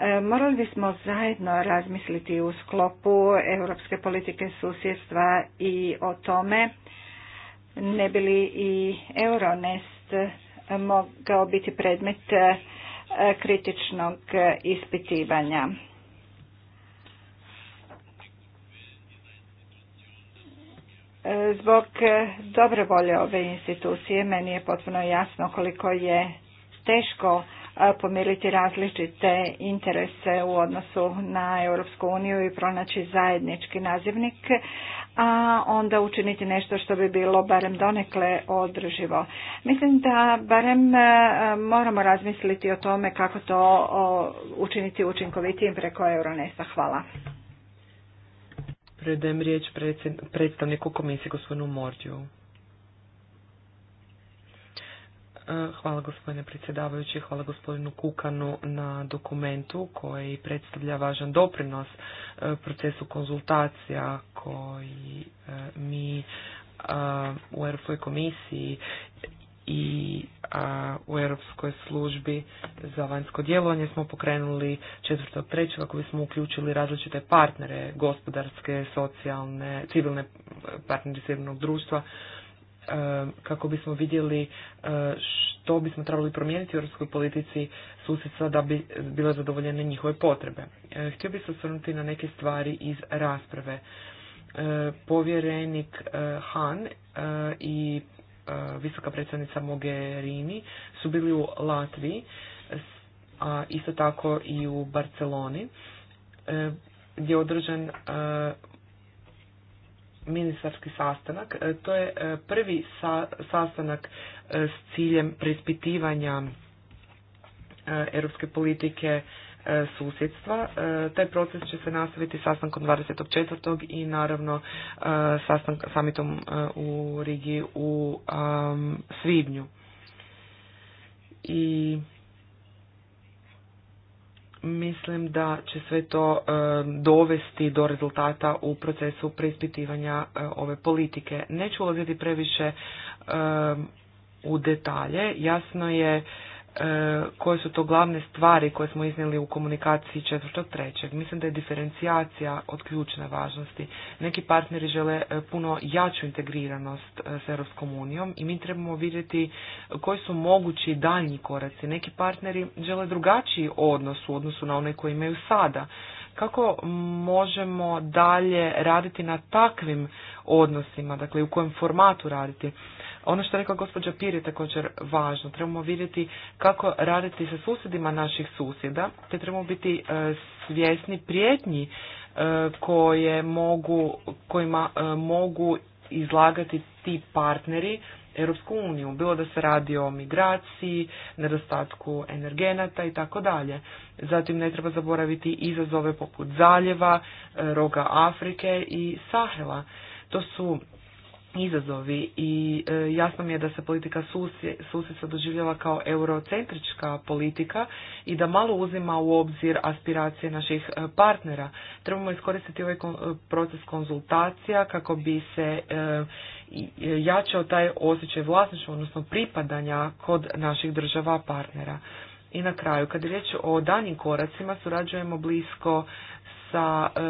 E, morali bismo zajedno razmisliti u sklopu europske politike susjedstva i o tome ne bi li i Euronest mogao biti predmet e, kritičnog ispitivanja. E, zbog e, dobre volje ove institucije meni je potpuno jasno koliko je teško e, pomiriti različite interese u odnosu na Europsku uniju i pronaći zajednički nazivnik, a onda učiniti nešto što bi bilo barem donekle održivo. Mislim da barem moramo razmisliti o tome kako to učiniti učinkovitijim preko Euronesa. Hvala predajem riječ predstavniku komisije gospodinu Mordiju. E, hvala gospodine predsjedavajući, hvala gospodinu Kukanu na dokumentu koji predstavlja važan doprinos e, procesu konzultacija koji e, mi u Europskoj komisiji i a, u Europskoj službi za vanjsko djelovanje smo pokrenuli četvrtog u kako bismo uključili različite partnere gospodarske, socijalne, civilne partnere civilnog društva e, kako bismo vidjeli e, što bismo trebali promijeniti u europskoj politici susjedstva da bi bile zadovoljene njihove potrebe. E, htio bih se osvrnuti na neke stvari iz rasprave. Povjerenik Han i E, visoka predstavnica Mogherini su bili u Latviji, a isto tako i u Barceloni, e, gdje je održan e, ministarski sastanak. To je prvi sastanak s ciljem preispitivanja europske politike E, susjedstva. E, taj proces će se nastaviti sastankom 24. i naravno e, sastank, samitom u Rigi u Svibnju. I mislim da će sve to dovesti do rezultata u procesu preispitivanja ove politike. Neću ulaziti previše u detalje. Jasno je E, koje su to glavne stvari koje smo iznijeli u komunikaciji trećeg? Mislim da je diferencijacija od ključne važnosti. Neki partneri žele e, puno jaču integriranost e, s Europskom unijom i mi trebamo vidjeti koji su mogući daljnji koraci. Neki partneri žele drugačiji odnos u odnosu na one koji imaju sada. Kako možemo dalje raditi na takvim odnosima, dakle u kojem formatu raditi? Ono što je rekla gospođa Pir je također važno. Trebamo vidjeti kako raditi sa susjedima naših susjeda, te trebamo biti e, svjesni prijetnji e, koje mogu, kojima e, mogu izlagati ti partneri Europsku uniju, bilo da se radi o migraciji, nedostatku energenata i tako dalje. Zatim ne treba zaboraviti izazove poput zaljeva, roga Afrike i Sahela. To su izazovi i e, jasno mi je da se politika susjedstva doživljava kao eurocentrička politika i da malo uzima u obzir aspiracije naših e, partnera. Trebamo iskoristiti ovaj e, proces konzultacija kako bi se jačao taj osjećaj vlasništva, odnosno pripadanja kod naših država partnera. I na kraju, kad je riječ o danjim koracima, surađujemo blisko sa e,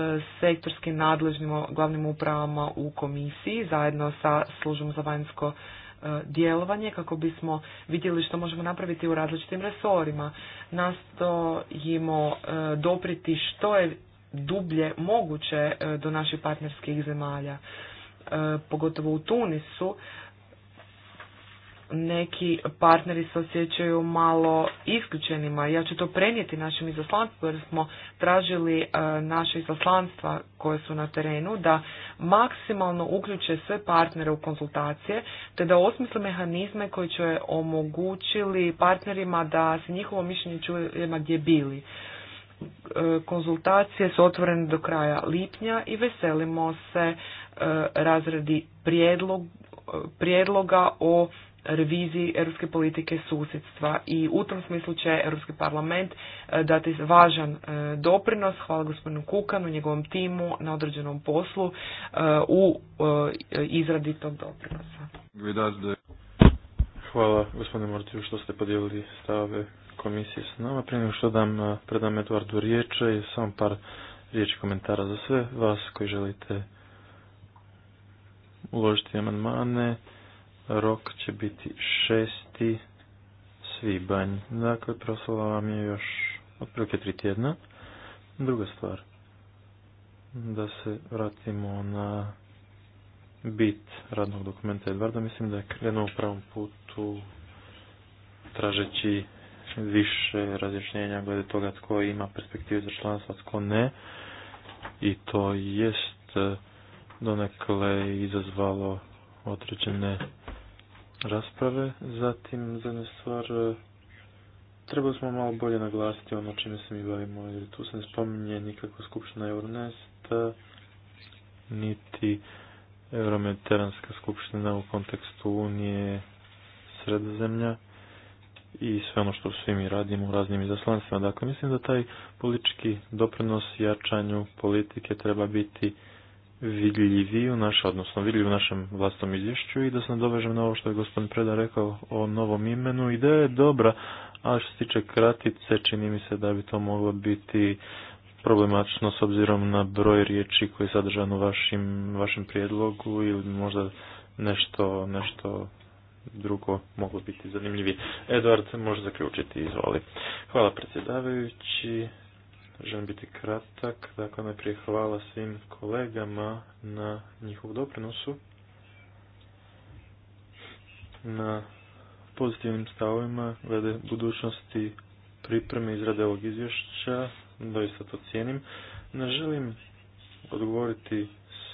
sektorskim nadležnim glavnim upravama u komisiji zajedno sa službom za vanjsko e, djelovanje kako bismo vidjeli što možemo napraviti u različitim resorima. Nastojimo e, dopriti što je dublje moguće do naših partnerskih zemalja. Pogotovo u Tunisu neki partneri se osjećaju malo isključenima. Ja ću to prenijeti našim izaslanstvu jer smo tražili e, naše izaslanstva koje su na terenu da maksimalno uključe sve partnere u konzultacije te da osmisle mehanizme koji će omogućili partnerima da se njihovo mišljenje čuje gdje bili. E, konzultacije su otvorene do kraja lipnja i veselimo se e, razredi prijedlog, prijedloga o reviziji europske politike susjedstva i u tom smislu će Europski parlament e, dati važan e, doprinos. Hvala gospodinu Kukanu, njegovom timu na određenom poslu e, u izradi tog doprinosa. Hvala gospodine Mortiju što ste podijelili stave komisije s nama. Prije nego što dam, predam Eduardu riječe i samo par riječi komentara za sve vas koji želite uložiti amandmane. Rok će biti šesti svibanj. Dakle, proslava vam je još otprilike tri tjedna. Druga stvar, da se vratimo na bit radnog dokumenta Edvarda. Mislim da je krenuo u pravom putu tražeći više razjašnjenja glede toga tko ima perspektivu za članstvo, tko ne. I to jest donekle izazvalo određene rasprave. Zatim, zadnja stvar, trebali smo malo bolje naglasiti ono čime se mi bavimo, jer tu se ne spominje nikakva skupština Euronesta, niti Euromediteranska skupština u kontekstu Unije sredozemlja i sve ono što svi mi radimo u raznim izaslanstvima. Dakle, mislim da taj politički doprinos jačanju politike treba biti vidljiviji u naš, odnosno vidljivi u našem vlastnom izvješću i da se nadovežem na ovo što je gospodin Preda rekao o novom imenu. Ideja je dobra, a što se tiče kratice, čini mi se da bi to moglo biti problematično s obzirom na broj riječi koji je sadržan u vašim, vašem prijedlogu ili možda nešto, nešto drugo moglo biti zanimljivije. eduard može zaključiti, izvoli. Hvala predsjedavajući. Želim biti kratak. Dakle, najprije hvala svim kolegama na njihovu doprinosu, na pozitivnim stavovima glede budućnosti pripreme izrade ovog izvješća. Doista to cijenim. Ne želim odgovoriti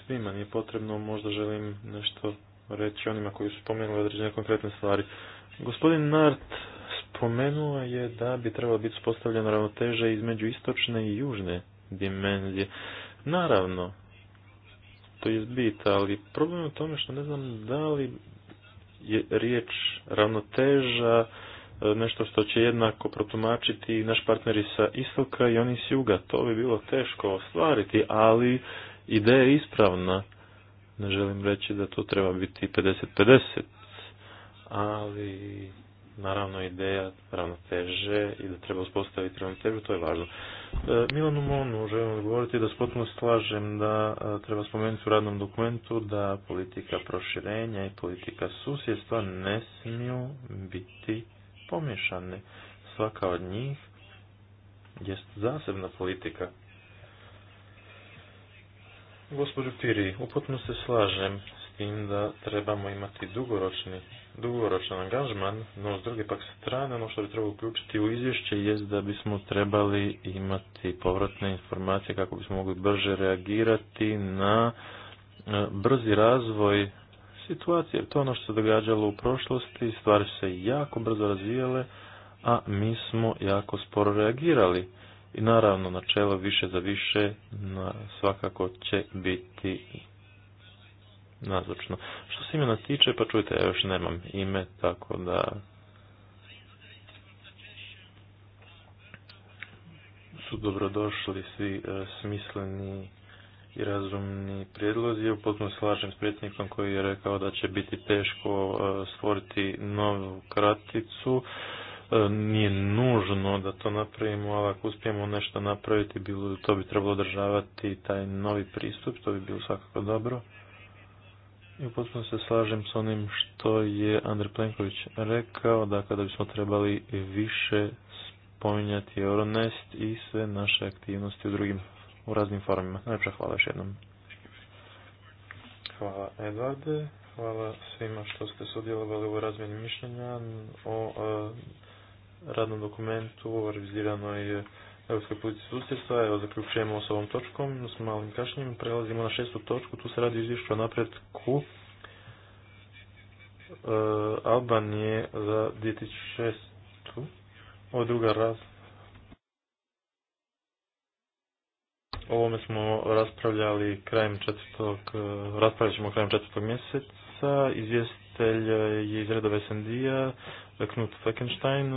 svima, nije potrebno, možda želim nešto reći onima koji su spomenuli određene konkretne stvari. Gospodin Nart spomenuo je da bi trebalo biti spostavljena ravnoteža između istočne i južne dimenzije. Naravno, to je bit, ali problem je u tome što ne znam da li je riječ ravnoteža e, nešto što će jednako protumačiti naš partneri sa istoka i oni s juga. To bi bilo teško ostvariti, ali ideja je ispravna. Ne želim reći da to treba biti 50-50, ali naravno ideja ravnoteže i da treba uspostaviti ravnotežu, to je važno. E, Milanu Monu želim odgovoriti da slažem da e, treba spomenuti u radnom dokumentu da politika proširenja i politika susjedstva ne smiju biti pomješane. Svaka od njih je zasebna politika. Gospodin Piri, upotno se slažem s tim da trebamo imati dugoročni dugoročan angažman, no s druge pak strane ono što bi trebalo uključiti u izvješće je da bismo trebali imati povratne informacije kako bismo mogli brže reagirati na e, brzi razvoj situacije. To je ono što se događalo u prošlosti, stvari se jako brzo razvijale, a mi smo jako sporo reagirali. I naravno načelo više za više svakako će biti nazočno. Što se imena tiče, pa čujte, ja još nemam ime, tako da... Su dobrodošli svi e, smisleni i razumni prijedlozi. Ja potpuno slažem s predsjednikom koji je rekao da će biti teško e, stvoriti novu kraticu. E, nije nužno da to napravimo, ali ako uspijemo nešto napraviti, to bi trebalo održavati taj novi pristup, to bi bilo svakako dobro. I potpuno se slažem s onim što je Andrej Plenković rekao, da kada bismo trebali više spominjati Euronest i sve naše aktivnosti u drugim, u raznim formima. Najprej hvala još jednom. Hvala Edvarde, hvala svima što ste sudjelovali u razmjeni mišljenja o e, radnom dokumentu o reviziranoj Europskoj policije susjedstva. Evo zaključujemo s ovom točkom, s malim kašnjim, Prelazimo na šestu točku, tu se radi izvješću o napretku e, Albanije za 2006. Ovo je druga raz. ovome smo raspravljali krajem četvrtog, e, ćemo krajem četvrtog mjeseca. Izvjestitelj je iz redove SND-a, Knut Fekenstein,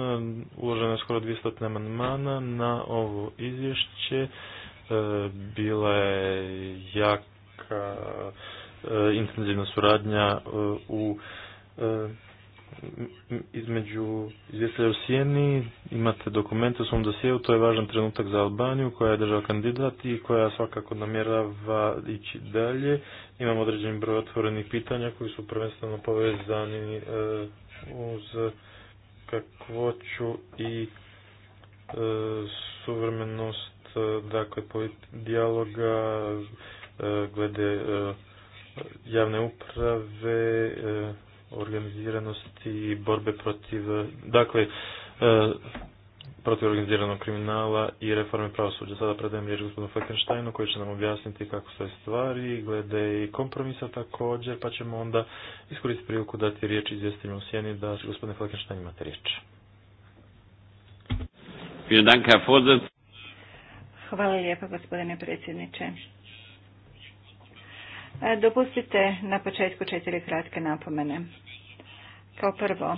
Uloženo je skoro 200 amandmana na ovo izvješće. E, bila je jaka e, intenzivna suradnja e, u između izvjestitelja u Sijeni imate dokumente u svom dosjeu, to je važan trenutak za Albaniju koja je država kandidat i koja svakako namjerava ići dalje. Imamo određen broj otvorenih pitanja koji su prvenstveno povezani uz kakvoću i e, suvremenost e, dakle dijaloga e, glede e, javne uprave organiziranosti borbe protiv dakle protiv organiziranog kriminala i reforme pravosuđa. Sada predajem riječ gospodinu Fleckensteinu koji će nam objasniti kako sve stvari, glede i kompromisa također, pa ćemo onda iskoristiti priliku dati riječ izvjestitelju u sjeni da gospodine Fleckenstein imate riječ. Hvala lijepa gospodine predsjedniče. E, dopustite na početku četiri kratke napomene. Kao prvo,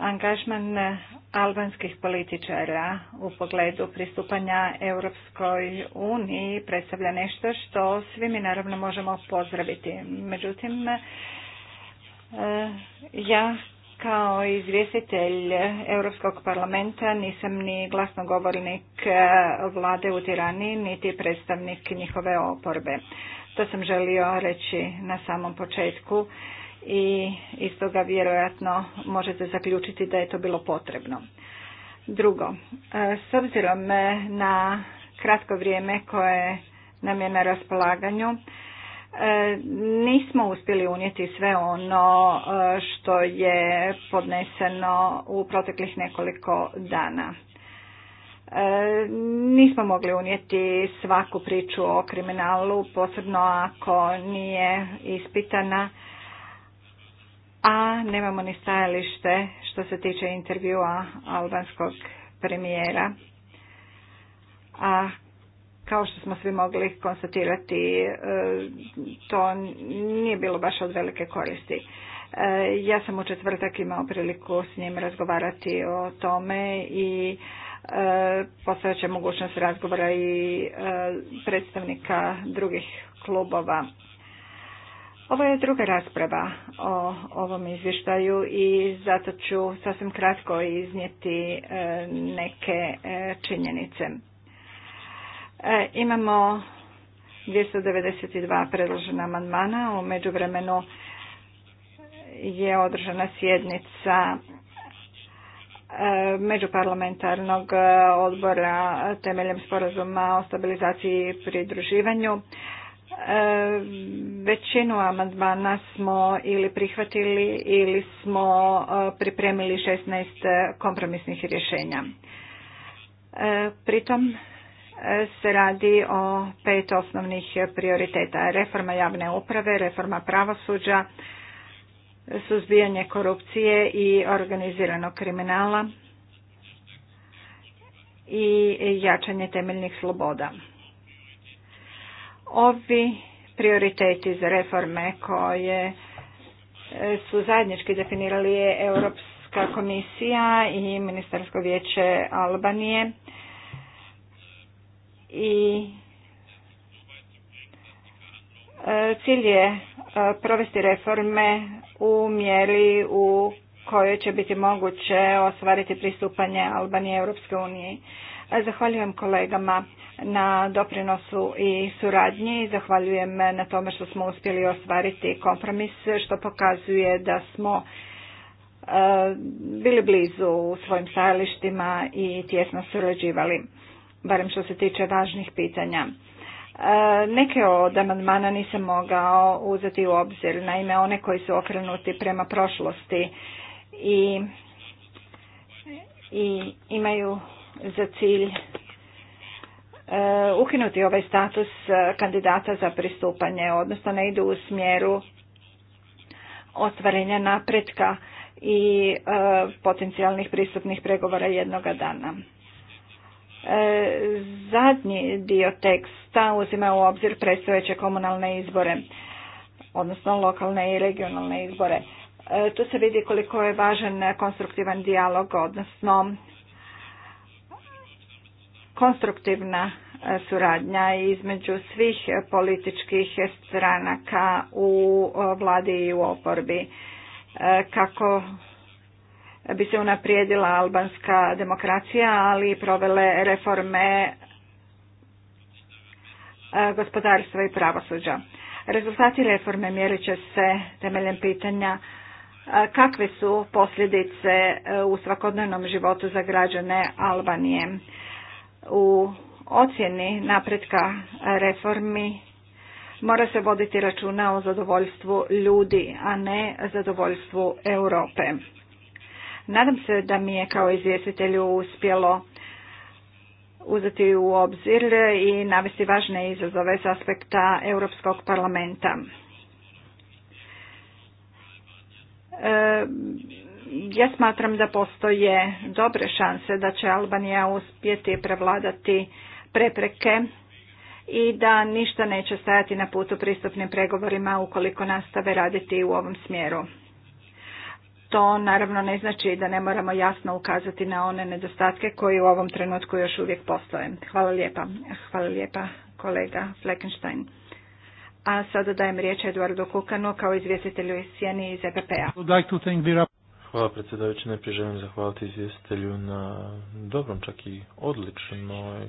angažman albanskih političara u pogledu pristupanja Europskoj uniji predstavlja nešto što svi mi naravno možemo pozdraviti. Međutim, e, ja kao izvjestitelj Europskog parlamenta nisam ni glasnogovornik e, vlade u Tirani, niti predstavnik njihove oporbe. To sam želio reći na samom početku i iz toga vjerojatno možete zaključiti da je to bilo potrebno. Drugo, e, s obzirom na kratko vrijeme koje nam je na raspolaganju, e, nismo uspjeli unijeti sve ono e, što je podneseno u proteklih nekoliko dana. Nismo mogli unijeti svaku priču o kriminalu, posebno ako nije ispitana a nemamo ni stajalište što se tiče intervjua albanskog premijera. A kao što smo svi mogli konstatirati, e, to nije bilo baš od velike koristi. E, ja sam u četvrtak imao priliku s njim razgovarati o tome i e, postojeća će mogućnost razgovora i predstavnika drugih klubova ovo je druga rasprava o ovom izvještaju i zato ću sasvim kratko iznijeti e, neke e, činjenice. E, imamo 292 predložena amandmana. U međuvremenu je održana sjednica međuparlamentarnog odbora temeljem sporazuma o stabilizaciji i pridruživanju. E, većinu amandmana smo ili prihvatili ili smo e, pripremili 16 e, kompromisnih rješenja. Pritom se radi o pet osnovnih prioriteta. Reforma javne uprave, reforma pravosuđa, suzbijanje korupcije i organiziranog kriminala i jačanje temeljnih sloboda. Ovi prioriteti za reforme koje e, su zajednički definirali je Europska komisija i Ministarsko vijeće Albanije i e, cilj je e, provesti reforme u mjeri u kojoj će biti moguće ostvariti pristupanje Albanije Europske unije. Zahvaljujem kolegama na doprinosu i suradnji. Zahvaljujem na tome što smo uspjeli ostvariti kompromis, što pokazuje da smo e, bili blizu u svojim stajalištima i tjesno surađivali, barem što se tiče važnih pitanja. E, neke od amandmana nisam mogao uzeti u obzir, naime one koji su okrenuti prema prošlosti i, i imaju za cilj e, ukinuti ovaj status e, kandidata za pristupanje, odnosno ne idu u smjeru otvarenja napretka i e, potencijalnih pristupnih pregovora jednoga dana. Zadnji dio teksta uzima u obzir predstojeće komunalne izbore, odnosno lokalne i regionalne izbore. Tu se vidi koliko je važan konstruktivan dijalog, odnosno konstruktivna e, suradnja između svih političkih stranaka u e, vladi i u oporbi e, kako bi se unaprijedila albanska demokracija, ali i provele reforme gospodarstva i pravosuđa. Rezultati reforme mjerit će se temeljem pitanja kakve su posljedice u svakodnevnom životu za građane Albanije. U ocjeni napretka reformi mora se voditi računa o zadovoljstvu ljudi, a ne zadovoljstvu Europe. Nadam se da mi je kao izvjestitelju uspjelo uzeti u obzir i navesti važne izazove s aspekta Europskog parlamenta. E, ja smatram da postoje dobre šanse da će Albanija uspjeti prevladati prepreke i da ništa neće stajati na putu pristupnim pregovorima ukoliko nastave raditi u ovom smjeru. To naravno ne znači da ne moramo jasno ukazati na one nedostatke koji u ovom trenutku još uvijek postoje. Hvala lijepa. Hvala lijepa kolega Fleckenstein. A sada dajem riječ Eduardu Kukanu kao izvjestitelju iz Sjeni iz EPP-a. Hvala predsjedavajući. Najprije želim zahvaliti izvjestitelju na dobrom, čak i odličnoj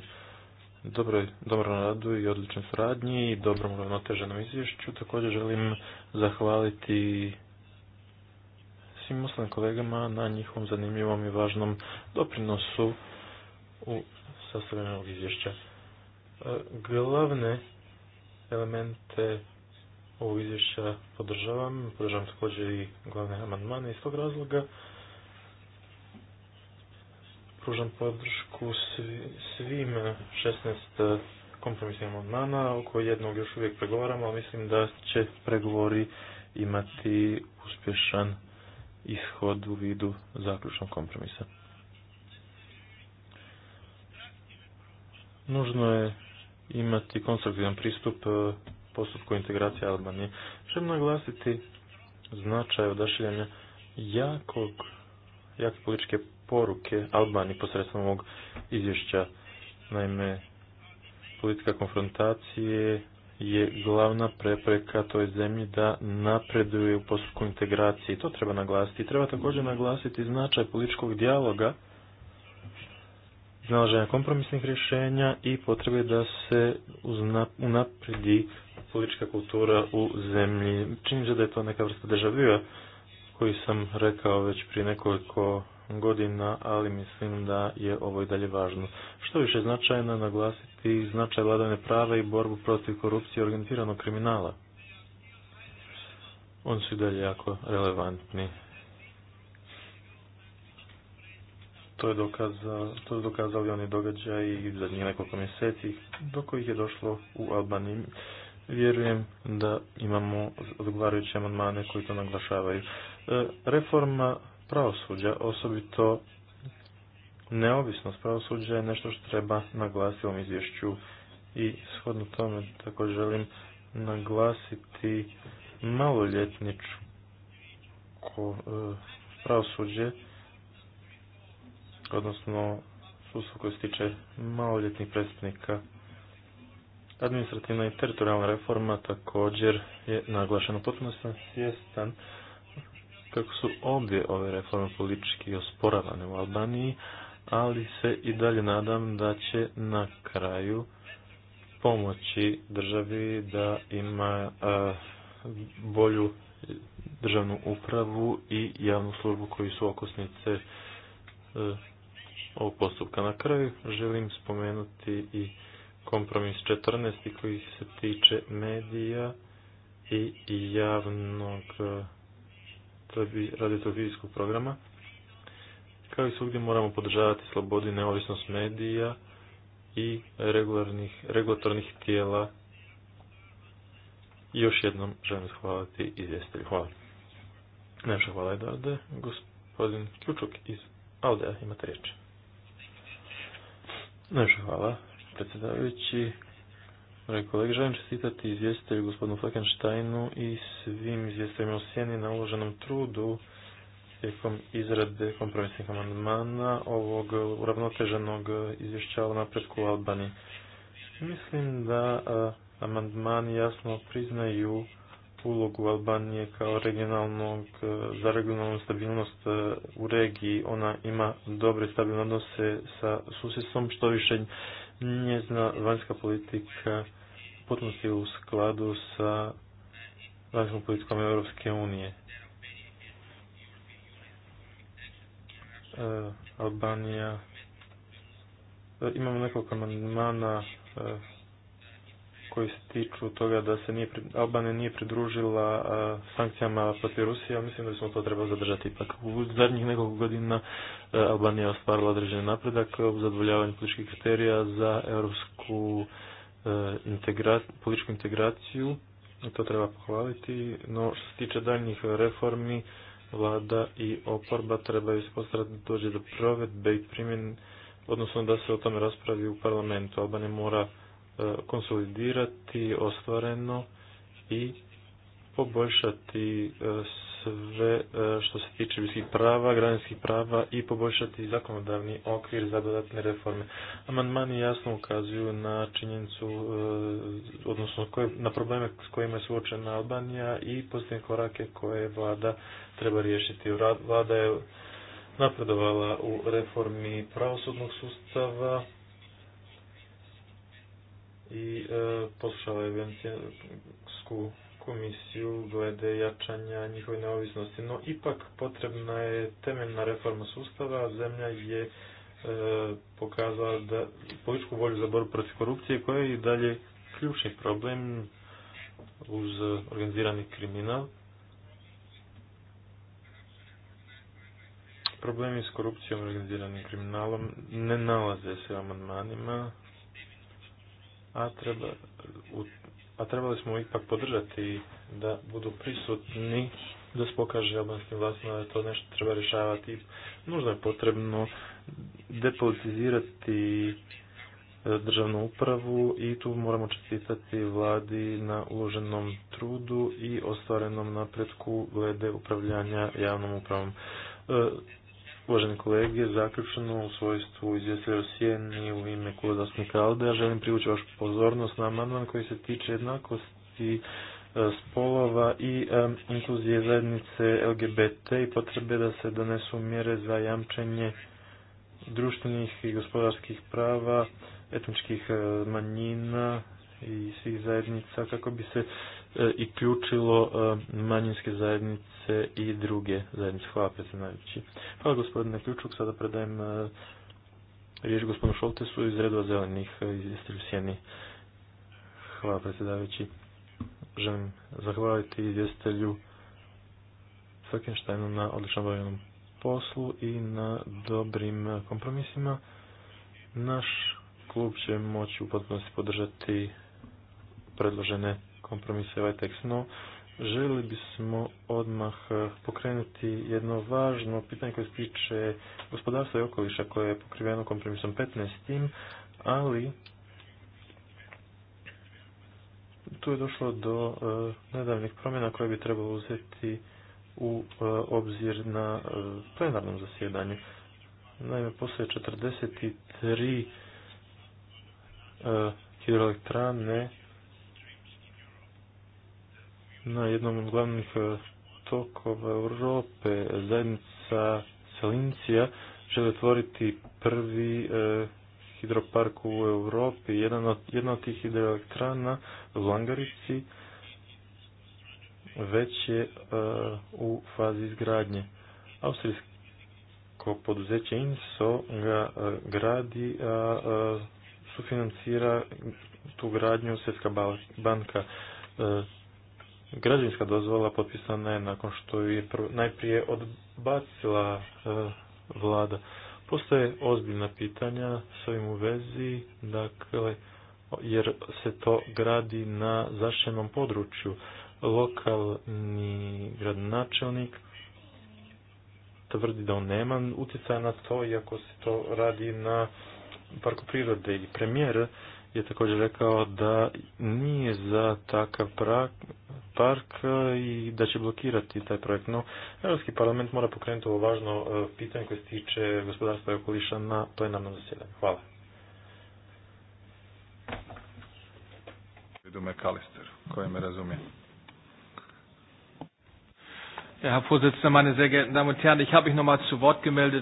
dobroj, dobrom radu i odličnoj suradnji i dobrom ravnoteženom izvješću. Također želim zahvaliti svim muslim kolegama na njihovom zanimljivom i važnom doprinosu u sastavljanju ovog izvješća. E, glavne elemente ovo izvješća podržavam, podržavam također i glavne amandmane iz tog razloga. Pružam podršku svim 16 kompromisnih amandmana, oko jednog još uvijek pregovaramo, ali mislim da će pregovori imati uspješan ishod u vidu zaključnog kompromisa. Nužno je imati konstruktivan pristup postupku integracije Albanije. Želim naglasiti značaj odašiljanja jakog, jake političke poruke Albanije posredstvom ovog izvješća. Naime, politika konfrontacije je glavna prepreka toj zemlji da napreduje u postupku integracije. To treba naglasiti. Treba također naglasiti značaj političkog dijaloga iznalaženja kompromisnih rješenja i potrebe da se unaprijedi politička kultura u zemlji. Čini se da je to neka vrsta državljiva koji sam rekao već prije nekoliko godina, ali mislim da je ovo i dalje važno. Što više značajno naglasiti značaj vladavne prava i borbu protiv korupcije i organiziranog kriminala. Oni su i dalje jako relevantni. To je, dokaza, to je i oni događaj zadnjih nekoliko mjeseci do kojih je došlo u Albaniji. Vjerujem da imamo odgovarajuće amandmane koji to naglašavaju. E, reforma pravosuđa, osobito neovisnost pravosuđa je nešto što treba naglasiti u ovom izvješću i shodno tome tako želim naglasiti maloljetničko e, pravosuđe odnosno sustav koji se tiče maloljetnih predstavnika. Administrativna i teritorijalna reforma također je naglašena. Potpuno sam svjestan kako su obje ove reforme politički osporavane u Albaniji, ali se i dalje nadam da će na kraju pomoći državi da ima bolju državnu upravu i javnu službu koji su okosnice ovog postupka. Na kraju želim spomenuti i kompromis 14. koji se tiče medija i javnog radiotelevizijskog programa. Kao i svugdje moramo podržavati slobodu i neovisnost medija i regularnih, regulatornih tijela. I još jednom želim zahvaliti izvjestitelju. Hvala. Najviše hvala Gospodin Ključuk iz Aldea imate riječi. Najviše hvala, predsjedavajući. Dragi kolege, želim čestitati izvjestitelju gospodinu Fleckensteinu i svim izvjestiteljima u Sjeni na uloženom trudu tijekom izrade kompromisnih amandmana ovog uravnoteženog izvješća o napretku Albani. Mislim da amandmani jasno priznaju ulogu Albanije kao regionalnog, e, za regionalnu stabilnost e, u regiji. Ona ima dobre stabilne odnose sa susjedstvom, što više njezna vanjska politika potpunosti u skladu sa vanjskom politikom Europske unije. E, Albanija imamo nekoliko amandmana koji se tiču toga da se nije, Albanija nije pridružila sankcijama protiv Rusije, ali mislim da smo to trebali zadržati ipak. U zadnjih nekoliko godina e, Albanija je ostvarila određeni napredak u zadovoljavanju političkih kriterija za europsku e, političku integraciju i to treba pohvaliti, no što se tiče daljnjih reformi, vlada i oporba trebaju se da dođe do provedbe i primjen, odnosno da se o tome raspravi u parlamentu. Albanija mora E, konsolidirati ostvareno i poboljšati e, sve e, što se tiče ljudskih prava, građanskih prava i poboljšati zakonodavni okvir za dodatne reforme. Amandmani jasno ukazuju na činjenicu, odnosno na probleme s kojima je suočena Albanija i pozitivne korake koje vlada treba riješiti. Vlada je napredovala u reformi pravosudnog sustava, i e, poslušala je Venecijansku komisiju glede jačanja njihove neovisnosti. No ipak potrebna je temeljna reforma sustava, zemlja je e, pokazala da političku volju za borbu protiv korupcije koja je i dalje ključni problem uz organizirani kriminal. Problemi s korupcijom i organiziranim kriminalom ne nalaze se u amandmanima a, treba, trebali smo ipak podržati da budu prisutni, da se pokaže albanskim vlastima da to nešto treba rješavati. Nužno je potrebno depolitizirati e, državnu upravu i tu moramo čestitati vladi na uloženom trudu i ostvarenom napretku glede upravljanja javnom upravom. E, Uvaženi kolege, zaključno u svojstvu izvjestelja u ime kluba zastupnika želim privući vašu pozornost na amandman koji se tiče jednakosti e, spolova i e, inkluzije zajednice LGBT i potrebe da se donesu mjere za jamčenje društvenih i gospodarskih prava etničkih e, manjina i svih zajednica kako bi se e, i ključilo e, manjinske zajednice i druge zajednice. Hvala predsjedavajući. Hvala gospodine Ključuk, sada predajem e, riječ gospodinu Šoltesu iz redova zelenih iz Sjeni. Hvala predsjedavajući. Želim zahvaliti izvjestelju Frankensteinu na odlično obavljenom poslu i na dobrim kompromisima. Naš klub će moći u potpunosti podržati predložene kompromise ovaj tekst. No, želi bismo odmah eh, pokrenuti jedno važno pitanje koje se tiče gospodarstva i okoliša koje je pokriveno kompromisom 15. Ali tu je došlo do eh, nedavnih promjena koje bi trebalo uzeti u eh, obzir na plenarnom zasjedanju. Naime, postoje 43 hidroelektrane na jednom od glavnih e, tokova Europe, zajednica Selincija, žele otvoriti prvi e, hidropark u Europi. Jedan od, jedna od tih hidroelektrana u Langarici već je e, u fazi izgradnje. Austrijsko poduzeće INSO ga gradi, a sufinancira tu gradnju Svjetska banka građevinska dozvola potpisana je nakon što je najprije odbacila e, vlada. Postoje ozbiljna pitanja s ovim u vezi, dakle, jer se to gradi na zaštenom području. Lokalni gradonačelnik tvrdi da on nema utjecaja na to, iako se to radi na parku prirode i premijer je također rekao da nije za takav prak, park e, i da će blokirati taj projekt. No, Europski parlament mora pokrenuti ovo važno e, pitanje koje se tiče gospodarstva i okoliša na plenarnom zasjedanju. Hvala. koji me razumije. Ja, meine sehr geehrten Damen und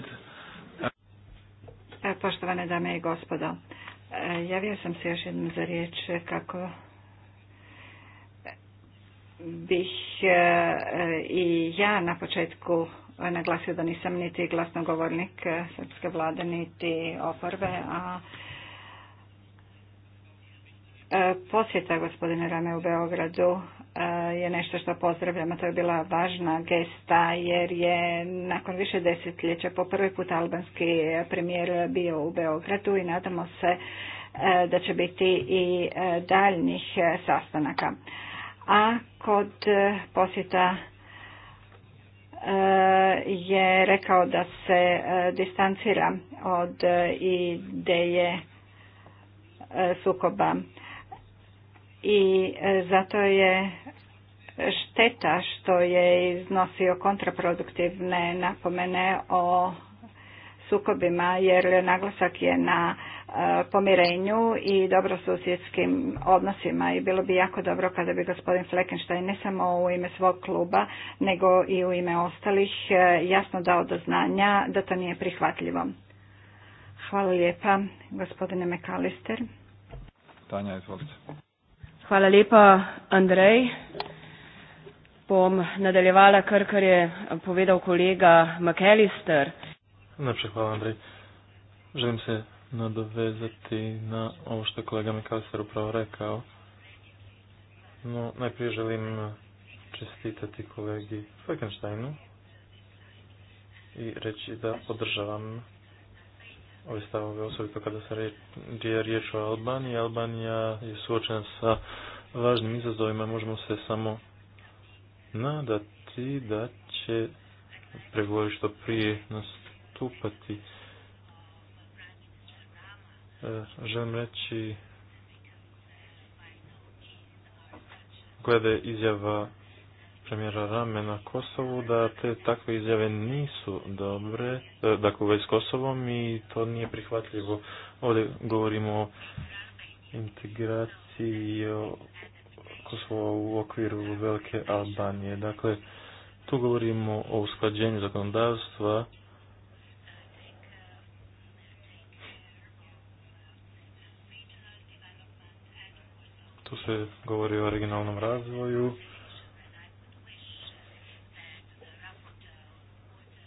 e, Poštovane dame i gospodo, E, javio sam se još jednom za riječ kako bih e, e, i ja na početku naglasio da nisam niti glasnogovornik srpske vlade niti oporbe, a posjeta gospodine Rame u Beogradu je nešto što pozdravljamo. To je bila važna gesta jer je nakon više desetljeća po prvi put albanski premijer bio u Beogradu i nadamo se e, da će biti i e, daljnjih e, sastanaka. A kod posjeta je rekao da se distancira od ideje sukoba i zato je šteta što je iznosio kontraproduktivne napomene o sukobima jer naglasak je na e, pomirenju i dobrosusjedskim odnosima i bilo bi jako dobro kada bi gospodin Fleckenstein ne samo u ime svog kluba nego i u ime ostalih e, jasno dao do znanja da to nije prihvatljivo. Hvala lijepa gospodine McAllister. Tanja, izvolite. Hvala lijepa Andrej bom nadaljevala kar, kar je povedal kolega McAllister. Najprej hvala, Andrej. Želim se nadovezati na ovo što je kolega McAllister upravo rekao. No, najprije želim čestitati kolegi Falkensteinu i reći da podržavam ove stavove, osobito kada se je riječ o Albaniji. Albanija je suočena sa važnim izazovima, možemo se samo nadati da će pregovori što prije nastupati. E, želim reći glede izjava premijera Rame na Kosovu da te takve izjave nisu dobre, e, dakle već s Kosovom i to nije prihvatljivo. Ovdje govorimo o integraciji, o u okviru Velike Albanije. Dakle, tu govorimo o usklađenju zakonodavstva tu se govori o originalnom razvoju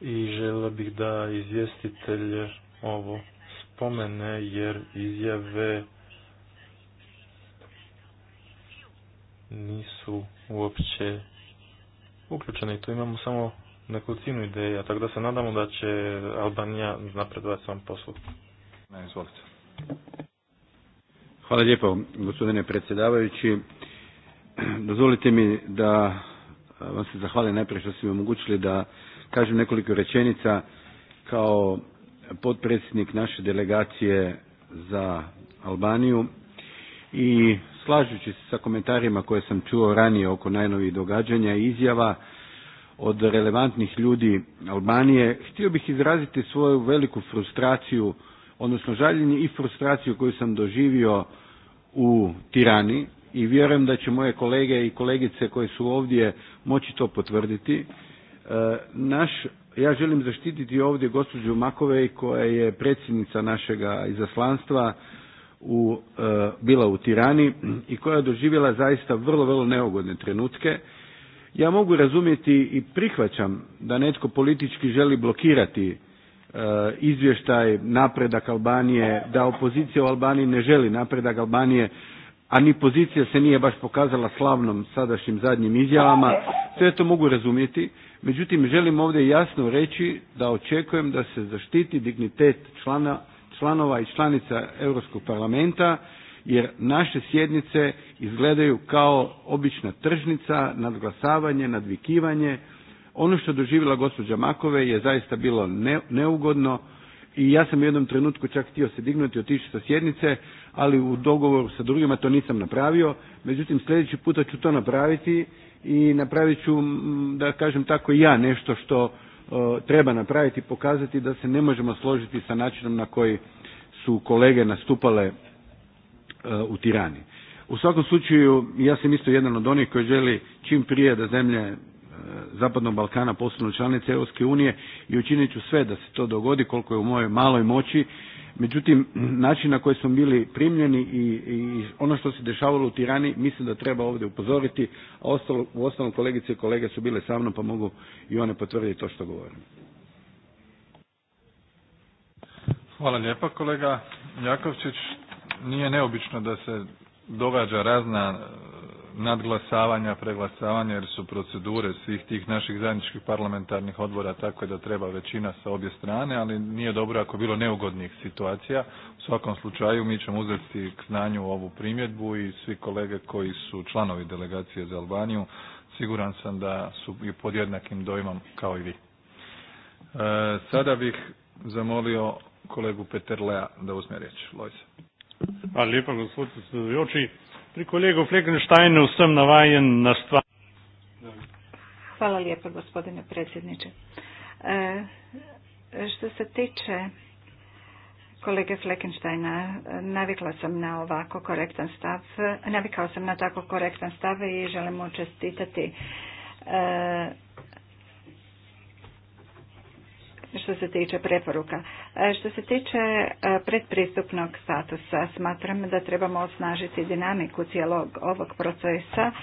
i žela bih da izvjestitelj ovo spomene jer izjave nisu uopće uključene i tu imamo samo nekolicinu ideja, tako da se nadamo da će Albanija napredovati svom poslu. izvolite. Hvala lijepo, gospodine predsjedavajući. Dozvolite mi da e, vam se zahvalim najprije što ste mi omogućili da kažem nekoliko rečenica kao potpredsjednik naše delegacije za Albaniju i slažući se sa komentarima koje sam čuo ranije oko najnovih događanja i izjava od relevantnih ljudi Albanije, htio bih izraziti svoju veliku frustraciju, odnosno žaljenje i frustraciju koju sam doživio u Tirani i vjerujem da će moje kolege i kolegice koje su ovdje moći to potvrditi. E, naš, ja želim zaštititi ovdje gospođu Makovej koja je predsjednica našega izaslanstva u, e, bila u Tirani i koja je doživjela zaista vrlo, vrlo neugodne trenutke. Ja mogu razumjeti i prihvaćam da netko politički želi blokirati e, izvještaj napredak Albanije, da opozicija u Albaniji ne želi napredak Albanije, a ni pozicija se nije baš pokazala slavnom sadašnjim zadnjim izjavama. Sve to mogu razumjeti. Međutim, želim ovdje jasno reći da očekujem da se zaštiti dignitet člana članova i članica Europskog parlamenta jer naše sjednice izgledaju kao obična tržnica, nadglasavanje, nadvikivanje. Ono što doživjela gospođa Makove je zaista bilo neugodno i ja sam u jednom trenutku čak htio se dignuti i otići sa sjednice, ali u dogovoru sa drugima to nisam napravio. Međutim, sljedeći puta ću to napraviti i napravit ću, mm, da kažem tako, i ja nešto što E, treba napraviti pokazati da se ne možemo složiti sa načinom na koji su kolege nastupale e, u Tirani. U svakom slučaju ja sam isto jedan od onih koji želi čim prije da zemlje e, Zapadnog Balkana postanu članice Europske unije i učinit ću sve da se to dogodi koliko je u mojoj maloj moći Međutim, način na koji smo bili primljeni i, ono što se dešavalo u Tirani mislim da treba ovdje upozoriti, a u uostalom kolegice i kolege su bile sa mnom pa mogu i one potvrditi to što govorim. Hvala lijepa kolega Jakovčić. Nije neobično da se događa razna nadglasavanja, preglasavanja jer su procedure svih tih naših zajedničkih parlamentarnih odbora tako da treba većina sa obje strane, ali nije dobro ako bilo neugodnih situacija. U svakom slučaju mi ćemo uzeti k znanju ovu primjedbu i svi kolege koji su članovi delegacije za Albaniju siguran sam da su i pod jednakim dojmom kao i vi. E, sada bih zamolio kolegu Peterlea da uzme riječ. Lojse. Hvala lijepa Pri kolegu Fleckensteinu sam navajen na stvar. Hvala lijepo, gospodine predsjedniče. E, što se tiče kolege Fleckensteina, navikla sam na ovako korektan stav, navikao sam na tako korektan stav i želimo čestitati e, što se tiče preporuka. E, što se tiče e, predpristupnog statusa, smatram da trebamo osnažiti dinamiku cijelog ovog procesa e,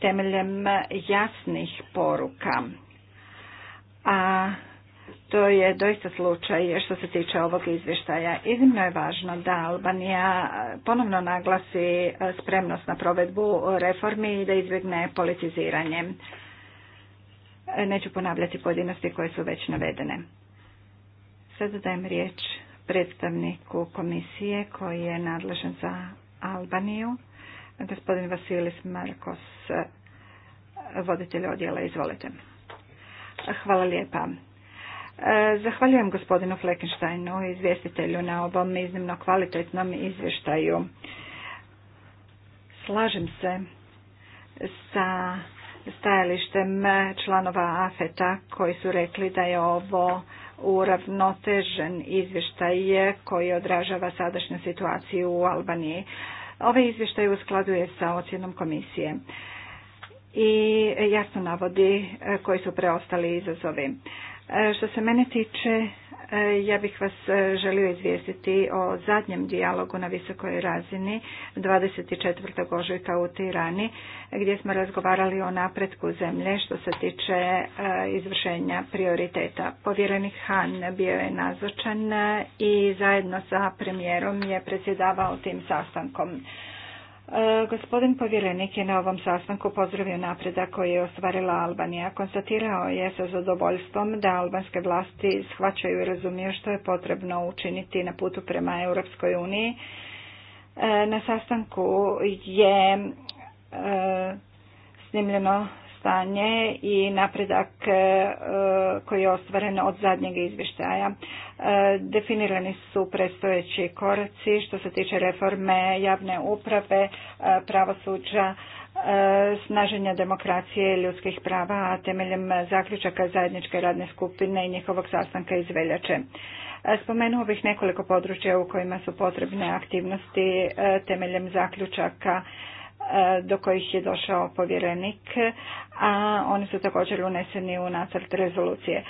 temeljem jasnih poruka. A to je doista slučaj što se tiče ovog izvještaja. Iznimno je važno da Albanija ponovno naglasi spremnost na provedbu reformi i da izbjegne politiziranje. Neću ponavljati pojedinosti koje su već navedene. Sada dajem riječ predstavniku komisije koji je nadležan za Albaniju, gospodin Vasilis Markos, voditelj odjela. Izvolite. Hvala lijepa. Zahvaljujem gospodinu Fleckensteinu, izvjestitelju na ovom iznimno kvalitetnom izvještaju. Slažem se sa stajalištem članova AFETA koji su rekli da je ovo uravnotežen izvještaj koji odražava sadašnju situaciju u Albaniji. Ovaj izvještaj uskladuje sa ocjenom komisije i jasno navodi e, koji su preostali izazovi. E, što se mene tiče, E, ja bih vas e, želio izvijestiti o zadnjem dijalogu na visokoj razini 24. ožujka u Tirani gdje smo razgovarali o napretku zemlje što se tiče e, izvršenja prioriteta. Povjerenik Han bio je nazočan i zajedno sa premijerom je predsjedavao tim sastankom. E, gospodin povjerenik je na ovom sastanku pozdravio napreda koji je ostvarila Albanija. Konstatirao je sa zadovoljstvom da albanske vlasti shvaćaju i razumiju što je potrebno učiniti na putu prema Europskoj uniji. E, na sastanku je e, snimljeno stanje i napredak e, e, koji je ostvaren od zadnjeg izvještaja. E, definirani su predstojeći koraci što se tiče reforme javne uprave, pravosuđa, snaženja demokracije i ljudskih prava, a temeljem zaključaka zajedničke radne skupine i njihovog sastanka iz veljače. Spomenuo bih nekoliko područja u kojima su potrebne aktivnosti temeljem zaključaka do kojih je došao povjerenik, a oni su također uneseni u nacrt rezolucije. E,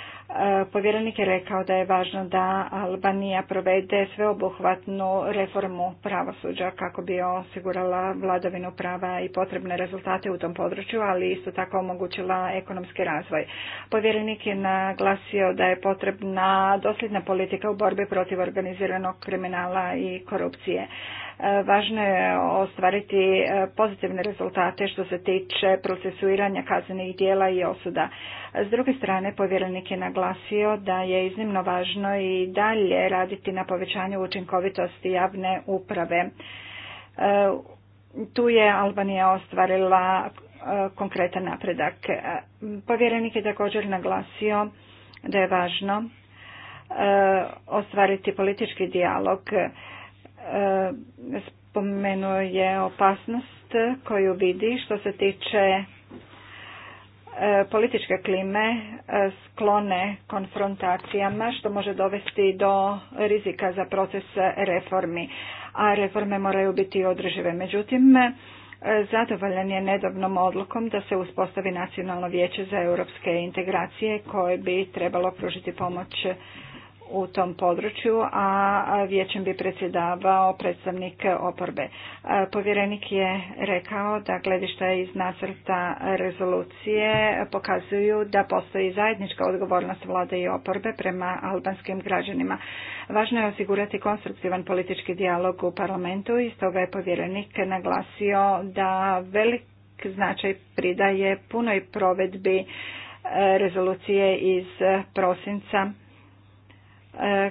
povjerenik je rekao da je važno da Albanija provede sveobuhvatnu reformu pravosuđa kako bi osigurala vladavinu prava i potrebne rezultate u tom području, ali isto tako omogućila ekonomski razvoj. Povjerenik je naglasio da je potrebna dosljedna politika u borbi protiv organiziranog kriminala i korupcije. E, važno je ostvariti e, pozitivne rezultate što se tiče procesuiranja kaznenih dijela i osuda. S druge strane, povjerenik je naglasio da je iznimno važno i dalje raditi na povećanju učinkovitosti javne uprave. E, tu je Albanija ostvarila e, konkretan napredak. E, povjerenik je također naglasio da je važno ostvariti politički dijalog. Spomenuo je opasnost koju vidi što se tiče E, političke klime e, sklone konfrontacijama što može dovesti do rizika za proces reformi, a reforme moraju biti održive. Međutim, e, zadovoljan je nedavnom odlukom da se uspostavi Nacionalno vijeće za europske integracije koje bi trebalo pružiti pomoć u tom području, a vijećem bi predsjedavao predstavnik oporbe. E, povjerenik je rekao da gledišta iz nacrta rezolucije pokazuju da postoji zajednička odgovornost vlade i oporbe prema albanskim građanima. Važno je osigurati konstruktivan politički dijalog u parlamentu i stoga je povjerenik naglasio da velik značaj pridaje punoj provedbi e, rezolucije iz prosinca E,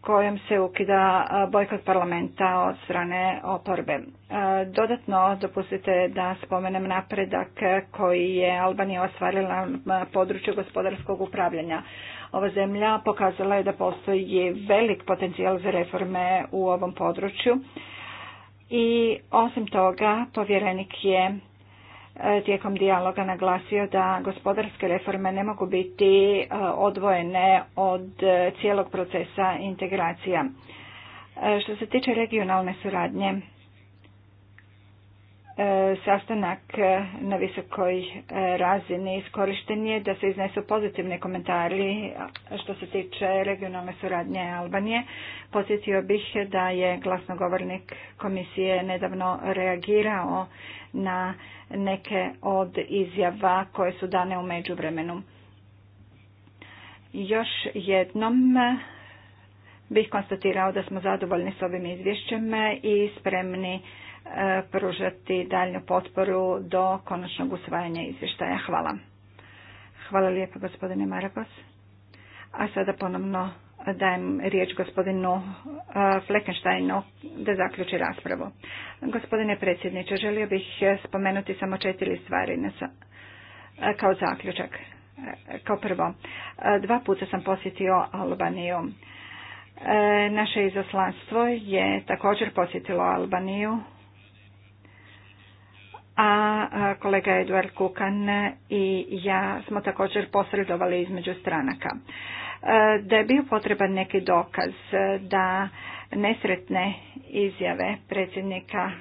kojom se ukida e, bojkot parlamenta od strane oporbe. E, dodatno dopustite da spomenem napredak koji je Albanija ostvarila na području gospodarskog upravljanja. Ova zemlja pokazala je da postoji velik potencijal za reforme u ovom području i osim toga povjerenik je tijekom dijaloga naglasio da gospodarske reforme ne mogu biti e, odvojene od cijelog procesa integracija. E, što se tiče regionalne suradnje, E, sastanak e, na visokoj e, razini iskorišten je da se iznesu pozitivni komentari što se tiče regionalne suradnje Albanije. Podsjetio bih da je glasnogovornik komisije nedavno reagirao na neke od izjava koje su dane u međuvremenu. Još jednom bih konstatirao da smo zadovoljni s ovim izvješćem i spremni E, pružati daljnju potporu do konačnog usvajanja izvještaja. Hvala. Hvala lijepo gospodine Marakos. A sada ponovno dajem riječ gospodinu e, Fleckensteinu da zaključi raspravu. Gospodine predsjedniče, želio bih spomenuti samo četiri stvari e, kao zaključak. Kao prvo, dva puta sam posjetio Albaniju. Naše izaslanstvo je također posjetilo Albaniju a kolega Eduard Kukan i ja smo također posredovali između stranaka. E, da je bio potreban neki dokaz da nesretne izjave predsjednika e,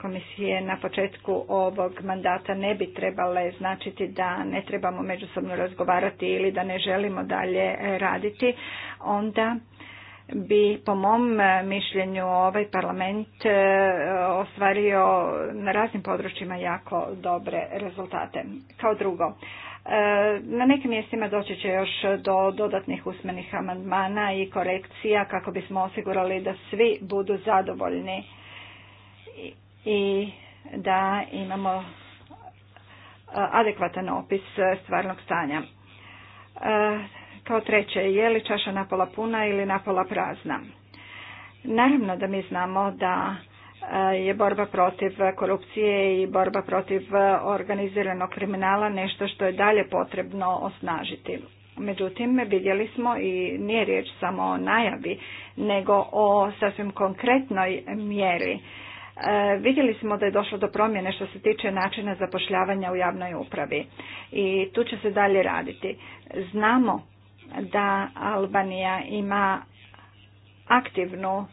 komisije na početku ovog mandata ne bi trebale značiti da ne trebamo međusobno razgovarati ili da ne želimo dalje raditi, onda bi po mom e, mišljenju ovaj parlament e, ostvario na raznim područjima jako dobre rezultate. Kao drugo, e, na nekim mjestima doći će još do dodatnih usmenih amandmana i korekcija kako bismo osigurali da svi budu zadovoljni i da imamo adekvatan opis stvarnog stanja. Kao treće, je li čaša napola puna ili napola prazna? Naravno da mi znamo da e, je borba protiv korupcije i borba protiv e, organiziranog kriminala nešto što je dalje potrebno osnažiti. Međutim, vidjeli smo i nije riječ samo o najavi, nego o sasvim konkretnoj mjeri. E, vidjeli smo da je došlo do promjene što se tiče načina zapošljavanja u javnoj upravi i tu će se dalje raditi. Znamo da Albanija ima aktivnu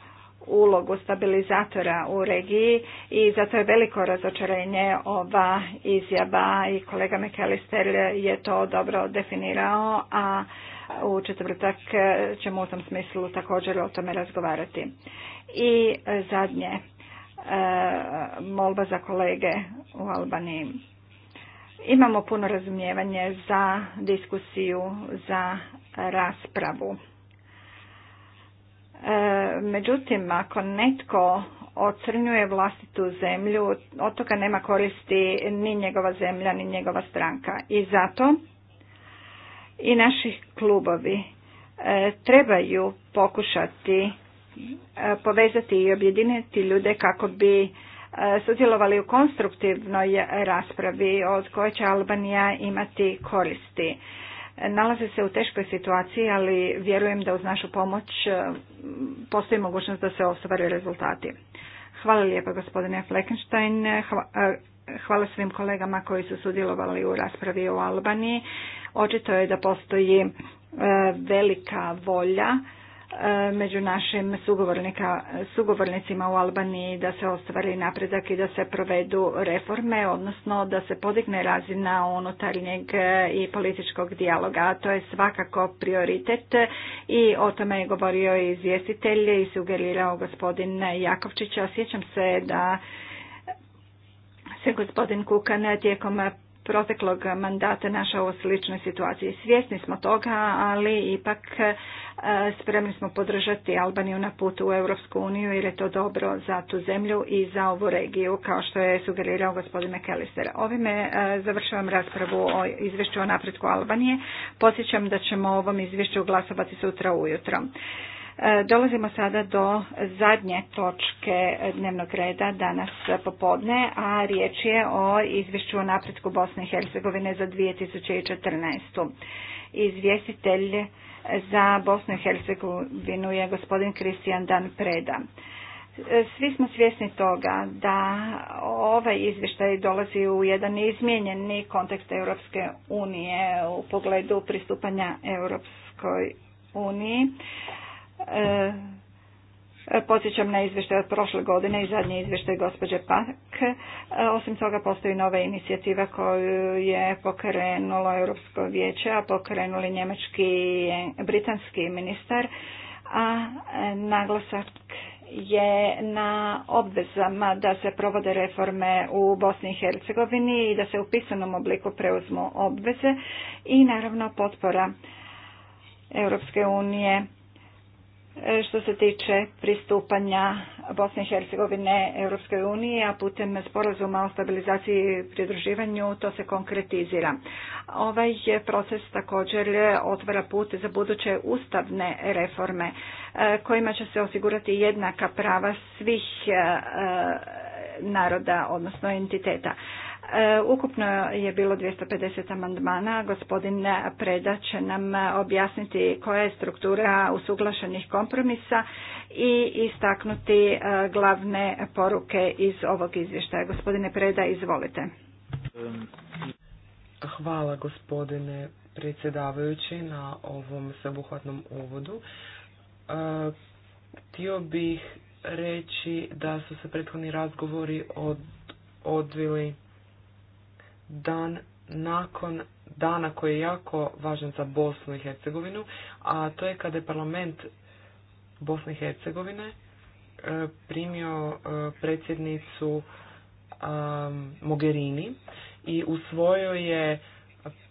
ulogu stabilizatora u regiji i zato je veliko razočarenje ova izjava i kolega McAllister je to dobro definirao, a u četvrtak ćemo u tom smislu također o tome razgovarati. I zadnje, e, molba za kolege u Albaniji. Imamo puno razumijevanje za diskusiju, za raspravu. E, međutim, ako netko ocrnjuje vlastitu zemlju, od toga nema koristi ni njegova zemlja, ni njegova stranka. I zato i naši klubovi e, trebaju pokušati e, povezati i objediniti ljude kako bi E, sudjelovali u konstruktivnoj raspravi od koje će Albanija imati koristi. Nalaze se u teškoj situaciji, ali vjerujem da uz našu pomoć e, postoji mogućnost da se ostvare rezultati. Hvala lijepa gospodine Fleckenstein. E, hvala svim kolegama koji su sudjelovali u raspravi u Albaniji. Očito je da postoji velika volja E, među našim sugovornicima u Albaniji da se ostvari napredak i da se provedu reforme, odnosno da se podigne razina unutarnjeg e, i političkog dijaloga. to je svakako prioritet i o tome je govorio i izvjestitelj i sugerirao gospodin Jakovčić. Osjećam se da se gospodin Kukan tijekom proteklog mandata naša u sličnoj situaciji. Svjesni smo toga, ali ipak e, spremni smo podržati Albaniju na putu u Europsku uniju jer je to dobro za tu zemlju i za ovu regiju, kao što je sugerirao gospodin McAllister. Ovime e, završavam raspravu o izvješću o napretku Albanije. Posjećam da ćemo ovom izvješću glasovati sutra ujutro. E, dolazimo sada do zadnje točke dnevnog reda danas popodne, a riječ je o izvješću o napretku Bosne i Hercegovine za 2014. Izvjestitelj za Bosnu i Hercegovinu je gospodin Kristijan Dan Preda. E, svi smo svjesni toga da ovaj izvještaj dolazi u jedan izmijenjeni kontekst Europske unije u pogledu pristupanja Europskoj uniji. E, podsjećam na izvještaj od prošle godine i zadnji izvještaj gospođe Pak. E, osim toga postoji nova inicijativa koju je pokrenulo Europsko vijeće, a pokrenuli njemački britanski ministar. A e, naglasak je na obvezama da se provode reforme u Bosni i Hercegovini i da se u pisanom obliku preuzmu obveze i naravno potpora Europske unije E, što se tiče pristupanja Bosne i Hercegovine Europskoj uniji, a putem sporazuma o stabilizaciji i pridruživanju to se konkretizira. Ovaj proces također otvara put za buduće ustavne reforme e, kojima će se osigurati jednaka prava svih e, naroda, odnosno entiteta. E, ukupno je bilo 250 amandmana. Gospodin Preda će nam objasniti koja je struktura usuglašenih kompromisa i istaknuti e, glavne poruke iz ovog izvještaja. Gospodine Preda, izvolite. Hvala gospodine predsjedavajući na ovom sveobuhvatnom uvodu. E, htio bih reći da su se prethodni razgovori od, odvili dan nakon dana koji je jako važan za Bosnu i Hercegovinu, a to je kada je parlament Bosne i Hercegovine e, primio e, predsjednicu Mogherini i usvojio je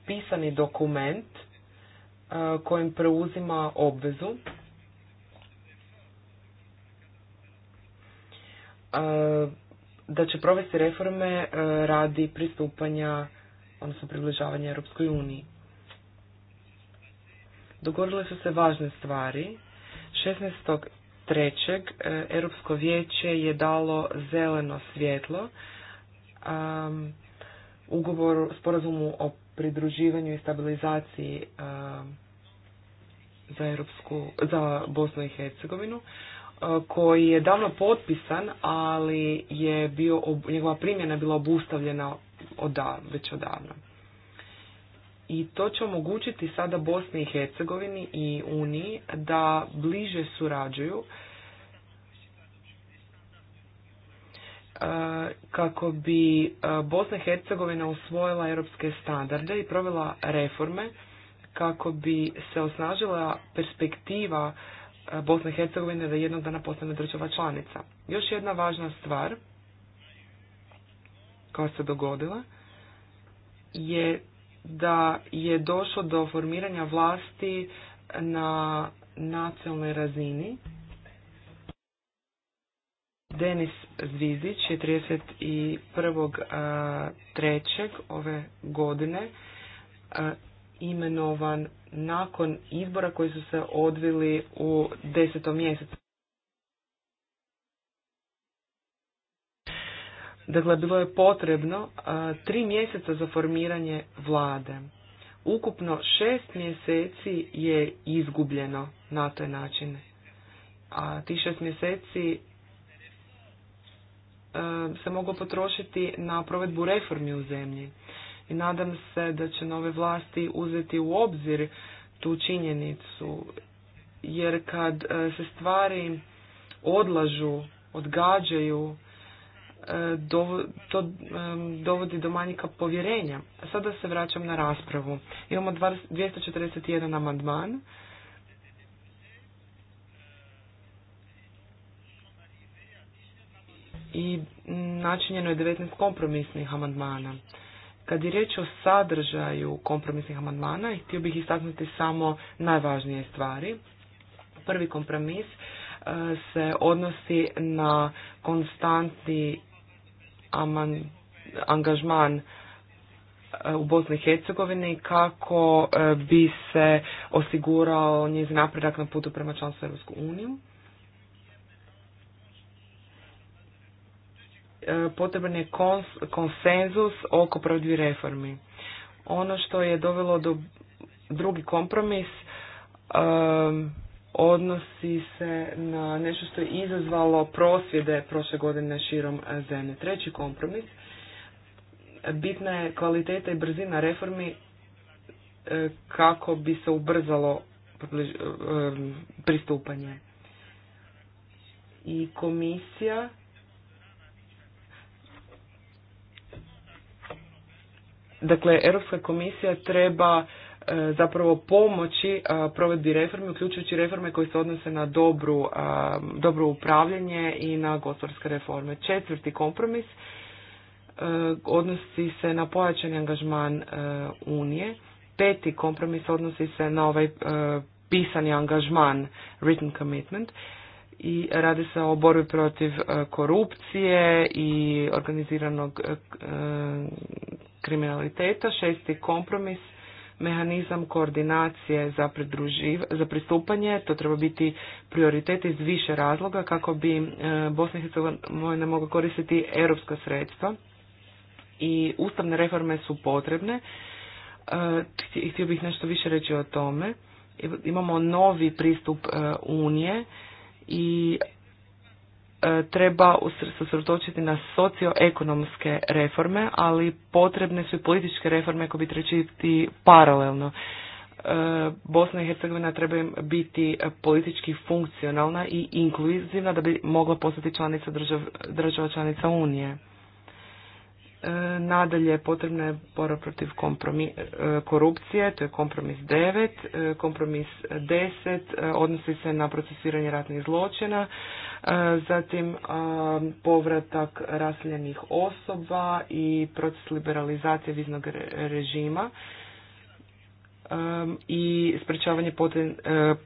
pisani dokument e, kojim preuzima obvezu da će provesti reforme e, radi pristupanja, odnosno približavanja Europskoj uniji. Dogodile su se važne stvari. 16.3. E, Europsko vijeće je dalo zeleno svjetlo um, ugovoru, sporazumu o pridruživanju i stabilizaciji za, Europsku, za Bosnu i Hercegovinu koji je davno potpisan, ali je bio, njegova primjena bila obustavljena već odavno. I to će omogućiti sada Bosni i Hercegovini i Uniji da bliže surađuju e, kako bi e, Bosna i Hercegovina usvojila europske standarde i provela reforme kako bi se osnažila perspektiva Bosne i Hercegovine da jednog dana postane država članica. Još jedna važna stvar koja se dogodila je da je došlo do formiranja vlasti na nacionalnoj razini. Denis Zvizić je 31.3. ove godine imenovan nakon izbora koji su se odvili u desetom mjesecu. Dakle, bilo je potrebno tri mjeseca za formiranje vlade. Ukupno šest mjeseci je izgubljeno na taj način. A ti šest mjeseci se moglo potrošiti na provedbu reformi u zemlji i nadam se da će nove vlasti uzeti u obzir tu činjenicu jer kad e, se stvari odlažu, odgađaju, e, to e, dovodi do manjika povjerenja. Sada se vraćam na raspravu. Imamo 241 amandman. I načinjeno je 19 kompromisnih amandmana. Kad je riječ o sadržaju kompromisnih amandmana, htio bih istaknuti samo najvažnije stvari. Prvi kompromis e, se odnosi na konstantni angažman e, u Bosni i Hercegovini kako e, bi se osigurao njezin napredak na putu prema članstvu Europsku uniju. E, potreban je konsenzus oko provedbi reformi. Ono što je dovelo do drugi kompromis e, odnosi se na nešto što je izazvalo prosvjede prošle godine širom e, zemlje. Treći kompromis bitna je kvaliteta i brzina reformi kako bi se ubrzalo pristupanje. I komisija Dakle, Europska komisija treba e, zapravo pomoći e, provedbi reforme, uključujući reforme koje se odnose na dobru, e, dobro upravljanje i na gospodarske reforme. Četvrti kompromis odnosi se na pojačani angažman Unije. Peti kompromis odnosi se na ovaj pisani angažman, written commitment. I radi se o borbi protiv korupcije i organiziranog kriminaliteta, šesti kompromis, mehanizam koordinacije za, za pristupanje, to treba biti prioritet iz više razloga kako bi e, Bosna i Hercegovina mogla koristiti europska sredstva i ustavne reforme su potrebne. E, htio bih nešto više reći o tome. Imamo novi pristup e, Unije i E, treba usredotočiti na socioekonomske reforme, ali potrebne su i političke reforme koje bi trećiti paralelno. E, Bosna i Hercegovina treba biti politički funkcionalna i inkluzivna da bi mogla postati članica država članica Unije. E, nadalje, potrebna je borba protiv e, korupcije, to je kompromis 9, e, kompromis 10 odnosi se na procesiranje ratnih zločina, zatim povratak rasljenih osoba i proces liberalizacije viznog režima i sprečavanje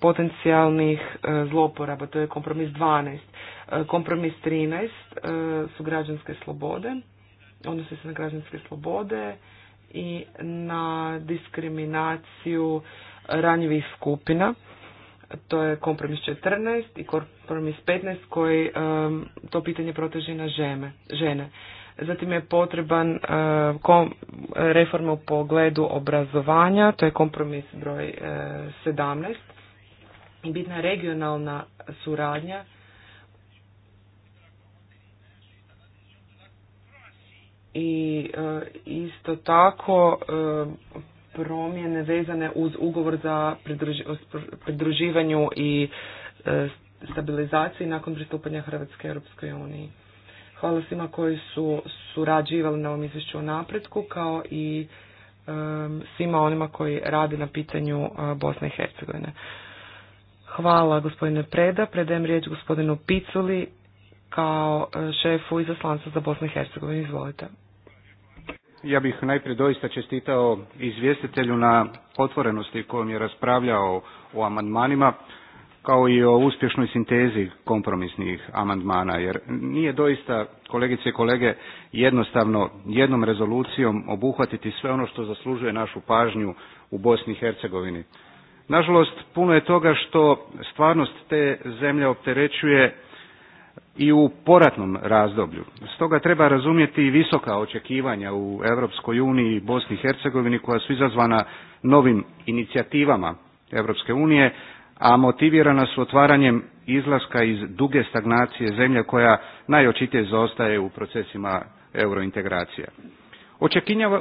potencijalnih zloporaba, to je kompromis 12. Kompromis 13 su građanske slobode odnose se na građanske slobode i na diskriminaciju ranjivih skupina. To je kompromis 14 i kompromis 15 koji to pitanje proteže na žeme, žene. Zatim je potreban kom, reforma u pogledu obrazovanja, to je kompromis broj uh, 17. I bitna regionalna suradnja i e, isto tako e, promjene vezane uz ugovor za pridruživanju i e, stabilizaciji nakon pristupanja Hrvatske Europskoj uniji. Hvala svima koji su surađivali na ovom izvješću o napretku kao i svima onima koji rade na pitanju Bosne i Hercegovine. Hvala gospodine Preda. Predajem riječ gospodinu Piculi kao šefu za Bosnu i Hercegovinu. Izvolite. Ja bih najprije doista čestitao izvjestitelju na otvorenosti kojom je raspravljao o amandmanima kao i o uspješnoj sintezi kompromisnih amandmana jer nije doista kolegice i kolege jednostavno jednom rezolucijom obuhvatiti sve ono što zaslužuje našu pažnju u Bosni i Hercegovini. Nažalost puno je toga što stvarnost te zemlje opterećuje i u poratnom razdoblju. Stoga treba razumjeti i visoka očekivanja u Europskoj uniji i Bosni i Hercegovini koja su izazvana novim inicijativama Europske unije, a motivirana su otvaranjem izlaska iz duge stagnacije zemlje koja najočitije zaostaje u procesima eurointegracije.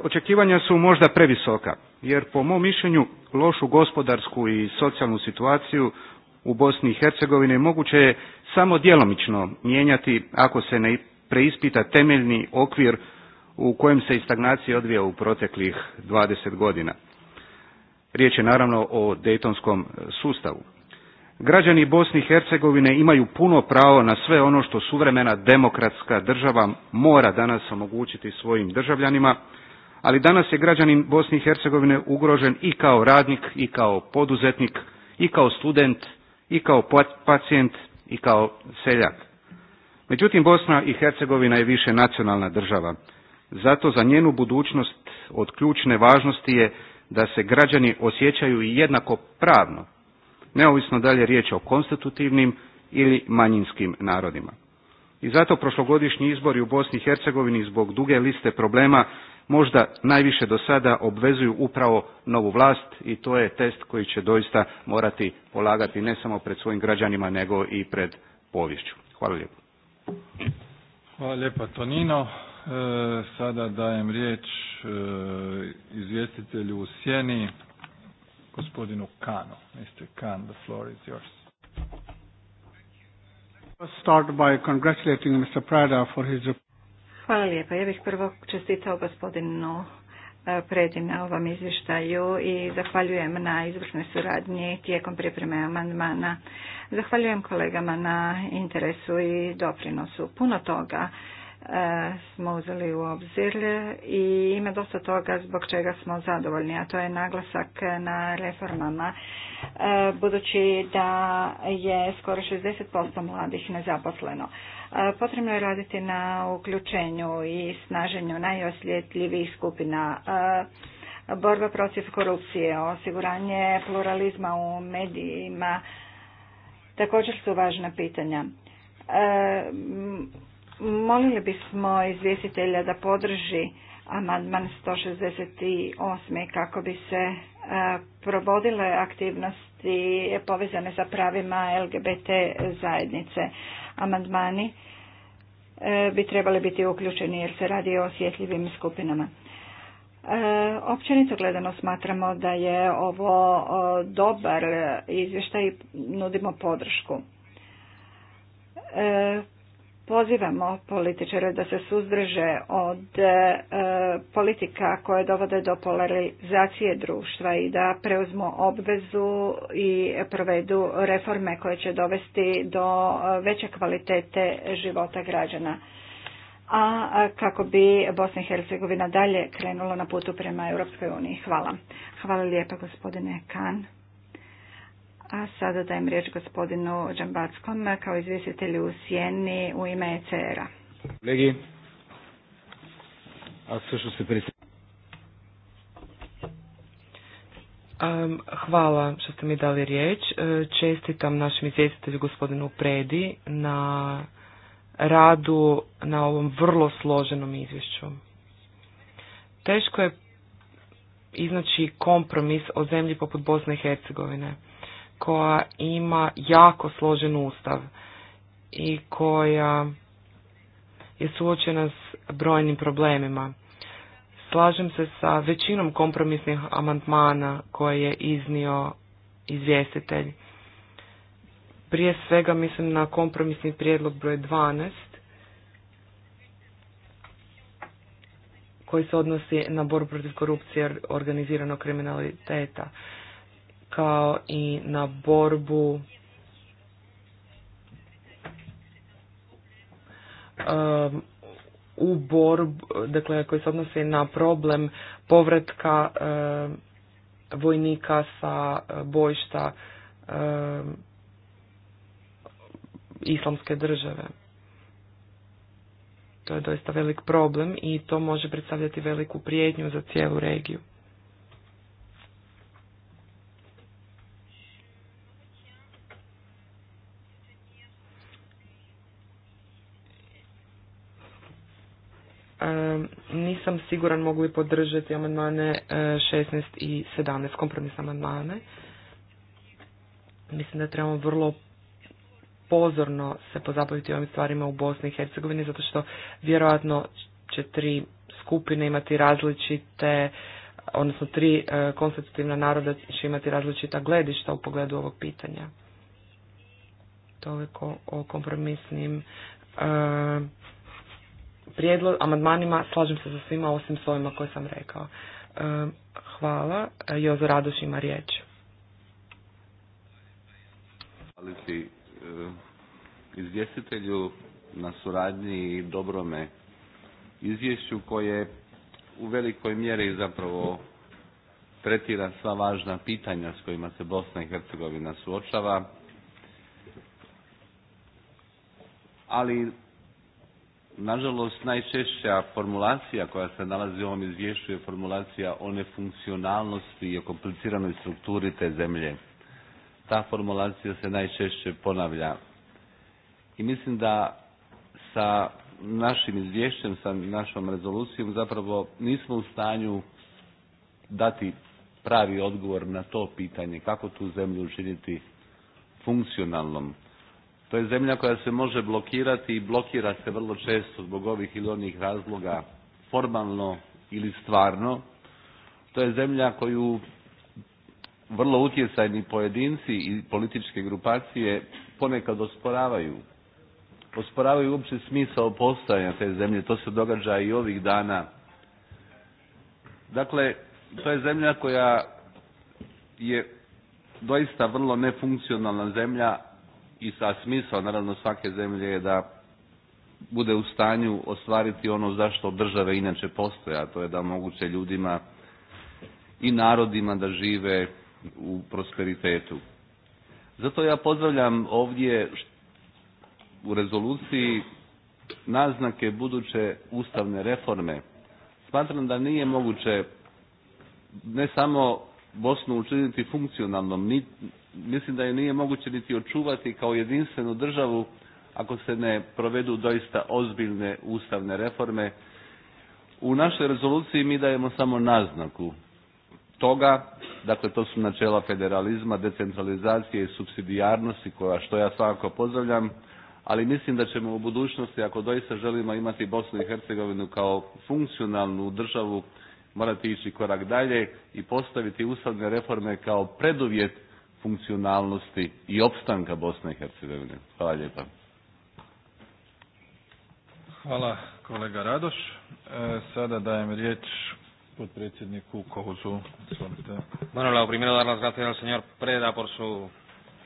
Očekivanja su možda previsoka, jer po mom mišljenju lošu gospodarsku i socijalnu situaciju u Bosni i Hercegovini moguće je samo djelomično mijenjati ako se ne preispita temeljni okvir u kojem se i stagnacija odvija u proteklih 20 godina. Riječ je naravno o Dejtonskom sustavu. Građani Bosni i Hercegovine imaju puno pravo na sve ono što suvremena demokratska država mora danas omogućiti svojim državljanima, ali danas je građanin Bosni i Hercegovine ugrožen i kao radnik i kao poduzetnik i kao student i kao pacijent i kao seljak. Međutim, Bosna i Hercegovina je više nacionalna država. Zato za njenu budućnost od ključne važnosti je da se građani osjećaju jednako pravno, neovisno da li je riječ o konstitutivnim ili manjinskim narodima. I zato prošlogodišnji izbori u Bosni i Hercegovini zbog duge liste problema možda najviše do sada obvezuju upravo novu vlast i to je test koji će doista morati polagati ne samo pred svojim građanima nego i pred povješću. Hvala lijepo. Hvala lijepa Tonino. E, sada dajem riječ e, izvjestitelju u sjeni, gospodinu Kano. Mr. Kano, the floor is yours. start by congratulating Mr. Prada for his Hvala lijepa. Ja bih prvo čestitao gospodinu e, Predi na ovom izvještaju i zahvaljujem na izvršnoj suradnji tijekom pripreme amandmana. Zahvaljujem kolegama na interesu i doprinosu. Puno toga smo uzeli u obzir i ima dosta toga zbog čega smo zadovoljni, a to je naglasak na reformama, e, budući da je skoro 60% mladih nezaposleno. E, potrebno je raditi na uključenju i snaženju najosjetljivijih skupina e, borba protiv korupcije, osiguranje pluralizma u medijima, također su važna pitanja Molili bismo izvjestitelja da podrži amandman 168. kako bi se e, provodile aktivnosti povezane sa pravima LGBT zajednice. Amandmani e, bi trebali biti uključeni jer se radi o osjetljivim skupinama. E, općenito gledano smatramo da je ovo dobar izvještaj i nudimo podršku pozivamo političare da se suzdrže od e, politika koje dovode do polarizacije društva i da preuzmu obvezu i provedu reforme koje će dovesti do e, veće kvalitete života građana a kako bi Bosna i Hercegovina dalje krenula na putu prema Europskoj uniji. Hvala. Hvala lijepa gospodine Kan. A sada dajem riječ gospodinu Džambackom kao izvjestitelju u Sjeni u ime ECR-a. Kolegi, a se Hvala što ste mi dali riječ. E, čestitam našem izvjestitelju gospodinu Predi na radu na ovom vrlo složenom izvješću. Teško je iznaći kompromis o zemlji poput Bosne i Hercegovine koja ima jako složen ustav i koja je suočena s brojnim problemima. Slažem se sa većinom kompromisnih amandmana koje je iznio izvjestitelj. Prije svega mislim na kompromisni prijedlog broj 12 koji se odnosi na borbu protiv korupcije organiziranog kriminaliteta kao i na borbu um, u borbu, dakle koji se odnosi na problem povratka um, vojnika sa uh, bojšta um, islamske države. To je doista velik problem i to može predstavljati veliku prijetnju za cijelu regiju. nisam siguran mogu li podržati amandmane 16 e, i 17 kompromisne amandmane. Mislim da trebamo vrlo pozorno se pozabaviti ovim stvarima u Bosni i Hercegovini zato što vjerojatno će tri skupine imati različite odnosno tri e, konstitutivna naroda će imati različita gledišta u pogledu ovog pitanja. Toliko o kompromisnim e, prijedlog, amandmanima slažem se sa svima osim svojima koje sam rekao. E, hvala. E, Jozo Radoš ima riječ. Hvala ti e, izvjestitelju na suradnji i dobrome izvješću koje u velikoj mjeri zapravo tretira sva važna pitanja s kojima se Bosna i Hercegovina suočava, ali Nažalost, najčešća formulacija koja se nalazi u ovom izvješću je formulacija o nefunkcionalnosti i o kompliciranoj strukturi te zemlje. Ta formulacija se najčešće ponavlja. I mislim da sa našim izvješćem, sa našom rezolucijom zapravo nismo u stanju dati pravi odgovor na to pitanje kako tu zemlju učiniti funkcionalnom to je zemlja koja se može blokirati i blokira se vrlo često zbog ovih ili onih razloga formalno ili stvarno. To je zemlja koju vrlo utjecajni pojedinci i političke grupacije ponekad osporavaju. Osporavaju uopće smisao postojanja te zemlje. To se događa i ovih dana. Dakle, to je zemlja koja je doista vrlo nefunkcionalna zemlja, i sa smisao naravno svake zemlje je da bude u stanju ostvariti ono zašto države inače postoje, a to je da moguće ljudima i narodima da žive u prosperitetu. Zato ja pozdravljam ovdje u rezoluciji naznake buduće ustavne reforme. Smatram da nije moguće ne samo Bosnu učiniti funkcionalnom, mislim da je nije moguće niti očuvati kao jedinstvenu državu ako se ne provedu doista ozbiljne ustavne reforme. U našoj rezoluciji mi dajemo samo naznaku toga, dakle to su načela federalizma, decentralizacije i subsidijarnosti koja što ja svakako pozdravljam, ali mislim da ćemo u budućnosti ako doista želimo imati Bosnu i Hercegovinu kao funkcionalnu državu morati ići korak dalje i postaviti ustavne reforme kao preduvjet funkcionalnosti i opstanka Bosne i Hercegovine. Hvala lijepa. Hvala kolega Radoš. E, sada dajem riječ potpredsjedniku Kozu. Bueno, lo primero dar las gracias al señor Preda por su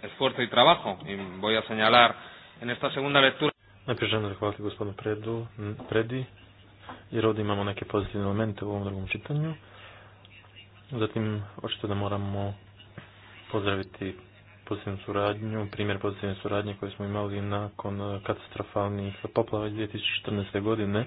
esfuerzo y trabajo y voy a señalar en esta segunda lectura Najprije želim zahvaliti gospodinu Predu, Predi, jer ovdje imamo neke pozitivne momente u ovom drugom čitanju. Zatim, očito da moramo pozdraviti posljednju suradnju, primjer posljednje suradnje koje smo imali nakon katastrofalnih poplava iz 2014. godine,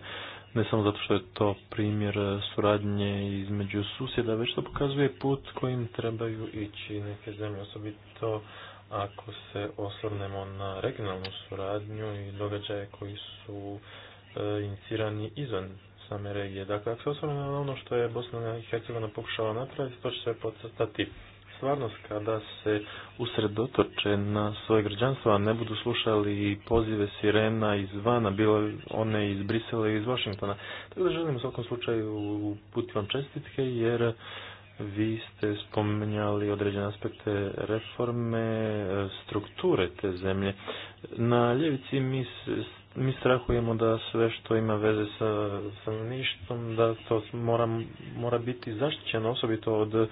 ne samo zato što je to primjer suradnje između susjeda, već to pokazuje put kojim trebaju ići neke zemlje, osobito ako se osvrnemo na regionalnu suradnju i događaje koji su e, inicirani izvan same regije. Dakle, ako se osvrnemo na ono što je Bosna i Hercegovina pokušala napraviti, to će se podcrtati stvarnost kada se usredotoče na svoje građanstvo, a ne budu slušali pozive sirena izvana, bilo one iz Brisela i iz Washingtona. Tako da želim u svakom slučaju uputiti vam čestitke jer vi ste spominjali određene aspekte reforme strukture te zemlje. Na ljevici mi, mi strahujemo da sve što ima veze sa stanovništvom, da to mora, mora biti zaštićeno osobito od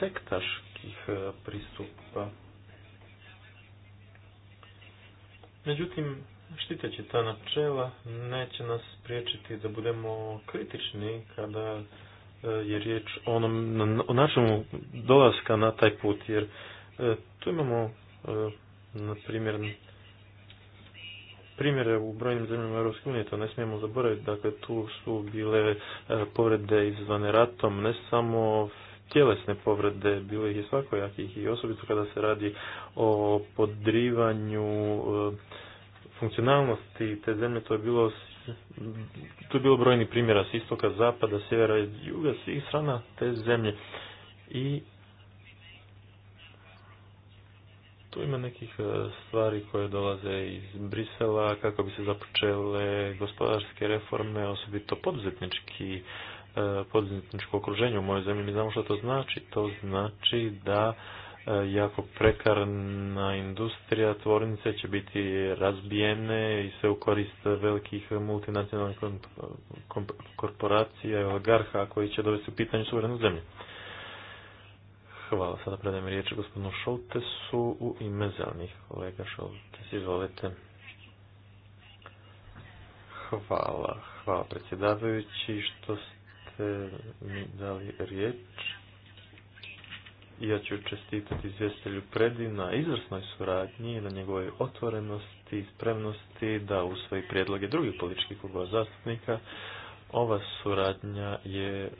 sektaš nekih e, pristupa. Međutim, štiteći ta načela neće nas spriječiti da budemo kritični kada e, je riječ o, onom, o našemu dolaska na taj put, jer e, tu imamo na primjer primjere u brojnim zemljama Europske unije, to ne smijemo zaboraviti, dakle tu su bile povrede izvane ratom, ne samo tjelesne povrede, bilo ih je svakojakih i osobito kada se radi o podrivanju e, funkcionalnosti te zemlje, to je bilo tu je bilo brojni primjera s istoka, zapada, sjevera i juga, svih strana te zemlje. I tu ima nekih e, stvari koje dolaze iz Brisela kako bi se započele gospodarske reforme, osobito poduzetnički E, poduzetničko okruženje u mojoj zemlji. Mi znamo što to znači. To znači da e, jako prekarna industrija tvornice će biti razbijene i sve u korist velikih multinacionalnih korporacija i oligarha koji će dovesti u pitanje suverenu zemlju. Hvala. Sada predajem riječ gospodinu Šoltesu u ime zelnih Kolega Šoltes, izvolite. Hvala. Hvala predsjedavajući što ste mi dali riječ. Ja ću čestitati izvjestelju Predi na izvrsnoj suradnji, na njegovoj otvorenosti i spremnosti da usvoji prijedloge drugih političkih klubova zastupnika. Ova suradnja je e,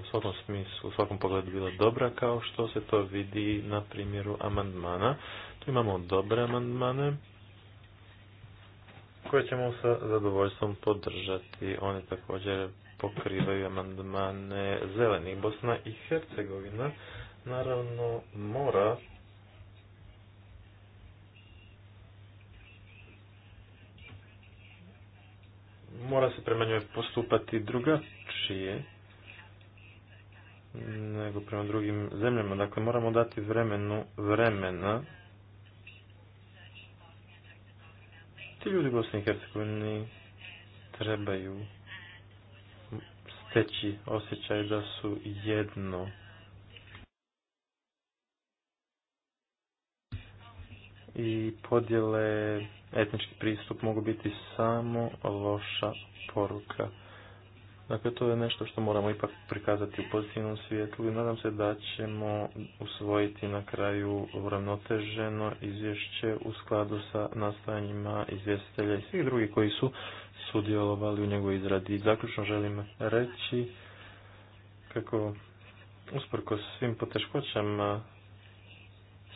u svakom smislu, u svakom pogledu bila dobra, kao što se to vidi na primjeru amandmana. Tu imamo dobre amandmane koje ćemo sa zadovoljstvom podržati. One također pokrivaju amandmane zeleni. Bosna i Hercegovina naravno mora mora se prema njoj postupati drugačije nego prema drugim zemljama. Dakle, moramo dati vremenu vremena. Ti ljudi u Bosni i Hercegovini trebaju steći osjećaj da su jedno. I podjele, etnički pristup mogu biti samo loša poruka. Dakle, to je nešto što moramo ipak prikazati u pozitivnom svijetlu i nadam se da ćemo usvojiti na kraju uravnoteženo izvješće u skladu sa nastojanjima izvjestitelja i svih drugih koji su sudjelovali u njegovoj izradi. Zaključno želim reći kako usprko svim poteškoćama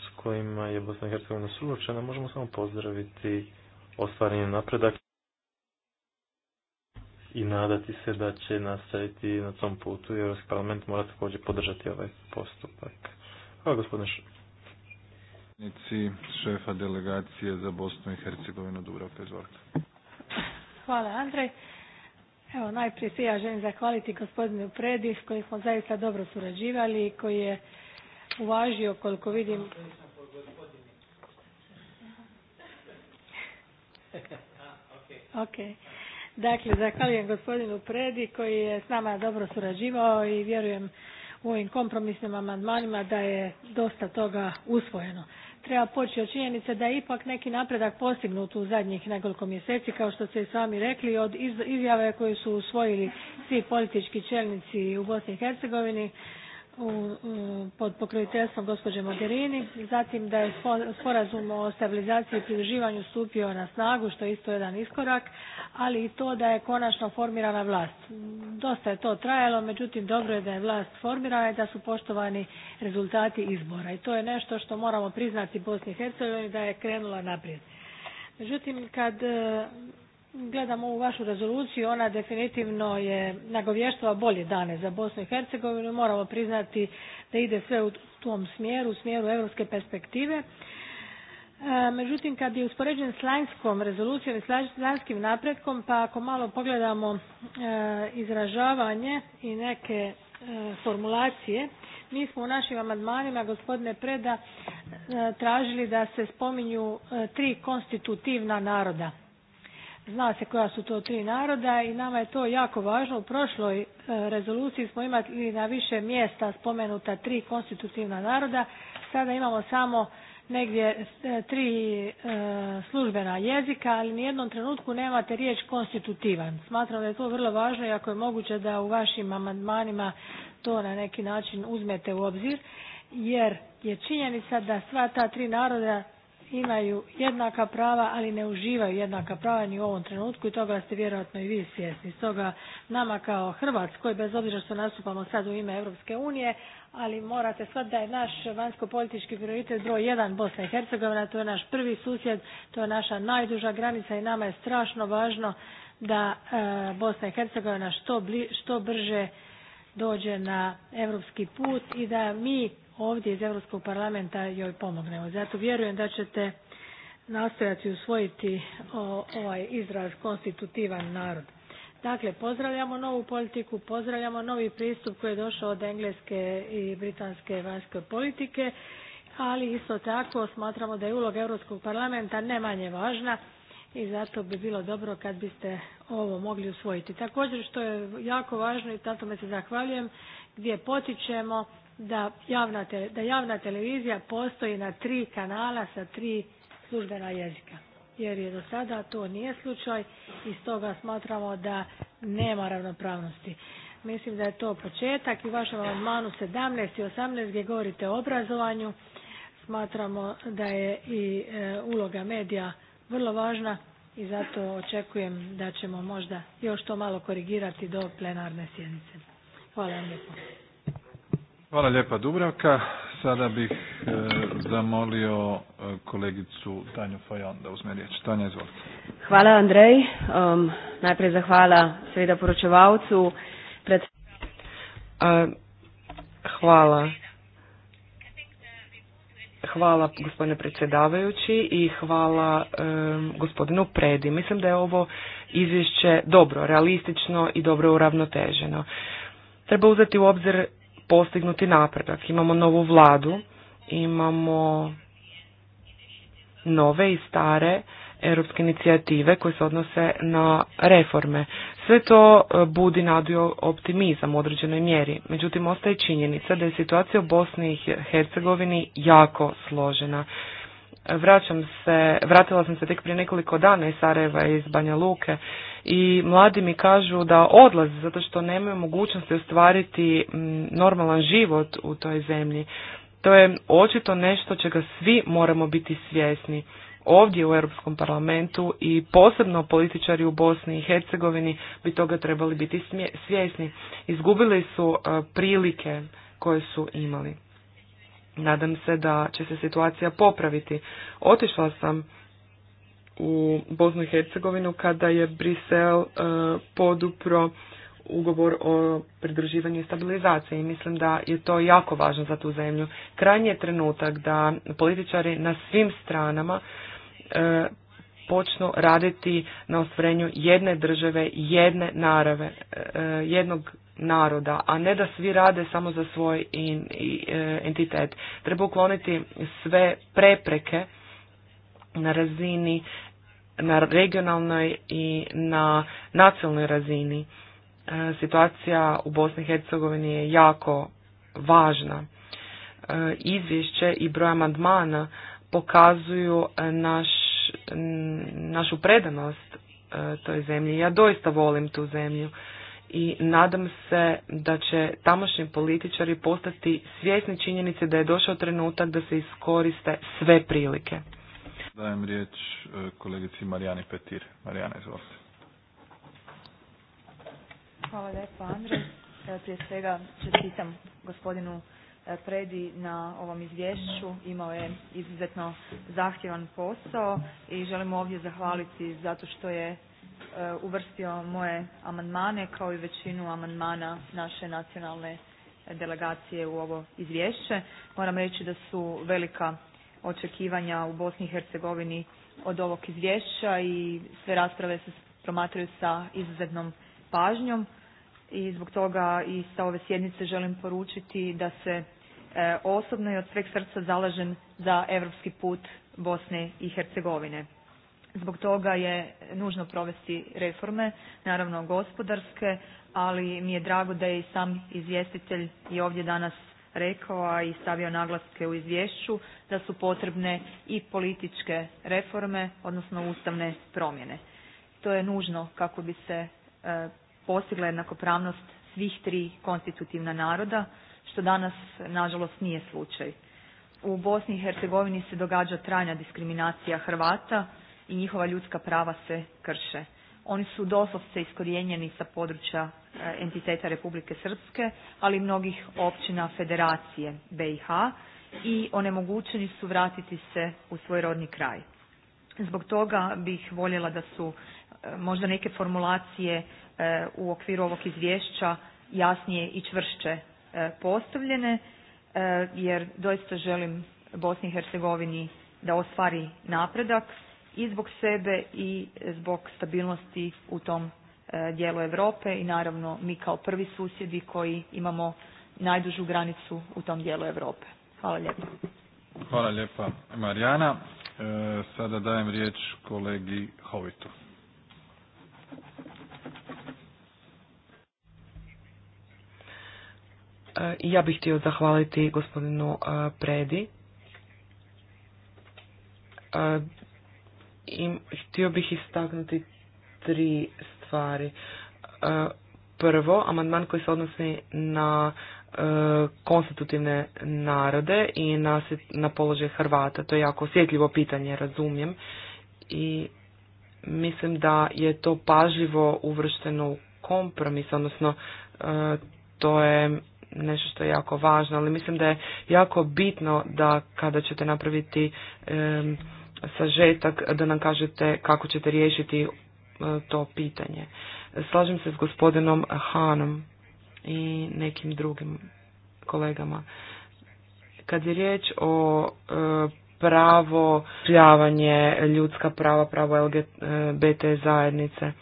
s kojima je Bosna i Hercegovina suočena, možemo samo pozdraviti ostvareni napredak i nadati se da će nastaviti na tom putu i Europski parlament mora također podržati ovaj postupak. Hvala gospodine šefa delegacije za Bosnu i Hercegovinu Dubravka, izvolite. Hvala Andrej. Evo najprije svi ja želim zahvaliti gospodinu Predi s kojim smo zaista dobro surađivali i koji je uvažio koliko vidim Okay. Dakle, zahvaljujem gospodinu Predi koji je s nama dobro surađivao i vjerujem u ovim kompromisnim amandmanima da je dosta toga usvojeno treba poći od činjenice da je ipak neki napredak postignut u zadnjih nekoliko mjeseci kao što ste sami rekli od izjave koje su usvojili svi politički čelnici u bosni i hercegovini pod pokroviteljstvom gospođe Mogherini, zatim da je sporazum o stabilizaciji i pridruživanju stupio na snagu, što je isto jedan iskorak, ali i to da je konačno formirana vlast. Dosta je to trajalo, međutim dobro je da je vlast formirana i da su poštovani rezultati izbora. I to je nešto što moramo priznati Bosni i Hercegovini da je krenula naprijed. Međutim, kad gledam ovu vašu rezoluciju ona definitivno je nagovještava bolje dane za bosnu i hercegovinu moramo priznati da ide sve u tom smjeru u smjeru europske perspektive e, međutim kad je uspoređen s lanjskom rezolucijom i s lanjskim napretkom pa ako malo pogledamo e, izražavanje i neke e, formulacije mi smo u našim amandmanima gospodine preda tražili da se spominju tri konstitutivna naroda Zna se koja su to tri naroda i nama je to jako važno. U prošloj e, rezoluciji smo imali na više mjesta spomenuta tri konstitutivna naroda. Sada imamo samo negdje e, tri e, službena jezika, ali ni jednom trenutku nemate riječ konstitutivan. Smatram da je to vrlo važno i ako je moguće da u vašim amandmanima to na neki način uzmete u obzir jer je činjenica da sva ta tri naroda imaju jednaka prava, ali ne uživaju jednaka prava ni u ovom trenutku i toga ste vjerojatno i vi svjesni. Stoga nama kao Hrvatskoj, bez obzira što nastupamo sad u ime Europske unije, ali morate shvatiti da je naš vanjskopolitički prioritet broj jedan Bosna i Hercegovina, to je naš prvi susjed, to je naša najduža granica i nama je strašno važno da e, Bosna i Hercegovina što, što brže dođe na europski put i da mi ovdje iz Europskog parlamenta joj pomognemo. Zato vjerujem da ćete nastojati usvojiti ovaj izraz konstitutivan narod. Dakle, pozdravljamo novu politiku, pozdravljamo novi pristup koji je došao od engleske i britanske vanjske politike, ali isto tako smatramo da je uloga Europskog parlamenta ne manje važna i zato bi bilo dobro kad biste ovo mogli usvojiti. Također što je jako važno i zato me se zahvaljujem gdje potičemo da javna, da javna televizija postoji na tri kanala sa tri službena jezika jer je do sada to nije slučaj i stoga smatramo da nema ravnopravnosti. Mislim da je to početak i vašem amandmanu 17 i 18 gdje govorite o obrazovanju smatramo da je i e, uloga medija vrlo važna i zato očekujem da ćemo možda još to malo korigirati do plenarne sjednice. Hvala vam lijepo. Hvala lijepa Dubravka. Sada bih e, zamolio e, kolegicu Tanju Fajon da uzme riječ. Tanja, izvolite. Hvala Andrej. najprej zahvala sveda poročevalcu. Pred... E, hvala. Hvala gospodine predsjedavajući i hvala gospodinu Predi. Mislim da je ovo izvješće dobro, realistično i dobro uravnoteženo. Treba uzeti u obzir postignuti napredak. Imamo novu vladu, imamo nove i stare europske inicijative koje se odnose na reforme. Sve to e, budi nadio optimizam u određenoj mjeri. Međutim, ostaje činjenica da je situacija u Bosni i Hercegovini jako složena. Vraćam se, vratila sam se tek prije nekoliko dana iz Sarajeva i iz Banja Luke i mladi mi kažu da odlaze zato što nemaju mogućnosti ostvariti normalan život u toj zemlji. To je očito nešto čega svi moramo biti svjesni. Ovdje u Europskom parlamentu i posebno političari u Bosni i Hercegovini bi toga trebali biti svjesni. Izgubili su e, prilike koje su imali. Nadam se da će se situacija popraviti. Otišla sam u Bosnu i Hercegovinu kada je Brisel e, podupro ugovor o pridruživanju i stabilizaciji. Mislim da je to jako važno za tu zemlju. Krajnji je trenutak da političari na svim stranama e, počnu raditi na ostvarenju jedne države, jedne narave, e, jednog naroda, a ne da svi rade samo za svoj entitet. Treba ukloniti sve prepreke na razini, na regionalnoj i na nacionalnoj razini. E, situacija u Bosni i Hercegovini je jako važna. E, izvješće i broj amandmana pokazuju e, naš, našu predanost toj zemlji. Ja doista volim tu zemlju i nadam se da će tamošnji političari postati svjesni činjenice da je došao trenutak da se iskoriste sve prilike. Dajem riječ e, kolegici Marijani Petir. Marijana, izvolite. Hvala lijepo, Andrej. E, prije svega čestitam gospodinu e, Predi na ovom izvješću. Imao je izuzetno zahtjevan posao i želim ovdje zahvaliti zato što je uvrstio moje amandmane kao i većinu amandmana naše nacionalne delegacije u ovo izvješće. Moram reći da su velika očekivanja u Bosni i Hercegovini od ovog izvješća i sve rasprave se promatraju sa izuzetnom pažnjom i zbog toga i sa ove sjednice želim poručiti da se e, osobno i od sveg srca zalažem za europski put Bosne i Hercegovine. Zbog toga je nužno provesti reforme, naravno gospodarske, ali mi je drago da je i sam izvjestitelj i ovdje danas rekao, a i stavio naglaske u izvješću, da su potrebne i političke reforme, odnosno ustavne promjene. To je nužno kako bi se e, postigla jednakopravnost svih tri konstitutivna naroda, što danas nažalost nije slučaj. U Bosni i Hercegovini se događa trajna diskriminacija Hrvata i njihova ljudska prava se krše. Oni su doslovce iskorijenjeni sa područja eh, entiteta Republike Srpske, ali i mnogih općina Federacije BiH i onemogućeni su vratiti se u svoj rodni kraj. Zbog toga bih voljela da su eh, možda neke formulacije eh, u okviru ovog izvješća jasnije i čvršće postavljene, jer doista želim Bosni i Hercegovini da ostvari napredak i zbog sebe i zbog stabilnosti u tom e, dijelu Europe i naravno mi kao prvi susjedi koji imamo najdužu granicu u tom dijelu Europe. Hvala lijepa. Hvala lijepa Marijana. E, sada dajem riječ kolegi Hovitu. E, ja bih htio zahvaliti gospodinu Predi im htio bih istaknuti tri stvari. E, prvo, amandman koji se odnosi na e, konstitutivne narode i na, na položaj Hrvata. To je jako osjetljivo pitanje, razumijem. I mislim da je to pažljivo uvršteno u kompromis, odnosno e, to je nešto što je jako važno, ali mislim da je jako bitno da kada ćete napraviti sažetak da nam kažete kako ćete riješiti e, to pitanje. Slažem se s gospodinom Hanom i nekim drugim kolegama. Kad je riječ o e, pravo, sljavanje ljudska prava, pravo LGBT zajednice, e,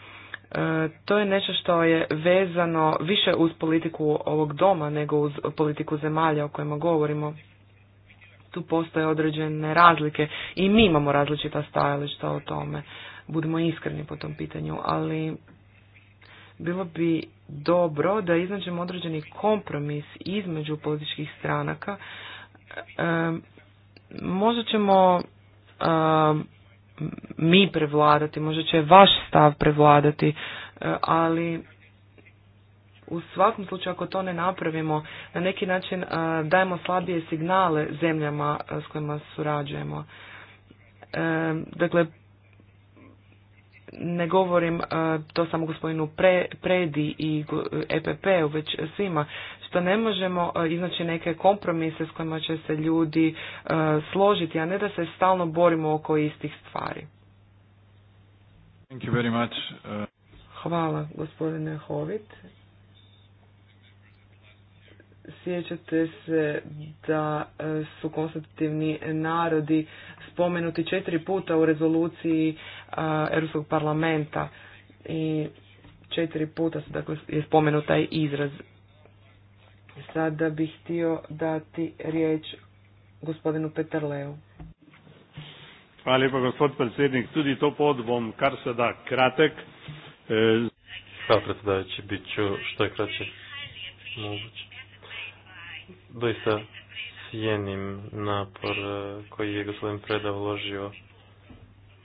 to je nešto što je vezano više uz politiku ovog doma nego uz politiku zemalja o kojima govorimo tu postoje određene razlike i mi imamo različita stajališta o tome. Budimo iskreni po tom pitanju, ali bilo bi dobro da iznađemo određeni kompromis između političkih stranaka. E, možda ćemo mi prevladati, možda će vaš stav prevladati, e, ali u svakom slučaju ako to ne napravimo, na neki način e, dajemo slabije signale zemljama e, s kojima surađujemo. E, dakle, ne govorim to samo gospodinu Pre, Predi i EPP-u, već svima, što ne možemo iznaći neke kompromise s kojima će se ljudi složiti, a ne da se stalno borimo oko istih stvari. Thank you very much. Hvala, gospodine Hovit sjećate se da e, su konstitutivni narodi spomenuti četiri puta u rezoluciji e, Europskog parlamenta i četiri puta su, dakle, je spomenut taj izraz. Sada bih htio dati riječ gospodinu Petarleu. Hvala lijepo gospod predsjednik. Tudi to podbom kar se da kratek. E, Hvala predsjedavajući, bit ću što je kraće moguće doista cijenim napor e, koji je gospodin Preda uložio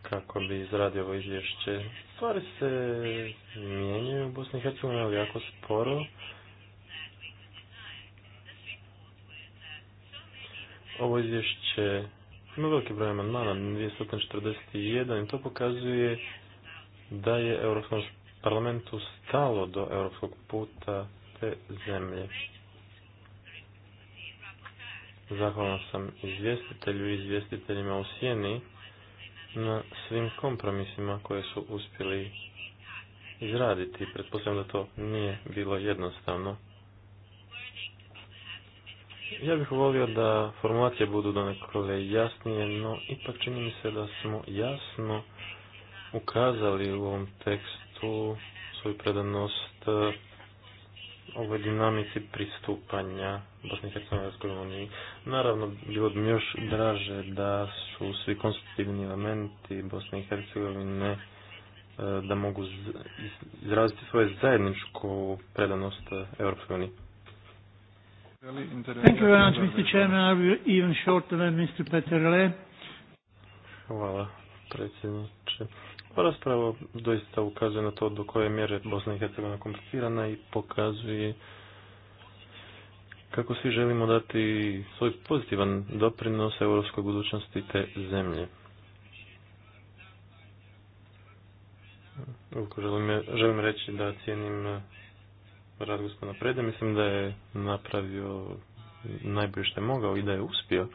kako bi izradio ovo izvješće. Stvari se mijenjaju u Bosni i Hercegovini, ali jako sporo. Ovo izvješće ima veliki broj amandmana, 241, i to pokazuje da je Europskom parlamentu stalo do europskog puta te zemlje. Zahvalan sam izvjestitelju i izvjestiteljima u Sijeni na svim kompromisima koje su uspjeli izraditi. Pretpostavljam da to nije bilo jednostavno. Ja bih volio da formulacije budu donekle jasnije, no ipak čini mi se da smo jasno ukazali u ovom tekstu svoju predanost ovoj dinamici pristupanja Bosne i Hercegovine Naravno, bilo bi mi još draže da su svi konstitutivni elementi Bosne i Hercegovine e, da mogu izraziti svoje zajedničku predanost Europskoj uniji. Thank you Hvala, predsjedniče. Pa rasprava doista ukazuje na to do koje mjere Bosna i Hercegovina komplicirana i pokazuje kako svi želimo dati svoj pozitivan doprinos europskoj budućnosti te zemlje. Želim, želim reći da cijenim rad gospodina Prede, mislim da je napravio najbolje što je mogao i da je uspio.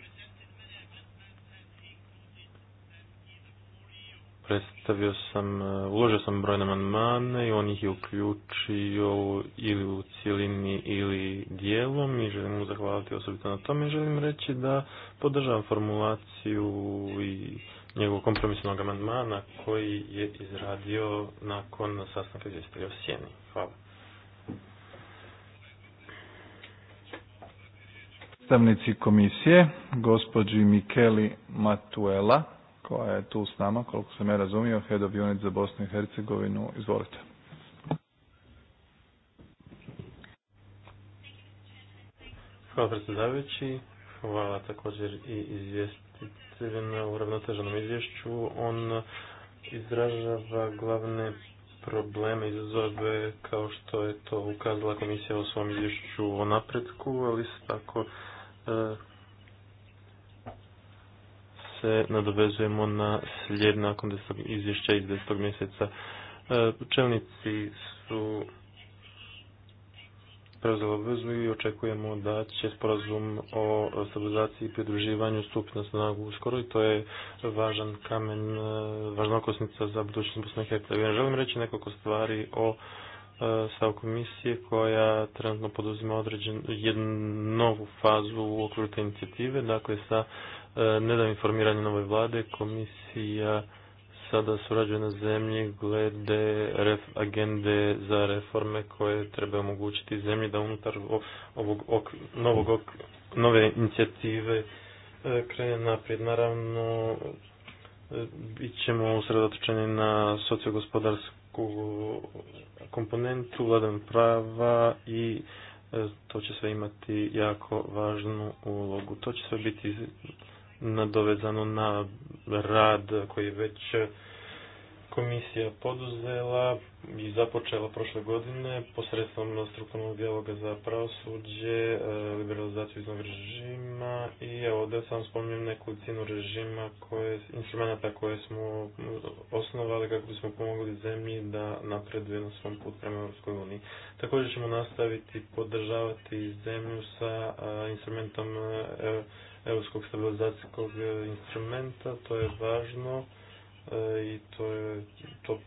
predstavio sam, e, uložio sam brojne amandmane i on ih je uključio ili u cijelini ili dijelom i želim mu zahvaliti osobito na tome. Želim reći da podržavam formulaciju i njegovog kompromisnog amandmana koji je izradio nakon sastanka izvjestelja o Sjeni. Hvala. Predstavnici komisije, gospođi Mikeli Matuela, koja je tu s nama, koliko sam ja razumio, Head of Unit za Bosnu i Hercegovinu. Izvolite. Hvala predsjedavajući. Hvala također i izvjestiteljima u ravnoteženom izvješću. On izražava glavne probleme, izazove kao što je to ukazala komisija u svom izvješću o napretku, ali tako e, se nadovezujemo na slijed nakon desetog izvješća iz 10. mjeseca. E, čelnici su preuzeli obvezu i očekujemo da će sporazum o stabilizaciji i pridruživanju stupiti na snagu uskoro i to je važan kamen, e, važna okosnica za budućnost Bosne i Hercegovine. Želim reći nekoliko stvari o e, stav komisije koja trenutno poduzima određen, jednu novu fazu u okviru te inicijative, dakle sa E, nedavno informiranje nove vlade, komisija sada surađuje na zemlji glede ref, agende za reforme koje treba omogućiti zemlji da unutar ovog ok, novog nove inicijative e, krene naprijed. Naravno, e, bit ćemo usredotočeni na sociogospodarsku komponentu, vladan prava i to će sve imati jako važnu ulogu. To će sve biti nadovezano na rad koji je već komisija poduzela i započela prošle godine posredstvom strukturnog dijaloga za pravosuđe, e, liberalizaciju iznog režima i evo da sam spomnio neku cijenu režima koje, instrumenta koje smo osnovali kako bismo pomogli zemlji da napreduje na svom putu prema Europskoj uniji. Također ćemo nastaviti podržavati zemlju sa e, instrumentom e, Europskog stabilizacijskog e, instrumenta, to je važno e, i to, je, to,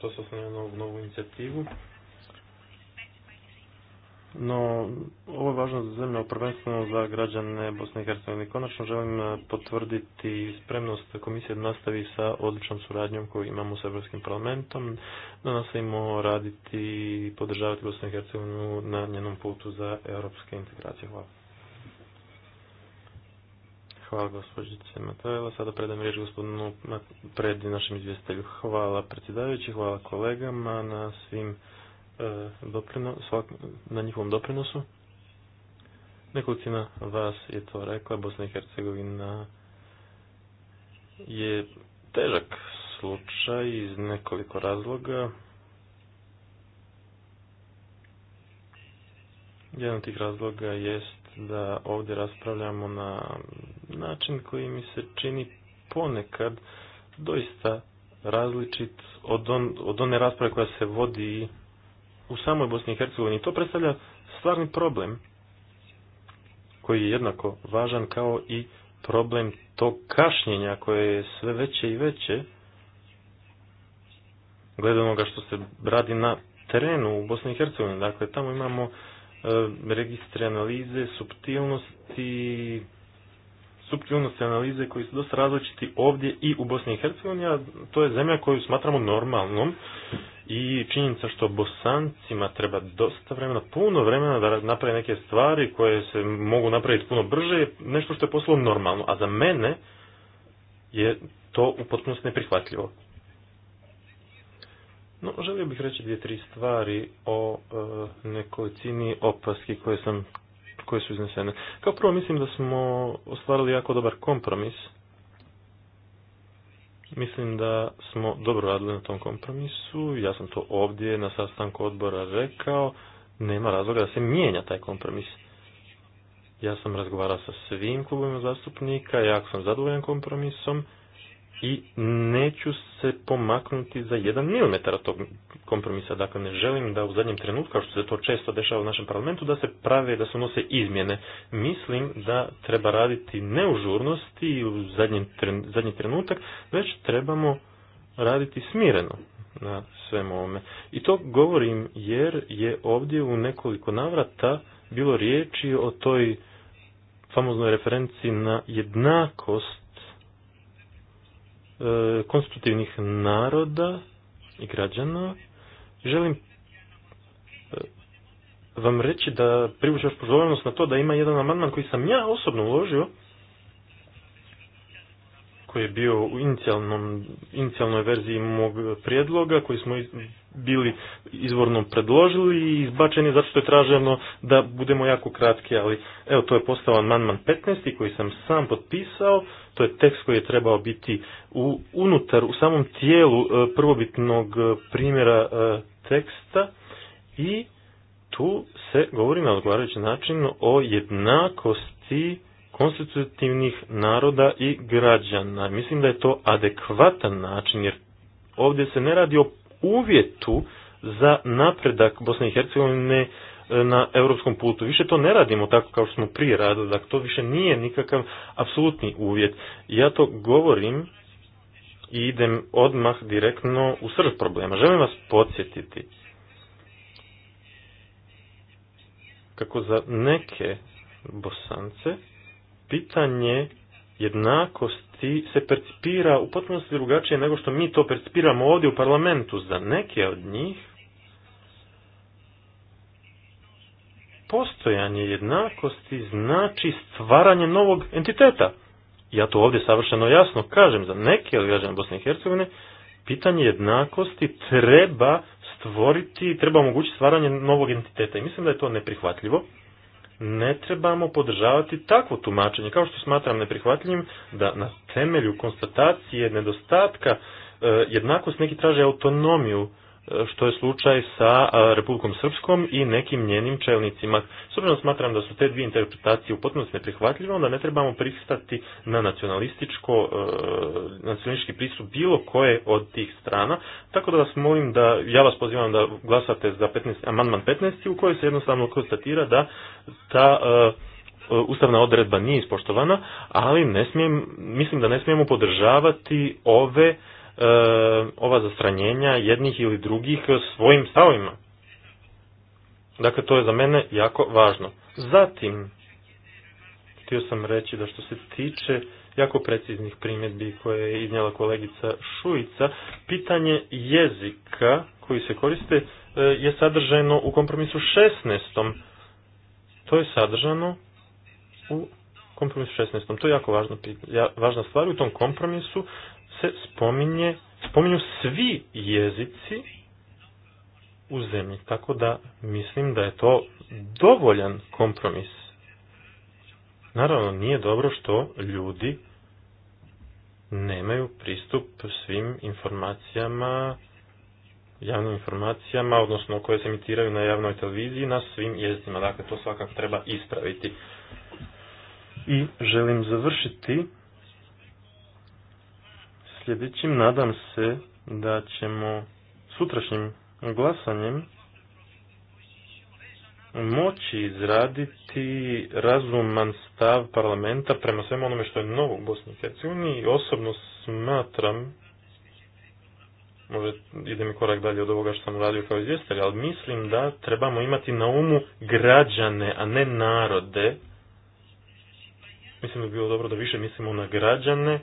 to se na novu inicijativu. No, ovo je važno za zemlje, prvenstveno za građane Bosne i Hercegovine. Konačno želim e, potvrditi spremnost komisije da nastavi sa odličnom suradnjom koju imamo s Europskim parlamentom, da nastavimo raditi i podržavati Bosnu i Hercegovinu na njenom putu za europske integracije. Hvala. Hvala gospođice Matajla. Sada predam riječ gospodinu pred našem izvjestelju. Hvala predsjedavajući, hvala kolegama na svim eh, na njihovom doprinosu. Nekolicina vas je to rekla, Bosna i Hercegovina je težak slučaj iz nekoliko razloga. Jedan od tih razloga jest da ovdje raspravljamo na način koji mi se čini ponekad doista različit od, on, od one rasprave koja se vodi u samoj Bosni i Hercegovini. To predstavlja stvarni problem koji je jednako važan kao i problem tog kašnjenja koje je sve veće i veće glede ga što se radi na terenu u Bosni i Hercegovini. Dakle, tamo imamo e, registre analize, subtilnosti, subtilnosti analize koji su dosta različiti ovdje i u Bosni i Hercegovini, a to je zemlja koju smatramo normalnom i činjenica što bosancima treba dosta vremena, puno vremena da naprave neke stvari koje se mogu napraviti puno brže, nešto što je poslovno normalno, a za mene je to u potpunosti neprihvatljivo. No, želio bih reći dvije, tri stvari o e, cini opaski koje sam koje su iznesene. Kao prvo mislim da smo ostvarili jako dobar kompromis. Mislim da smo dobro radili na tom kompromisu. Ja sam to ovdje na sastanku odbora rekao. Nema razloga da se mijenja taj kompromis. Ja sam razgovarao sa svim klubovima zastupnika, jako sam zadovoljan kompromisom i neću se pomaknuti za jedan milimetar tog kompromisa. Dakle, ne želim da u zadnjem trenutku, kao što se to često dešava u našem parlamentu, da se prave, da se nose izmjene. Mislim da treba raditi ne u žurnosti i u zadnji, zadnji trenutak, već trebamo raditi smireno na svemu ovome. I to govorim jer je ovdje u nekoliko navrata bilo riječi o toj famoznoj referenciji na jednakost konstitutivnih naroda i građana, želim e, vam reći da privučaš pozornost na to da ima jedan amandman koji sam ja osobno uložio, koji je bio u inicijalnom, inicijalnoj verziji mog prijedloga koji smo bili izvorno predložili i izbačen je zato što je traženo da budemo jako kratki, ali evo to je postao amandman 15. koji sam sam potpisao, to je tekst koji je trebao biti u, unutar, u samom tijelu e, prvobitnog e, primjera e, teksta i tu se govori na odgovarajući način o jednakosti konstitutivnih naroda i građana. Mislim da je to adekvatan način jer ovdje se ne radi o uvjetu za napredak Bosne i Hercegovine e, na europskom putu. Više to ne radimo tako kao što smo prije radili, dakle to više nije nikakav apsolutni uvjet. Ja to govorim i idem odmah direktno u srž problema. Želim vas podsjetiti kako za neke bosance pitanje jednakosti se percipira u potpunosti drugačije nego što mi to percipiramo ovdje u parlamentu za neke od njih. Postojanje jednakosti znači stvaranje novog entiteta. Ja to ovdje savršeno jasno kažem za neke od građana Bosne i Hercegovine, pitanje jednakosti treba stvoriti, treba omogućiti stvaranje novog entiteta i mislim da je to neprihvatljivo ne trebamo podržavati takvo tumačenje, kao što smatram neprihvatljivim da na temelju konstatacije nedostatka e, jednakost neki traže autonomiju što je slučaj sa Republikom Srpskom i nekim njenim čelnicima. S smatram da su te dvije interpretacije u potpunosti neprihvatljive, onda ne trebamo pristati na nacionalističko, e, nacionalistički pristup bilo koje od tih strana. Tako da vas molim da, ja vas pozivam da glasate za 15, amandman 15 u kojoj se jednostavno konstatira da ta e, e, ustavna odredba nije ispoštovana, ali ne smijem, mislim da ne smijemo podržavati ove E, ova zastranjenja jednih ili drugih svojim stavima. Dakle, to je za mene jako važno. Zatim, htio sam reći da što se tiče jako preciznih primjedbi koje je iznijela kolegica Šujica, pitanje jezika koji se koriste e, je sadržano u kompromisu 16. To je sadržano u kompromisu 16. To je jako važna, važna stvar. U tom kompromisu se spominje, spominju svi jezici u zemlji. Tako da mislim da je to dovoljan kompromis. Naravno, nije dobro što ljudi nemaju pristup svim informacijama, javnim informacijama, odnosno koje se emitiraju na javnoj televiziji na svim jezicima. Dakle, to svakako treba ispraviti. I želim završiti sljedećim. Nadam se da ćemo sutrašnjim glasanjem moći izraditi razuman stav parlamenta prema svemu onome što je novo u Bosni i Hercegovini i osobno smatram možda idem mi korak dalje od ovoga što sam radio kao izvjestelj, ali mislim da trebamo imati na umu građane, a ne narode. Mislim da bi bilo dobro da više mislimo na građane,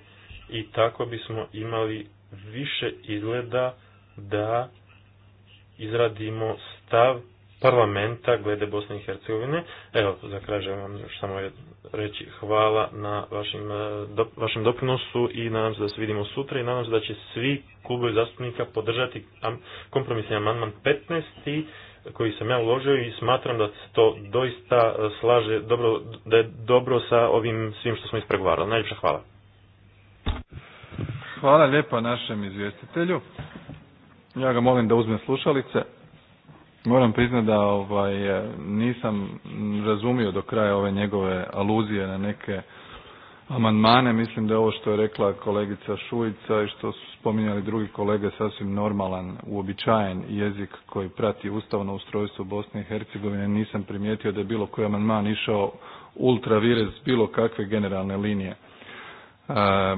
i tako bismo imali više izgleda da izradimo stav parlamenta glede Bosne i Hercegovine. Evo, za kraj želim vam još samo reći hvala na vašim, eh, vašem doprinosu i nadam se da se vidimo sutra i nadam se da će svi klubovi zastupnika podržati kompromisni amandman 15 koji sam ja uložio i smatram da se to doista eh, slaže dobro, da je dobro sa ovim svim što smo ispregovarali. Najljepša hvala. Hvala lijepa našem izvjestitelju. Ja ga molim da uzme slušalice. Moram priznati da ovaj, nisam razumio do kraja ove njegove aluzije na neke amandmane. Mislim da je ovo što je rekla kolegica Šujica i što su spominjali drugi kolege sasvim normalan, uobičajen jezik koji prati ustavno ustrojstvo Bosne i Hercegovine. Nisam primijetio da je bilo koji amandman išao ultra bilo kakve generalne linije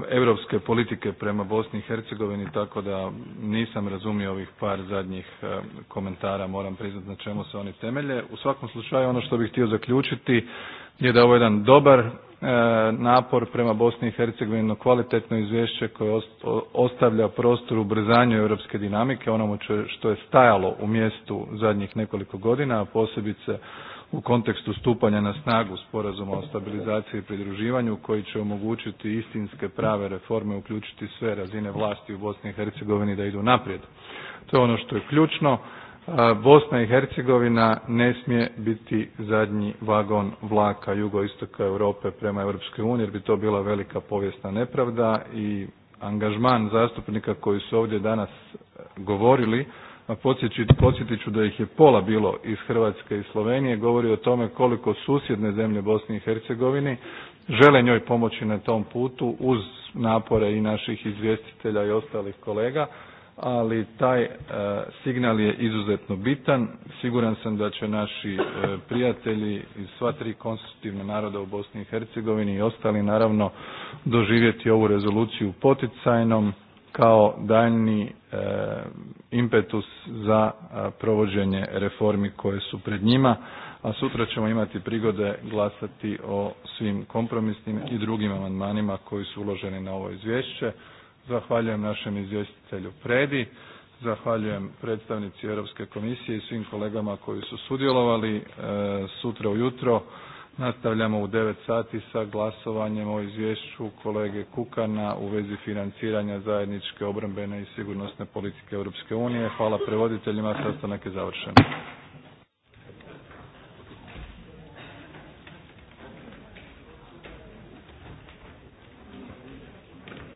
europske ehm, politike prema Bosni i Hercegovini, tako da nisam razumio ovih par zadnjih ehm, komentara, moram priznati na čemu se oni temelje. U svakom slučaju ono što bih htio zaključiti je da je jedan dobar ehm, napor prema Bosni i Hercegovini, kvalitetno izvješće koje ostavlja prostor ubrzanju europske dinamike, onomu što je stajalo u mjestu zadnjih nekoliko godina, a posebice u kontekstu stupanja na snagu sporazuma o stabilizaciji i pridruživanju koji će omogućiti istinske prave reforme, uključiti sve razine vlasti u Bosni i Hercegovini da idu naprijed. To je ono što je ključno. Bosna i Hercegovina ne smije biti zadnji vagon vlaka jugoistoka Europe prema Europskoj uniji jer bi to bila velika povijesna nepravda i angažman zastupnika koji su ovdje danas govorili a podsjetit ću da ih je pola bilo iz Hrvatske i Slovenije, govori o tome koliko susjedne zemlje Bosni i Hercegovini žele njoj pomoći na tom putu uz napore i naših izvjestitelja i ostalih kolega, ali taj e, signal je izuzetno bitan. Siguran sam da će naši e, prijatelji iz sva tri konstitutivna naroda u Bosni i Hercegovini i ostali naravno doživjeti ovu rezoluciju poticajnom, kao daljni e, impetus za e, provođenje reformi koje su pred njima, a sutra ćemo imati prigode glasati o svim kompromisnim i drugim amandmanima koji su uloženi na ovo izvješće. Zahvaljujem našem izvjestitelju Predi, zahvaljujem predstavnici Europske komisije i svim kolegama koji su sudjelovali e, sutra ujutro Nastavljamo u 9 sati sa glasovanjem o izvješću kolege Kukana u vezi financiranja zajedničke obrambene i sigurnosne politike Europske unije. Hvala prevoditeljima, sastanak je završen.